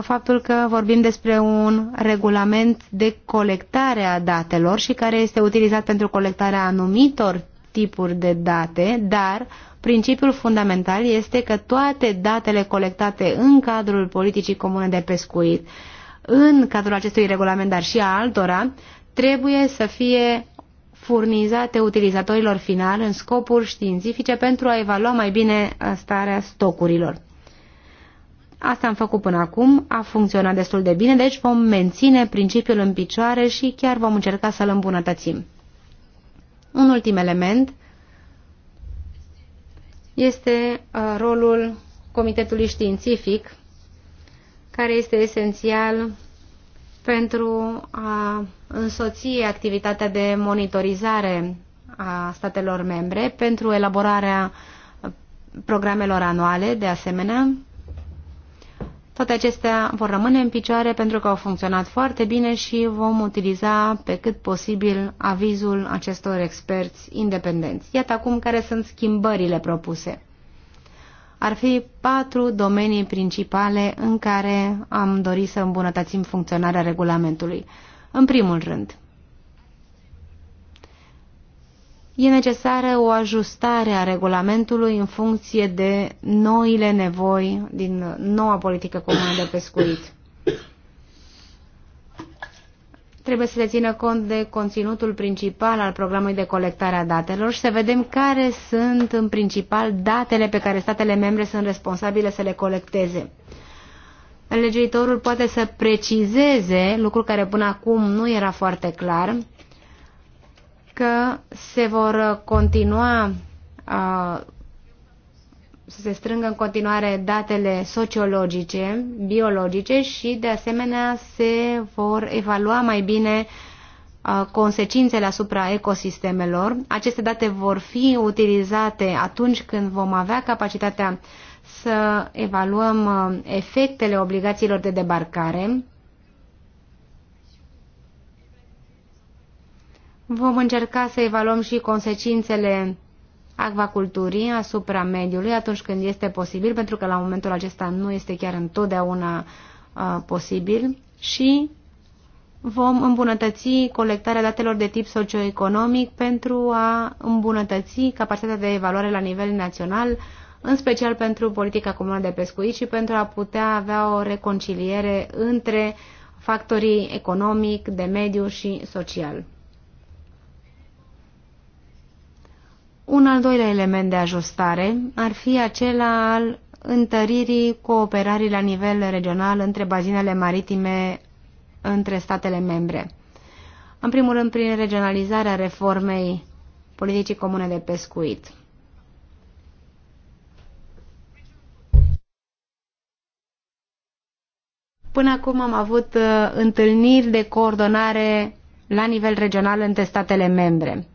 faptul că vorbim despre un regulament de colectare a datelor și care este utilizat pentru colectarea anumitor tipuri de date, dar Principiul fundamental este că toate datele colectate în cadrul politicii comune de pescuit, în cadrul acestui regulament, dar și a altora, trebuie să fie furnizate utilizatorilor final în scopuri științifice pentru a evalua mai bine uh, starea stocurilor. Asta am făcut până acum, a funcționat destul de bine, deci vom menține principiul în picioare și chiar vom încerca să-l îmbunătățim. Un ultim element este uh, rolul Comitetului Științific, care este esențial pentru a însoți activitatea de monitorizare a statelor membre, pentru elaborarea programelor anuale, de asemenea, toate acestea vor rămâne în picioare pentru că au funcționat foarte bine și vom utiliza pe cât posibil avizul acestor experți independenți. Iată acum care sunt schimbările propuse. Ar fi patru domenii principale în care am dorit să îmbunătățim funcționarea regulamentului. În primul rând, e necesară o ajustare a regulamentului în funcție de noile nevoi din noua politică comună de pescuit. Trebuie să se țină cont de conținutul principal al programului de colectare a datelor și să vedem care sunt în principal datele pe care statele membre sunt responsabile să le colecteze. Legiuitorul poate să precizeze, lucru care până acum nu era foarte clar, că se vor continua să se strângă în continuare datele sociologice, biologice și, de asemenea, se vor evalua mai bine consecințele asupra ecosistemelor. Aceste date vor fi utilizate atunci când vom avea capacitatea să evaluăm efectele obligațiilor de debarcare Vom încerca să evaluăm și consecințele acvaculturii asupra mediului atunci când este posibil, pentru că la momentul acesta nu este chiar întotdeauna uh, posibil și vom îmbunătăți colectarea datelor de tip socioeconomic pentru a îmbunătăți capacitatea de evaluare la nivel național, în special pentru politica comună de pescuit și pentru a putea avea o reconciliere între factorii economic, de mediu și social. Un al doilea element de ajustare ar fi acela al întăririi cooperării la nivel regional între bazinele maritime între statele membre. În primul rând, prin regionalizarea reformei politicii comune de pescuit. Până acum am avut uh, întâlniri de coordonare la nivel regional între statele membre.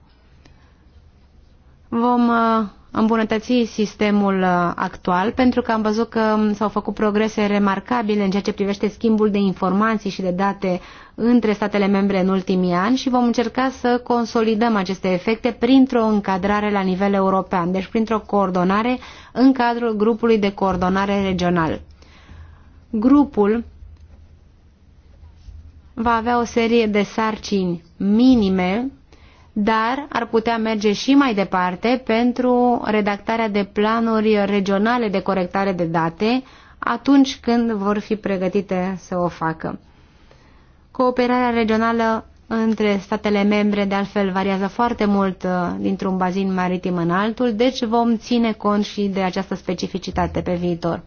Vom uh, îmbunătăți sistemul uh, actual pentru că am văzut că um, s-au făcut progrese remarcabile în ceea ce privește schimbul de informații și de date între statele membre în ultimii ani și vom încerca să consolidăm aceste efecte printr-o încadrare la nivel european, deci printr-o coordonare în cadrul grupului de coordonare regional. Grupul va avea o serie de sarcini minime dar ar putea merge și mai departe pentru redactarea de planuri regionale de corectare de date atunci când vor fi pregătite să o facă. Cooperarea regională între statele membre, de altfel, variază foarte mult uh, dintr-un bazin maritim în altul, deci vom ține cont și de această specificitate pe viitor.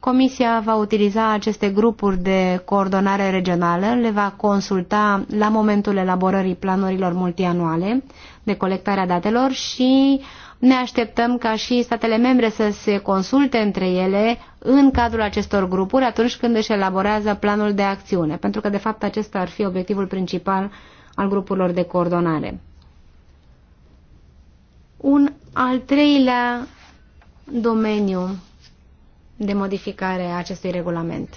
Comisia va utiliza aceste grupuri de coordonare regională, le va consulta la momentul elaborării planurilor multianuale de colectarea datelor și ne așteptăm ca și statele membre să se consulte între ele în cadrul acestor grupuri atunci când își elaborează planul de acțiune, pentru că de fapt acesta ar fi obiectivul principal al grupurilor de coordonare. Un al treilea domeniu de modificare a acestui regulament.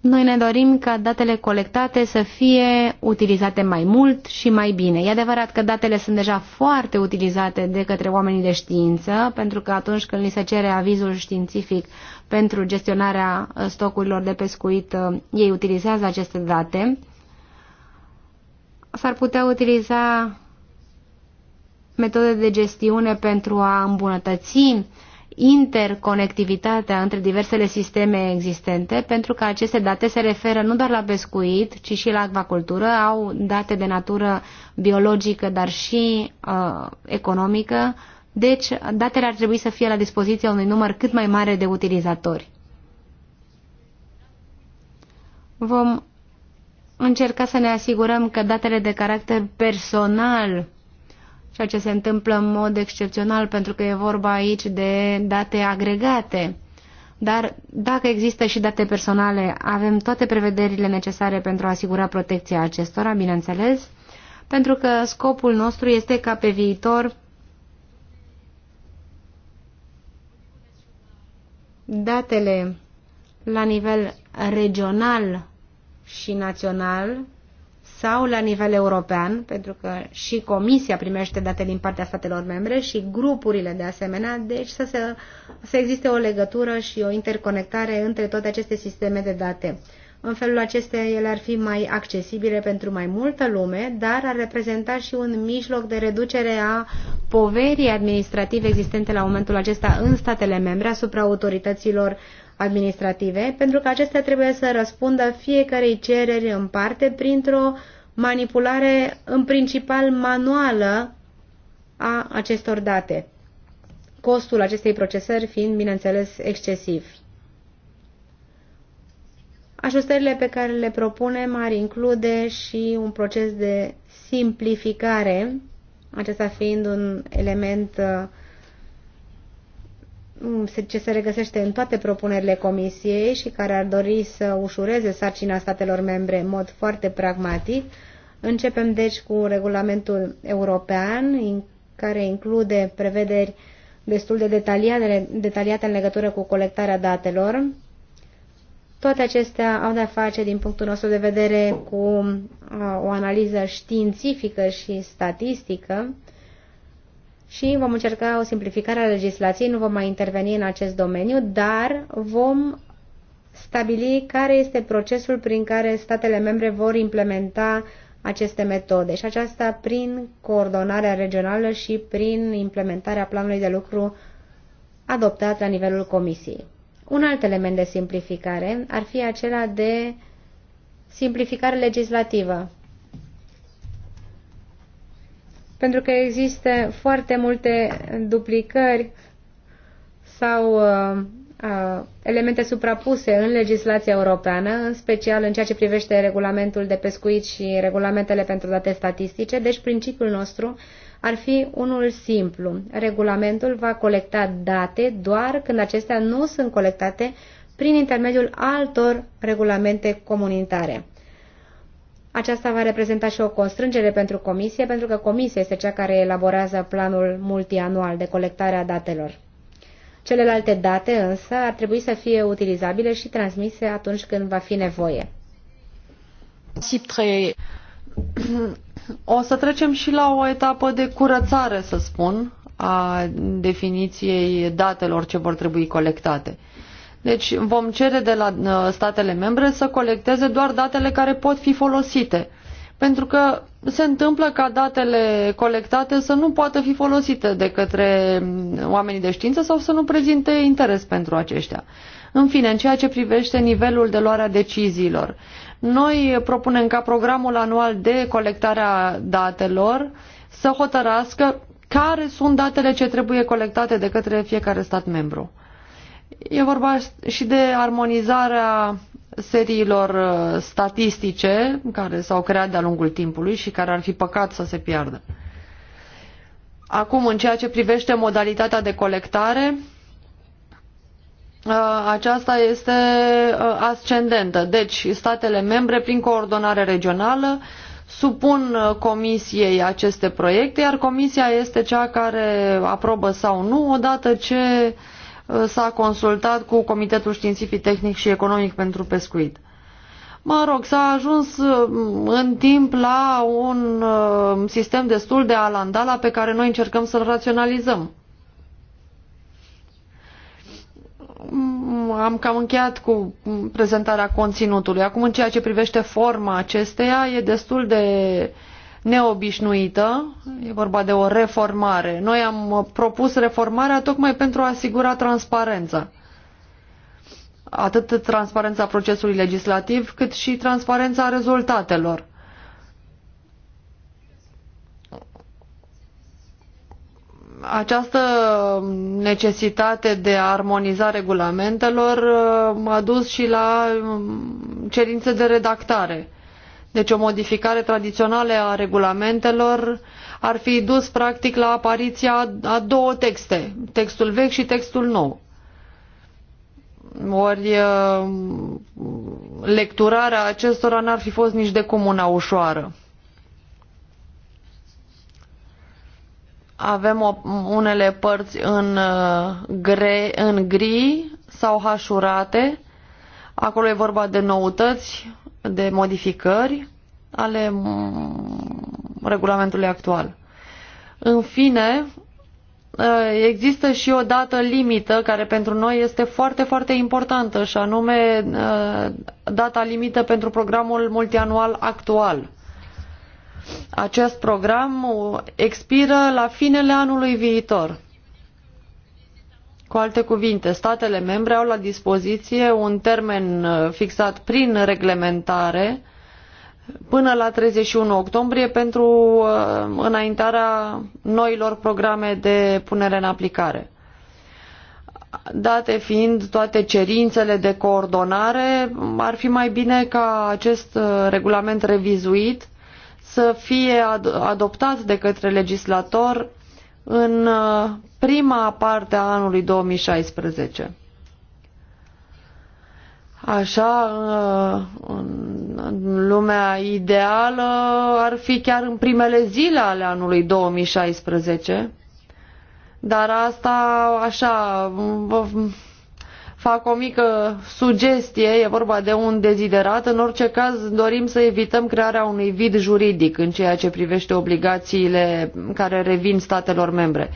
Noi ne dorim ca datele colectate să fie utilizate mai mult și mai bine. E adevărat că datele sunt deja foarte utilizate de către oamenii de știință, pentru că atunci când li se cere avizul științific pentru gestionarea stocurilor de pescuit, ei utilizează aceste date. S-ar putea utiliza metode de gestiune pentru a îmbunătăți interconectivitatea între diversele sisteme existente, pentru că aceste date se referă nu doar la pescuit, ci și la acvacultură, au date de natură biologică, dar și uh, economică, deci datele ar trebui să fie la dispoziția unui număr cât mai mare de utilizatori. Vom încerca să ne asigurăm că datele de caracter personal ceea ce se întâmplă în mod excepțional, pentru că e vorba aici de date agregate. Dar dacă există și date personale, avem toate prevederile necesare pentru a asigura protecția acestora, bineînțeles, pentru că scopul nostru este ca pe viitor datele la nivel regional și național sau la nivel european, pentru că și Comisia primește date din partea statelor membre și grupurile de asemenea, deci să, se, să existe o legătură și o interconectare între toate aceste sisteme de date. În felul acesta ele ar fi mai accesibile pentru mai multă lume, dar ar reprezenta și un mijloc de reducere a poverii administrative existente la momentul acesta în statele membre asupra autorităților uh, administrative, pentru că acestea trebuie să răspundă fiecarei cereri în parte printr-o manipulare în principal manuală a acestor date, costul acestei procesări fiind, bineînțeles, excesiv. Ajustările pe care le propunem ar include și un proces de simplificare, acesta fiind un element uh, ce se regăsește în toate propunerile Comisiei și care ar dori să ușureze sarcina statelor membre în mod foarte pragmatic. Începem deci cu regulamentul european, care include prevederi destul de detaliate, detaliate în legătură cu colectarea datelor. Toate acestea au de-a face, din punctul nostru de vedere, cu uh, o analiză științifică și statistică și vom încerca o simplificare a legislației, nu vom mai interveni în acest domeniu, dar vom stabili care este procesul prin care statele membre vor implementa aceste metode și aceasta prin coordonarea regională și prin implementarea planului de lucru adoptat la nivelul Comisiei. Un alt element de simplificare ar fi acela de simplificare legislativă pentru că există foarte multe duplicări sau uh, uh, elemente suprapuse în legislația europeană, în special în ceea ce privește regulamentul de pescuit și regulamentele pentru date statistice. Deci principiul nostru ar fi unul simplu. Regulamentul va colecta date doar când acestea nu sunt colectate prin intermediul altor regulamente comunitare. Aceasta va reprezenta și o constrângere pentru comisie, pentru că comisia este cea care elaborează planul multianual de colectare a datelor. Celelalte date însă ar trebui să fie utilizabile și transmise atunci când va fi nevoie. O să trecem și la o etapă de curățare, să spun, a definiției datelor ce vor trebui colectate. Deci vom cere de la uh, statele membre să colecteze doar datele care pot fi folosite. Pentru că se întâmplă ca datele colectate să nu poată fi folosite de către um, oamenii de știință sau să nu prezinte interes pentru aceștia. În fine, în ceea ce privește nivelul de luare a deciziilor, noi propunem ca programul anual de colectare a datelor să hotărască care sunt datele ce trebuie colectate de către fiecare stat membru. E vorba și de armonizarea seriilor uh, statistice care s-au creat de-a lungul timpului și care ar fi păcat să se piardă. Acum, în ceea ce privește modalitatea de colectare, uh, aceasta este uh, ascendentă. Deci, statele membre, prin coordonare regională, supun comisiei aceste proiecte, iar comisia este cea care aprobă sau nu, odată ce uh, Uh, s-a consultat cu Comitetul Științific, Tehnic și Economic pentru Pescuit. Mă rog, s-a ajuns uh, în timp la un uh, sistem destul de alandala pe care noi încercăm să-l raționalizăm. Mm, am cam încheiat cu prezentarea conținutului. Acum, în ceea ce privește forma acesteia, e destul de uh, neobișnuită, e vorba de o reformare. Noi am propus reformarea tocmai pentru a asigura transparența. Atât transparența procesului legislativ, cât și transparența rezultatelor. această necesitate de a armoniza regulamentelor uh, a dus și la um, cerințe de redactare. Deci o modificare tradițională a regulamentelor ar fi dus practic la apariția a două texte, textul vechi și textul nou. Ori lecturarea acestora n-ar fi fost nici de cum una ușoară. Avem o, unele părți în, gre, în gri sau hașurate. Acolo e vorba de noutăți, de modificări ale mm, regulamentului actual. În fine, ă, există și o dată limită care pentru noi este foarte, foarte importantă și anume ă, data limită pentru programul multianual actual. Acest program expiră la finele anului viitor. Cu alte cuvinte, statele membre au la dispoziție un termen uh, fixat prin reglementare până la 31 octombrie pentru uh, înaintarea noilor programe de punere în aplicare. Date fiind toate cerințele de coordonare, ar fi mai bine ca acest uh, regulament revizuit să fie ad adoptat de către legislator în uh, prima parte a anului 2016. Așa, uh, în lumea ideală ar fi chiar în primele zile ale anului 2016, dar asta, așa, Fac o mică sugestie, e vorba de un deziderat. În orice caz, dorim să evităm crearea unui vid juridic în ceea ce privește obligațiile care revin statelor membre,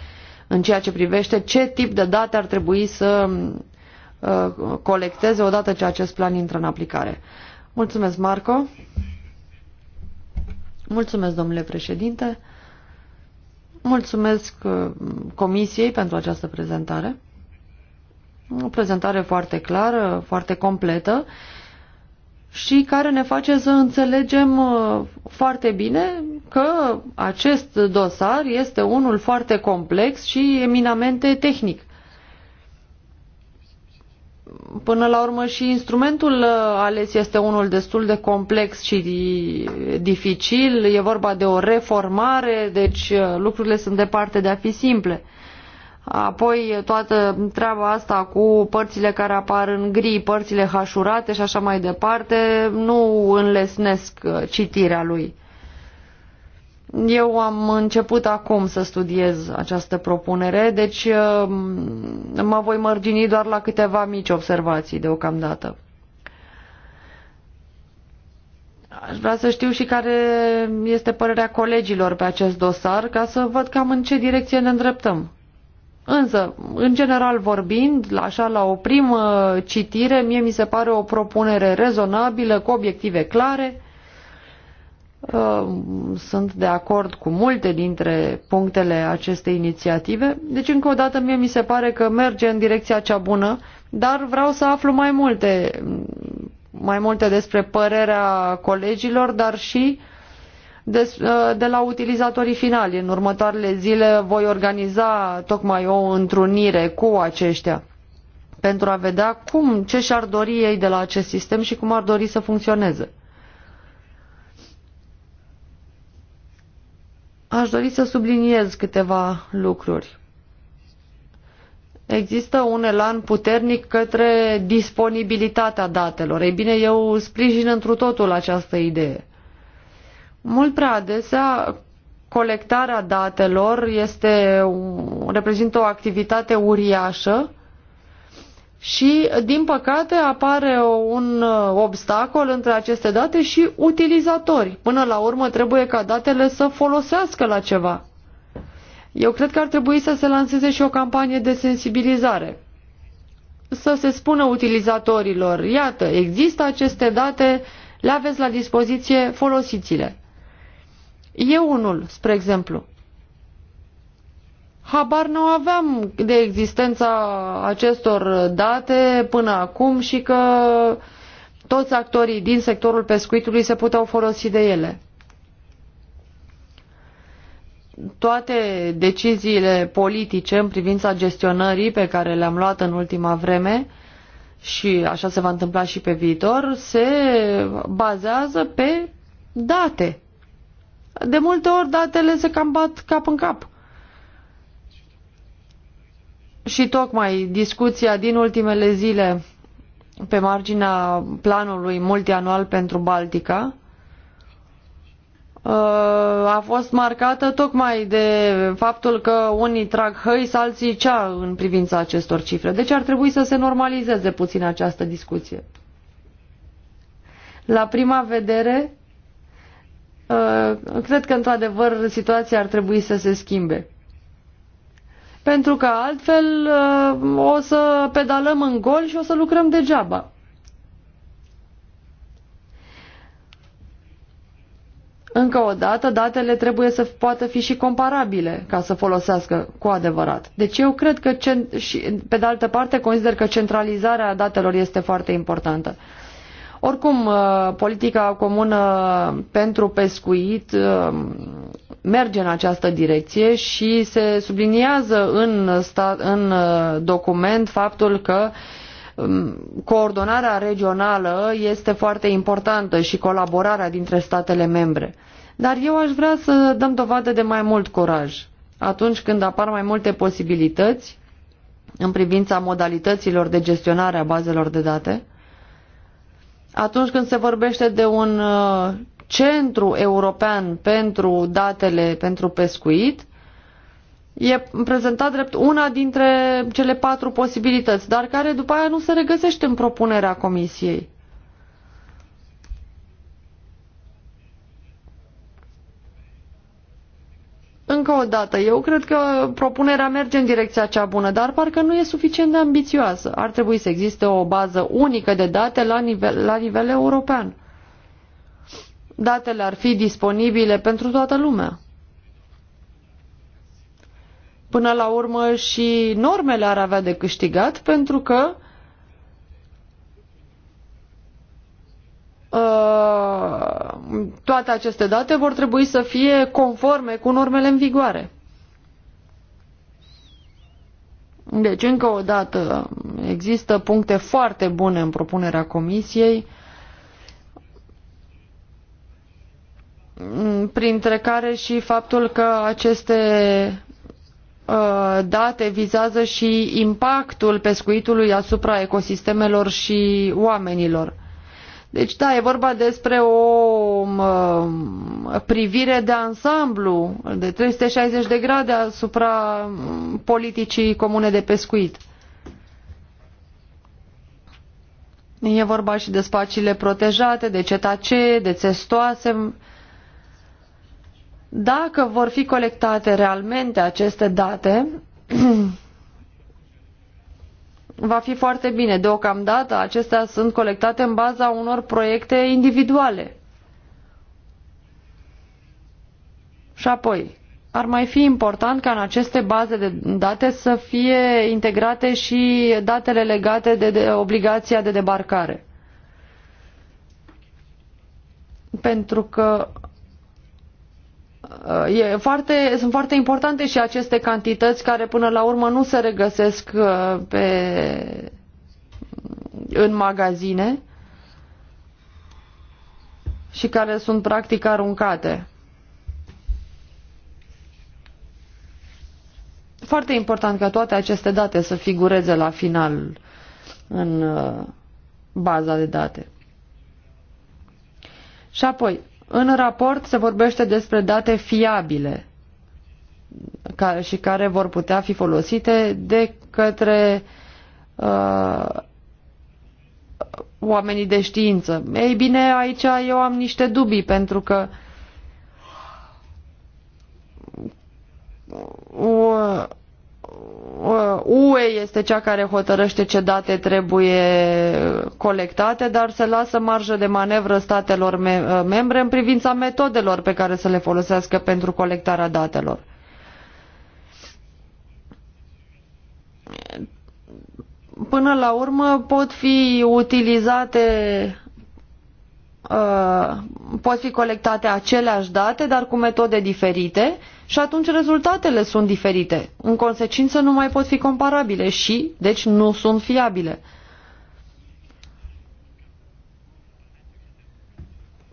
în ceea ce privește ce tip de date ar trebui să uh, colecteze odată ce acest plan intră în aplicare. Mulțumesc, Marco. Mulțumesc, domnule președinte. Mulțumesc uh, Comisiei pentru această prezentare. O prezentare foarte clară, foarte completă și care ne face să înțelegem uh, foarte bine că acest dosar este unul foarte complex și eminamente tehnic. Până la urmă și instrumentul uh, ales este unul destul de complex și dificil, e vorba de o reformare, deci uh, lucrurile sunt departe de a fi simple. Apoi toată treaba asta cu părțile care apar în gri, părțile hașurate și așa mai departe, nu înlesnesc uh, citirea lui. Eu am început acum să studiez această propunere, deci uh, mă voi mărgini doar la câteva mici observații deocamdată. Aș vrea să știu și care este părerea colegilor pe acest dosar, ca să văd cam în ce direcție ne îndreptăm. Însă, în general vorbind, așa la o primă citire, mie mi se pare o propunere rezonabilă, cu obiective clare. Uh, sunt de acord cu multe dintre punctele acestei inițiative. Deci, încă o dată, mie mi se pare că merge în direcția cea bună, dar vreau să aflu mai multe, mai multe despre părerea colegilor, dar și uh, de, uh, de la utilizatorii finali. În următoarele zile voi organiza tocmai o întrunire cu aceștia pentru a vedea cum, ce și-ar dori ei de la acest sistem și cum ar dori să funcționeze. Aș dori să subliniez câteva lucruri. Există un elan puternic către disponibilitatea datelor. Ei bine, eu sprijin întru totul această idee. Mult prea adesea colectarea datelor este, reprezintă o activitate uriașă și, din păcate, apare un uh, obstacol între aceste date și utilizatori. Până la urmă, trebuie ca datele să folosească la ceva. Eu cred că ar trebui să se lanseze și o campanie de sensibilizare. Să se spună utilizatorilor, iată, există aceste date, le aveți la dispoziție, folosiți-le. Eu unul, spre exemplu, habar nu aveam de existența acestor date până acum și că toți actorii din sectorul pescuitului se puteau folosi de ele. Toate deciziile politice în privința gestionării pe care le-am luat în ultima vreme și așa se va întâmpla și pe viitor, se bazează pe date de multe ori datele se cam bat cap în cap. Și tocmai discuția din ultimele zile pe marginea planului multianual pentru Baltica uh, a fost marcată tocmai de faptul că unii trag hăi, alții cea în privința acestor cifre. Deci ar trebui să se normalizeze puțin această discuție. La prima vedere, Uh, cred că, într-adevăr, situația ar trebui să se schimbe. Pentru că altfel uh, o să pedalăm în gol și o să lucrăm degeaba. Încă o dată, datele trebuie să poată fi și comparabile ca să folosească cu adevărat. Deci eu cred că, și pe de altă parte, consider că centralizarea datelor este foarte importantă. Oricum, uh, politica comună pentru pescuit uh, merge în această direcție și se subliniază în, stat, în uh, document faptul că um, coordonarea regională este foarte importantă și colaborarea dintre statele membre. Dar eu aș vrea să dăm dovadă de mai mult curaj. Atunci când apar mai multe posibilități în privința modalităților de gestionare a bazelor de date, atunci când se vorbește de un uh, centru european pentru datele pentru pescuit, e prezentat drept una dintre cele patru posibilități, dar care după aia nu se regăsește în propunerea Comisiei. Încă o dată, eu cred că propunerea merge în direcția cea bună, dar parcă nu e suficient de ambițioasă. Ar trebui să existe o bază unică de date la nivel, la nivel european. Datele ar fi disponibile pentru toată lumea. Până la urmă și normele ar avea de câștigat pentru că Uh, toate aceste date vor trebui să fie conforme cu normele în vigoare. Deci, încă o dată, există puncte foarte bune în propunerea comisiei, printre care și faptul că aceste uh, date vizează și impactul pescuitului asupra ecosistemelor și oamenilor. Deci, da, e vorba despre o mă, um, privire de ansamblu de 360 de grade asupra um, politicii comune de pescuit. E vorba și de spațiile protejate, de cetacee, de testoase. Dacă vor fi colectate realmente aceste date, <clears throat> va fi foarte bine. Deocamdată acestea sunt colectate în baza unor proiecte individuale. Și apoi, ar mai fi important ca în aceste baze de date să fie integrate și datele legate de, de obligația de debarcare. Pentru că E foarte, sunt foarte importante și aceste cantități care până la urmă nu se regăsesc uh, pe, în magazine și care sunt practic aruncate. Foarte important ca toate aceste date să figureze la final în uh, baza de date. Și apoi, în raport se vorbește despre date fiabile ca, și care vor putea fi folosite de către uh, oamenii de știință. Ei bine, aici eu am niște dubii pentru că uh, Ă, UE este cea care hotărăște ce date trebuie colectate, dar se lasă marjă de manevră statelor ă, membre în privința metodelor pe care să le folosească pentru colectarea datelor. Până la urmă pot fi utilizate Uh, pot fi colectate aceleași date, dar cu metode diferite și atunci rezultatele sunt diferite. În consecință nu mai pot fi comparabile și, deci, nu sunt fiabile.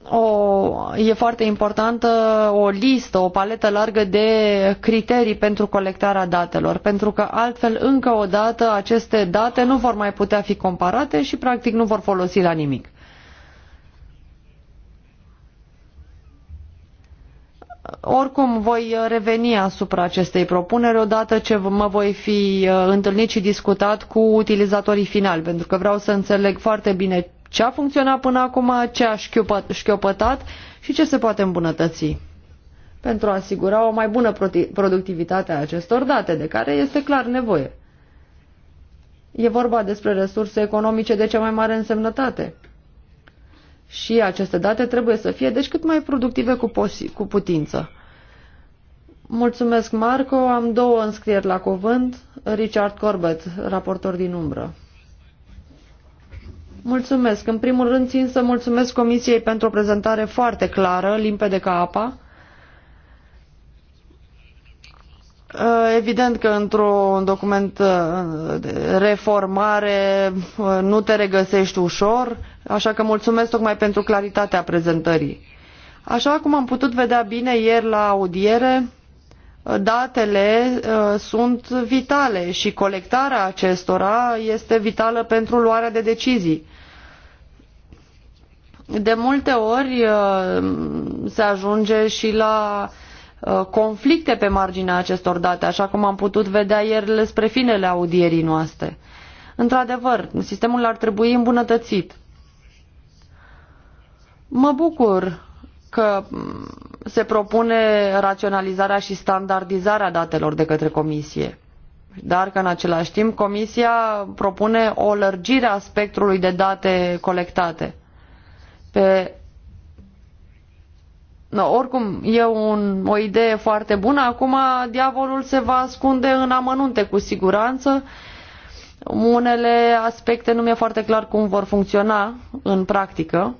O, e foarte importantă o listă, o paletă largă de criterii pentru colectarea datelor, pentru că altfel, încă o dată, aceste date nu vor mai putea fi comparate și, practic, nu vor folosi la nimic. Oricum, voi uh, reveni asupra acestei propuneri odată ce mă voi fi uh, întâlnit și discutat cu utilizatorii finali, pentru că vreau să înțeleg foarte bine ce a funcționat până acum, ce a șchiopătat și ce se poate îmbunătăți pentru a asigura o mai bună productivitate a acestor date, de care este clar nevoie. E vorba despre resurse economice de cea mai mare însemnătate și aceste date trebuie să fie deci cât mai productive cu, cu putință. Mulțumesc, Marco. Am două înscrieri la cuvânt. Richard Corbett, raportor din umbră. Mulțumesc. În primul rând țin să mulțumesc Comisiei pentru o prezentare foarte clară, limpede ca apa. Evident că într-un document uh, de reformare uh, nu te regăsești ușor Așa că mulțumesc tocmai pentru claritatea prezentării. Așa cum am putut vedea bine ieri la audiere, datele uh, sunt vitale și colectarea acestora este vitală pentru luarea de decizii. De multe ori uh, se ajunge și la uh, conflicte pe marginea acestor date, așa cum am putut vedea ieri spre finele audierii noastre. Într-adevăr, sistemul ar trebui îmbunătățit Mă bucur că se propune raționalizarea și standardizarea datelor de către comisie, dar că în același timp comisia propune o lărgire a spectrului de date colectate. Pe No, oricum, e un, o idee foarte bună. Acum diavolul se va ascunde în amănunte cu siguranță. Unele aspecte nu mi-e foarte clar cum vor funcționa în practică.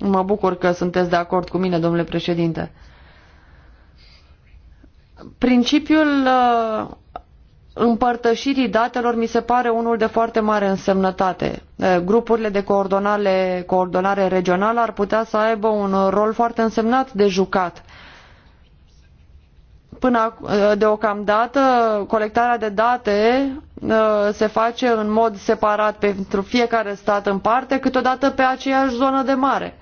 Mă bucur că sunteți de acord cu mine, domnule președinte. Principiul uh, împărtășirii datelor mi se pare unul de foarte mare însemnătate. Uh, grupurile de coordonare, coordonare regională ar putea să aibă un rol foarte însemnat de jucat. Până uh, deocamdată, colectarea de date se face în mod separat pentru fiecare stat în parte, câteodată pe aceeași zonă de mare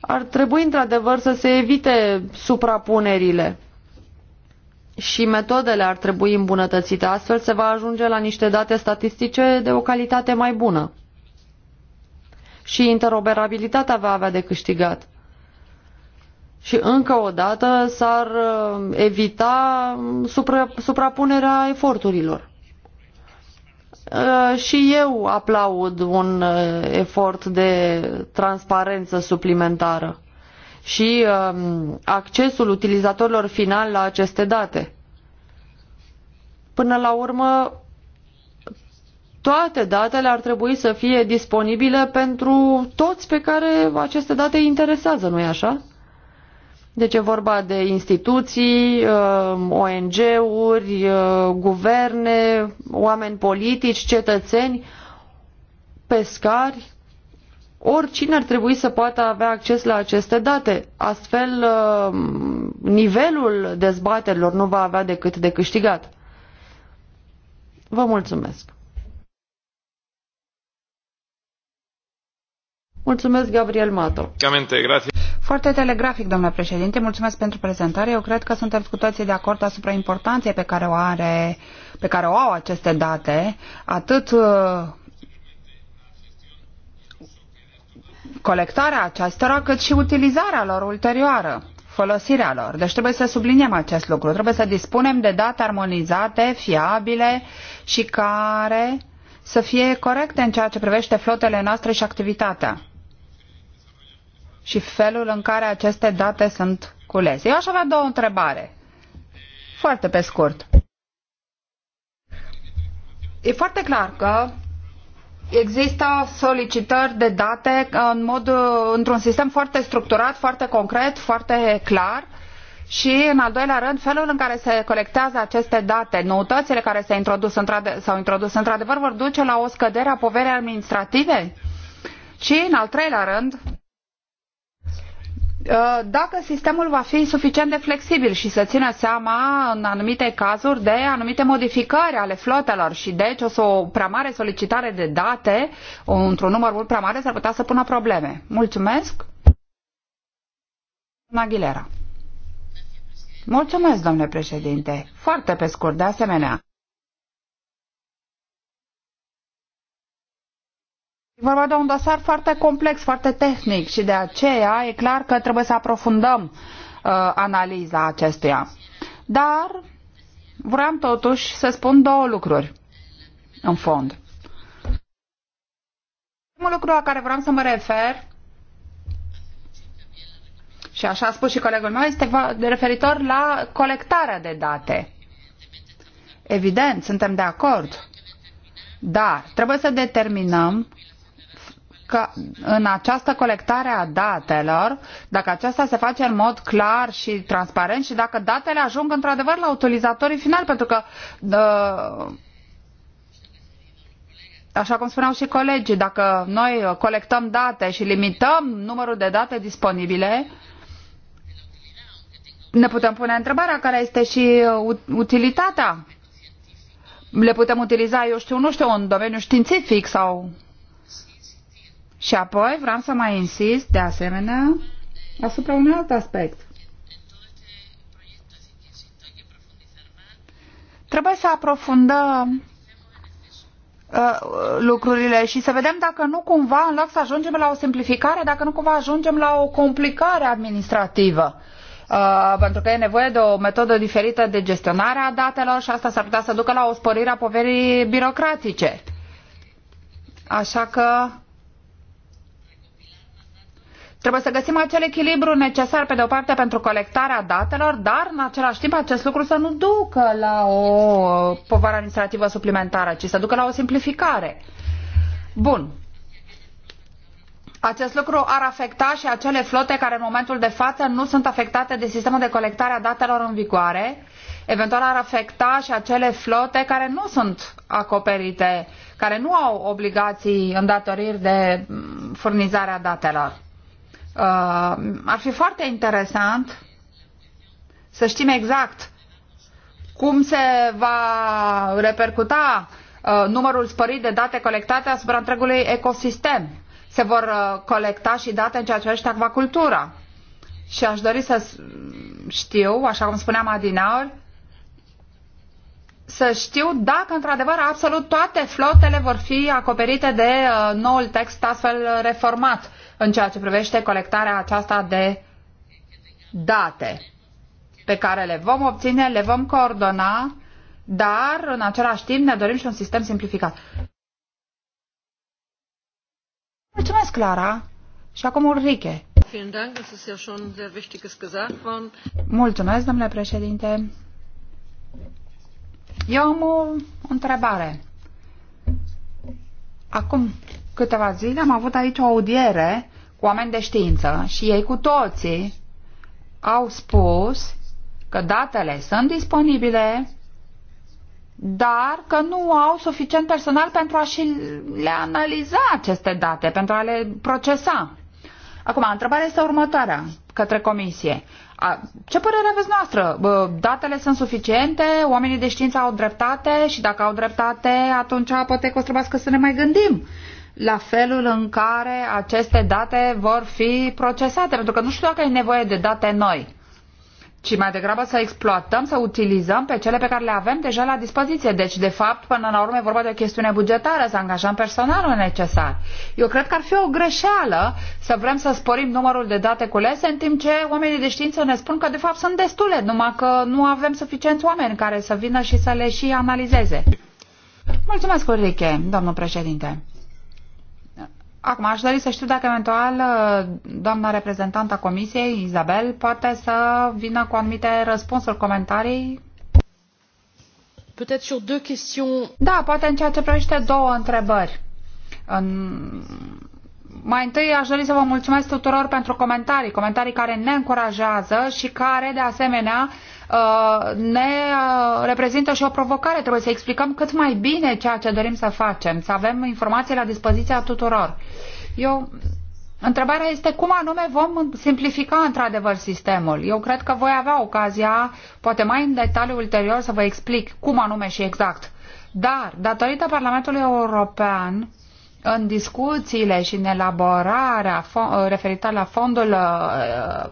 ar trebui într-adevăr să se evite suprapunerile și metodele ar trebui îmbunătățite. Astfel se va ajunge la niște date statistice de o calitate mai bună. Și interoperabilitatea va avea de câștigat. Și încă o dată s-ar uh, evita um, supra, suprapunerea eforturilor. Uh, și eu aplaud un uh, efort de transparență suplimentară și um, accesul utilizatorilor final la aceste date. Până la urmă, toate datele ar trebui să fie disponibile pentru toți pe care aceste date îi interesează, nu-i așa? Deci e vorba de instituții, uh, ONG-uri, uh, guverne, oameni politici, cetățeni, pescari. Oricine ar trebui să poată avea acces la aceste date. Astfel, uh, nivelul dezbaterilor nu va avea decât de câștigat. Vă mulțumesc! Mulțumesc, Gabriel Mato. Grazie. Foarte telegrafic, domnule președinte, mulțumesc pentru prezentare. Eu cred că suntem cu toții de acord asupra importanței pe care o are, pe care o au aceste date, atât uh, colectarea acestora, cât și utilizarea lor ulterioară folosirea lor. Deci trebuie să subliniem acest lucru. Trebuie să dispunem de date armonizate, fiabile și care să fie corecte în ceea ce privește flotele noastre și activitatea și felul în care aceste date sunt culese. Eu aș avea două întrebare, foarte pe scurt. E foarte clar că există solicitări de date în mod, într-un sistem foarte structurat, foarte concret, foarte clar și, în al doilea rând, felul în care se colectează aceste date, noutățile care s-au introdus, introdus într-adevăr vor duce la o scădere a poverii administrative? Și, în al treilea rând, Uh, dacă sistemul va fi suficient de flexibil și să țină seama în anumite cazuri de anumite modificări ale flotelor și deci o, o prea mare solicitare de date într-un număr mult prea mare s-ar putea să pună probleme. Mulțumesc! Aguilera. Mulțumesc, domnule președinte. Foarte pe scurt, de asemenea. E vorba de da un dosar foarte complex, foarte tehnic și de aceea e clar că trebuie să aprofundăm uh, analiza acestuia. Dar vreau totuși să spun două lucruri în fond. Primul lucru la care vreau să mă refer și așa a spus și colegul meu, este referitor la colectarea de date. Evident, suntem de acord, dar trebuie să determinăm că în această colectare a datelor, dacă aceasta se face în mod clar și transparent și dacă datele ajung într-adevăr la utilizatorii finali, pentru că uh, așa cum spuneau și colegii, dacă noi colectăm date și limităm numărul de date disponibile, ne putem pune întrebarea care este și uh, utilitatea. Le putem utiliza, eu știu, nu știu, în domeniul științific sau și apoi vreau să mai insist de asemenea asupra unui alt aspect. Trebuie să aprofundăm uh, lucrurile și să vedem dacă nu cumva, în loc să ajungem la o simplificare, dacă nu cumva ajungem la o complicare administrativă. Uh, pentru că e nevoie de o metodă diferită de gestionare a datelor și asta s-ar putea să ducă la o sporire a poverii birocratice. Așa că Trebuie să găsim acel echilibru necesar, pe de o parte, pentru colectarea datelor, dar, în același timp, acest lucru să nu ducă la o povară administrativă suplimentară, ci să ducă la o simplificare. Bun. Acest lucru ar afecta și acele flote care în momentul de față nu sunt afectate de sistemul de colectare a datelor în vigoare. Eventual ar afecta și acele flote care nu sunt acoperite, care nu au obligații, îndatoriri de furnizarea datelor. Uh, ar fi foarte interesant să știm exact cum se va repercuta uh, numărul spărit de date colectate asupra întregului ecosistem. Se vor uh, colecta și date în ceea ce privește acvacultura. Și aș dori să știu, așa cum spuneam Adinaur, să știu dacă într-adevăr absolut toate flotele vor fi acoperite de noul text astfel reformat în ceea ce privește colectarea aceasta de date pe care le vom obține, le vom coordona, dar în același timp ne dorim și un sistem simplificat. Mulțumesc, Clara! Și acum Ulrike. Mulțumesc, domnule președinte. Eu am o întrebare. Acum câteva zile am avut aici o audiere cu oameni de știință și ei cu toții au spus că datele sunt disponibile, dar că nu au suficient personal pentru a și le analiza aceste date, pentru a le procesa. Acum, întrebarea este următoarea către comisie. A, ce părere aveți noastră? Datele sunt suficiente? Oamenii de știință au dreptate? Și dacă au dreptate, atunci poate că o să trebuiască să ne mai gândim la felul în care aceste date vor fi procesate, pentru că nu știu dacă e nevoie de date noi, ci mai degrabă să exploatăm, să utilizăm pe cele pe care le avem deja la dispoziție. Deci, de fapt, până la urmă e vorba de o chestiune bugetară, să angajăm personalul necesar. Eu cred că ar fi o greșeală să vrem să sporim numărul de date culese, în timp ce oamenii de știință ne spun că, de fapt, sunt destule, numai că nu avem suficienți oameni care să vină și să le și analizeze. Mulțumesc, Ulrike, domnul președinte. Acum aș dori să știu dacă eventual uh, doamna reprezentantă a Comisiei, Izabel, poate să vină cu anumite răspunsuri, comentarii da, poate în ceea ce privește două întrebări. În... Mai întâi aș dori să vă mulțumesc tuturor pentru comentarii, comentarii care ne încurajează și care, de asemenea, Uh, ne uh, reprezintă și o provocare. Trebuie să explicăm cât mai bine ceea ce dorim să facem, să avem informații la dispoziția tuturor. Eu Întrebarea este cum anume vom simplifica într-adevăr sistemul. Eu cred că voi avea ocazia, poate mai în detaliu ulterior, să vă explic cum anume și exact. Dar, datorită Parlamentului European, în discuțiile și în elaborarea referitor la fondul uh,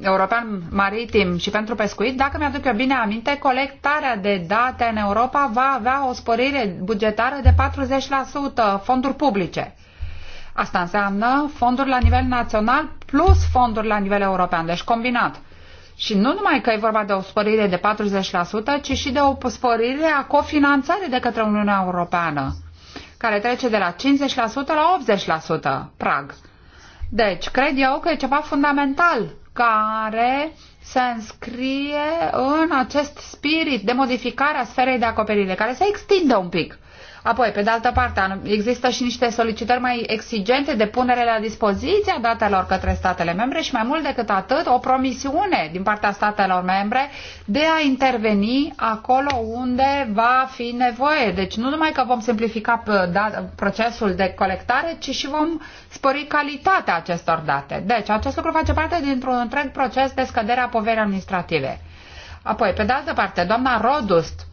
european maritim și pentru pescuit, dacă mi-aduc eu bine aminte, colectarea de date în Europa va avea o sporire bugetară de 40% fonduri publice. Asta înseamnă fonduri la nivel național plus fonduri la nivel european, deci combinat. Și nu numai că e vorba de o sporire de 40%, ci și de o sporire a cofinanțării de către Uniunea Europeană care trece de la 50% la 80% prag. Deci, cred eu că e ceva fundamental care se înscrie în acest spirit de modificare a sferei de acoperire, care se extinde un pic. Apoi, pe de altă parte, există și niște solicitări mai exigente de punere la a datelor către statele membre și mai mult decât atât, o promisiune din partea statelor membre de a interveni acolo unde va fi nevoie. Deci nu numai că vom simplifica da- procesul de colectare, ci și vom spori calitatea acestor date. Deci, acest lucru face parte dintr-un întreg proces de scădere a poverii administrative. Apoi, pe de altă parte, doamna Rodust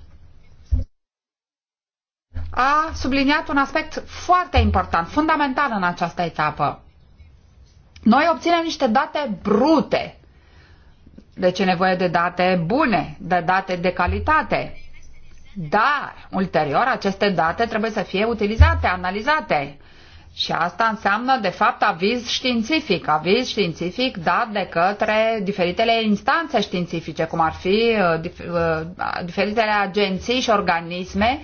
a subliniat un aspect foarte important, fundamental în această etapă. Noi obținem niște date brute. Deci e nevoie de date bune, de date de calitate. Dar, ulterior, aceste date trebuie să fie utilizate, analizate. Și asta înseamnă, de fapt, aviz științific. Aviz științific dat de către diferitele instanțe științifice, cum ar fi uh, uh, diferitele agenții și organisme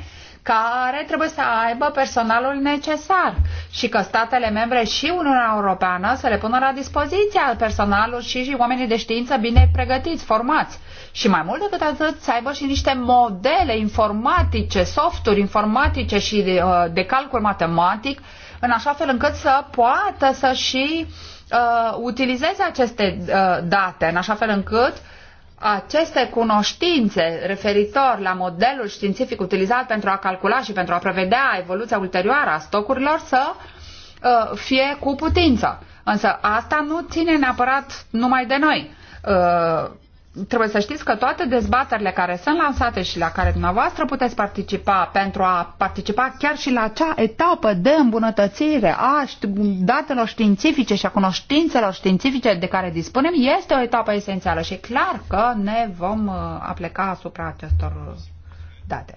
care trebuie să aibă personalul necesar și că statele membre și Uniunea Europeană să le pună la dispoziția personalul și, și oamenii de știință bine pregătiți, formați. Și mai mult decât atât, să aibă și niște modele informatice, softuri informatice și de, uh, de calcul matematic, în așa fel încât să poată să și uh, utilizeze aceste uh, date, în așa fel încât uh, aceste cunoștințe referitor la modelul științific utilizat pentru a calcula și pentru a prevedea evoluția ulterioară a stocurilor să uh, fie cu putință. Însă asta nu ține neapărat numai de noi. Uh, trebuie să știți că toate dezbaterile care sunt lansate și la care dumneavoastră puteți participa pentru a participa chiar și la acea etapă de îmbunătățire a datelor științifice și a cunoștințelor științifice de care dispunem este o etapă esențială și clar că ne vom uh, apleca asupra acestor uh, date.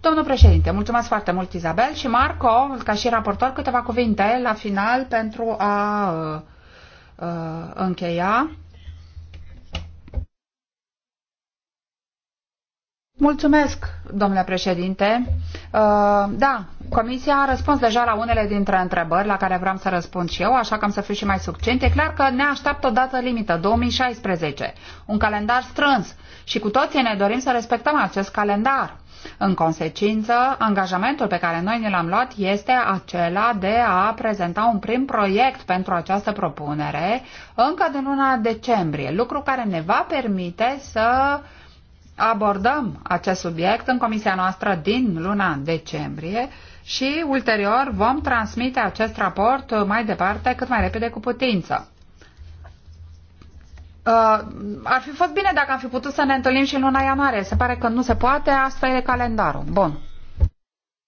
Domnul președinte, mulțumesc foarte mult Izabel și Marco, ca și raportor, câteva cuvinte la final pentru a uh, uh încheia. Mulțumesc, domnule președinte. Uh, da, Comisia a răspuns deja la unele dintre întrebări la care vreau să răspund și eu, așa că am să fiu și mai succint. E clar că ne așteaptă o dată limită, 2016, un calendar strâns și cu toții ne dorim să respectăm acest calendar. În consecință, angajamentul pe care noi ne l-am luat este acela de a prezenta un prim proiect pentru această propunere încă din luna decembrie, lucru care ne va permite să abordăm acest subiect în comisia noastră din luna decembrie și ulterior vom transmite acest raport mai departe cât mai repede cu putință. Uh, ar fi fost bine dacă am fi putut să ne întâlnim și în luna ianuarie. Se pare că nu se poate, asta e calendarul. Bun.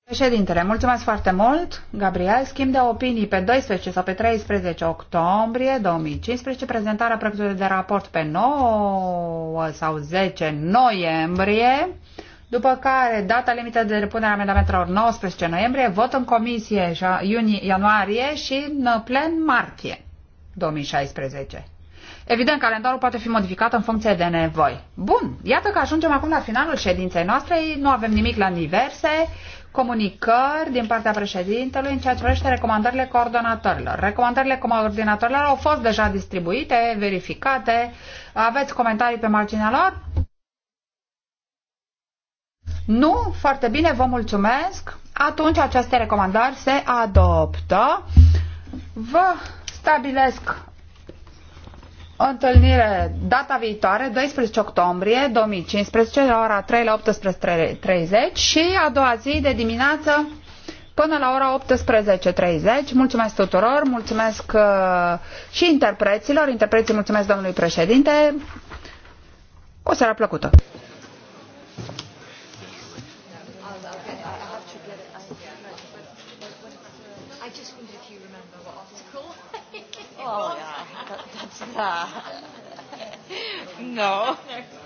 Președintele, mulțumesc foarte mult. Gabriel, schimb de opinii pe 12 sau pe 13 octombrie 2015, prezentarea proiectului de raport pe 9 sau 10 noiembrie, după care data limită de depunere a amendamentelor 19 noiembrie, vot în comisie iunie-ianuarie și în plen martie 2016. Evident, calendarul poate fi modificat în funcție de nevoi. Bun, iată că ajungem acum la finalul ședinței noastre, nu avem nimic la diverse, comunicări din partea președintelui în ceea ce privește recomandările coordonatorilor. Recomandările coordonatorilor au fost deja distribuite, verificate. Aveți comentarii pe marginea lor? Nu? Foarte bine, vă mulțumesc. Atunci aceste recomandări se adoptă. Vă stabilesc o întâlnire data viitoare, 12 octombrie 2015, la ora 3 la 18.30 și a doua zi de dimineață până la ora 18.30. Mulțumesc tuturor, mulțumesc uh, și interpreților. Interpreții mulțumesc domnului președinte. O seară plăcută! <laughs> Oh, yeah. <laughs> no. <laughs>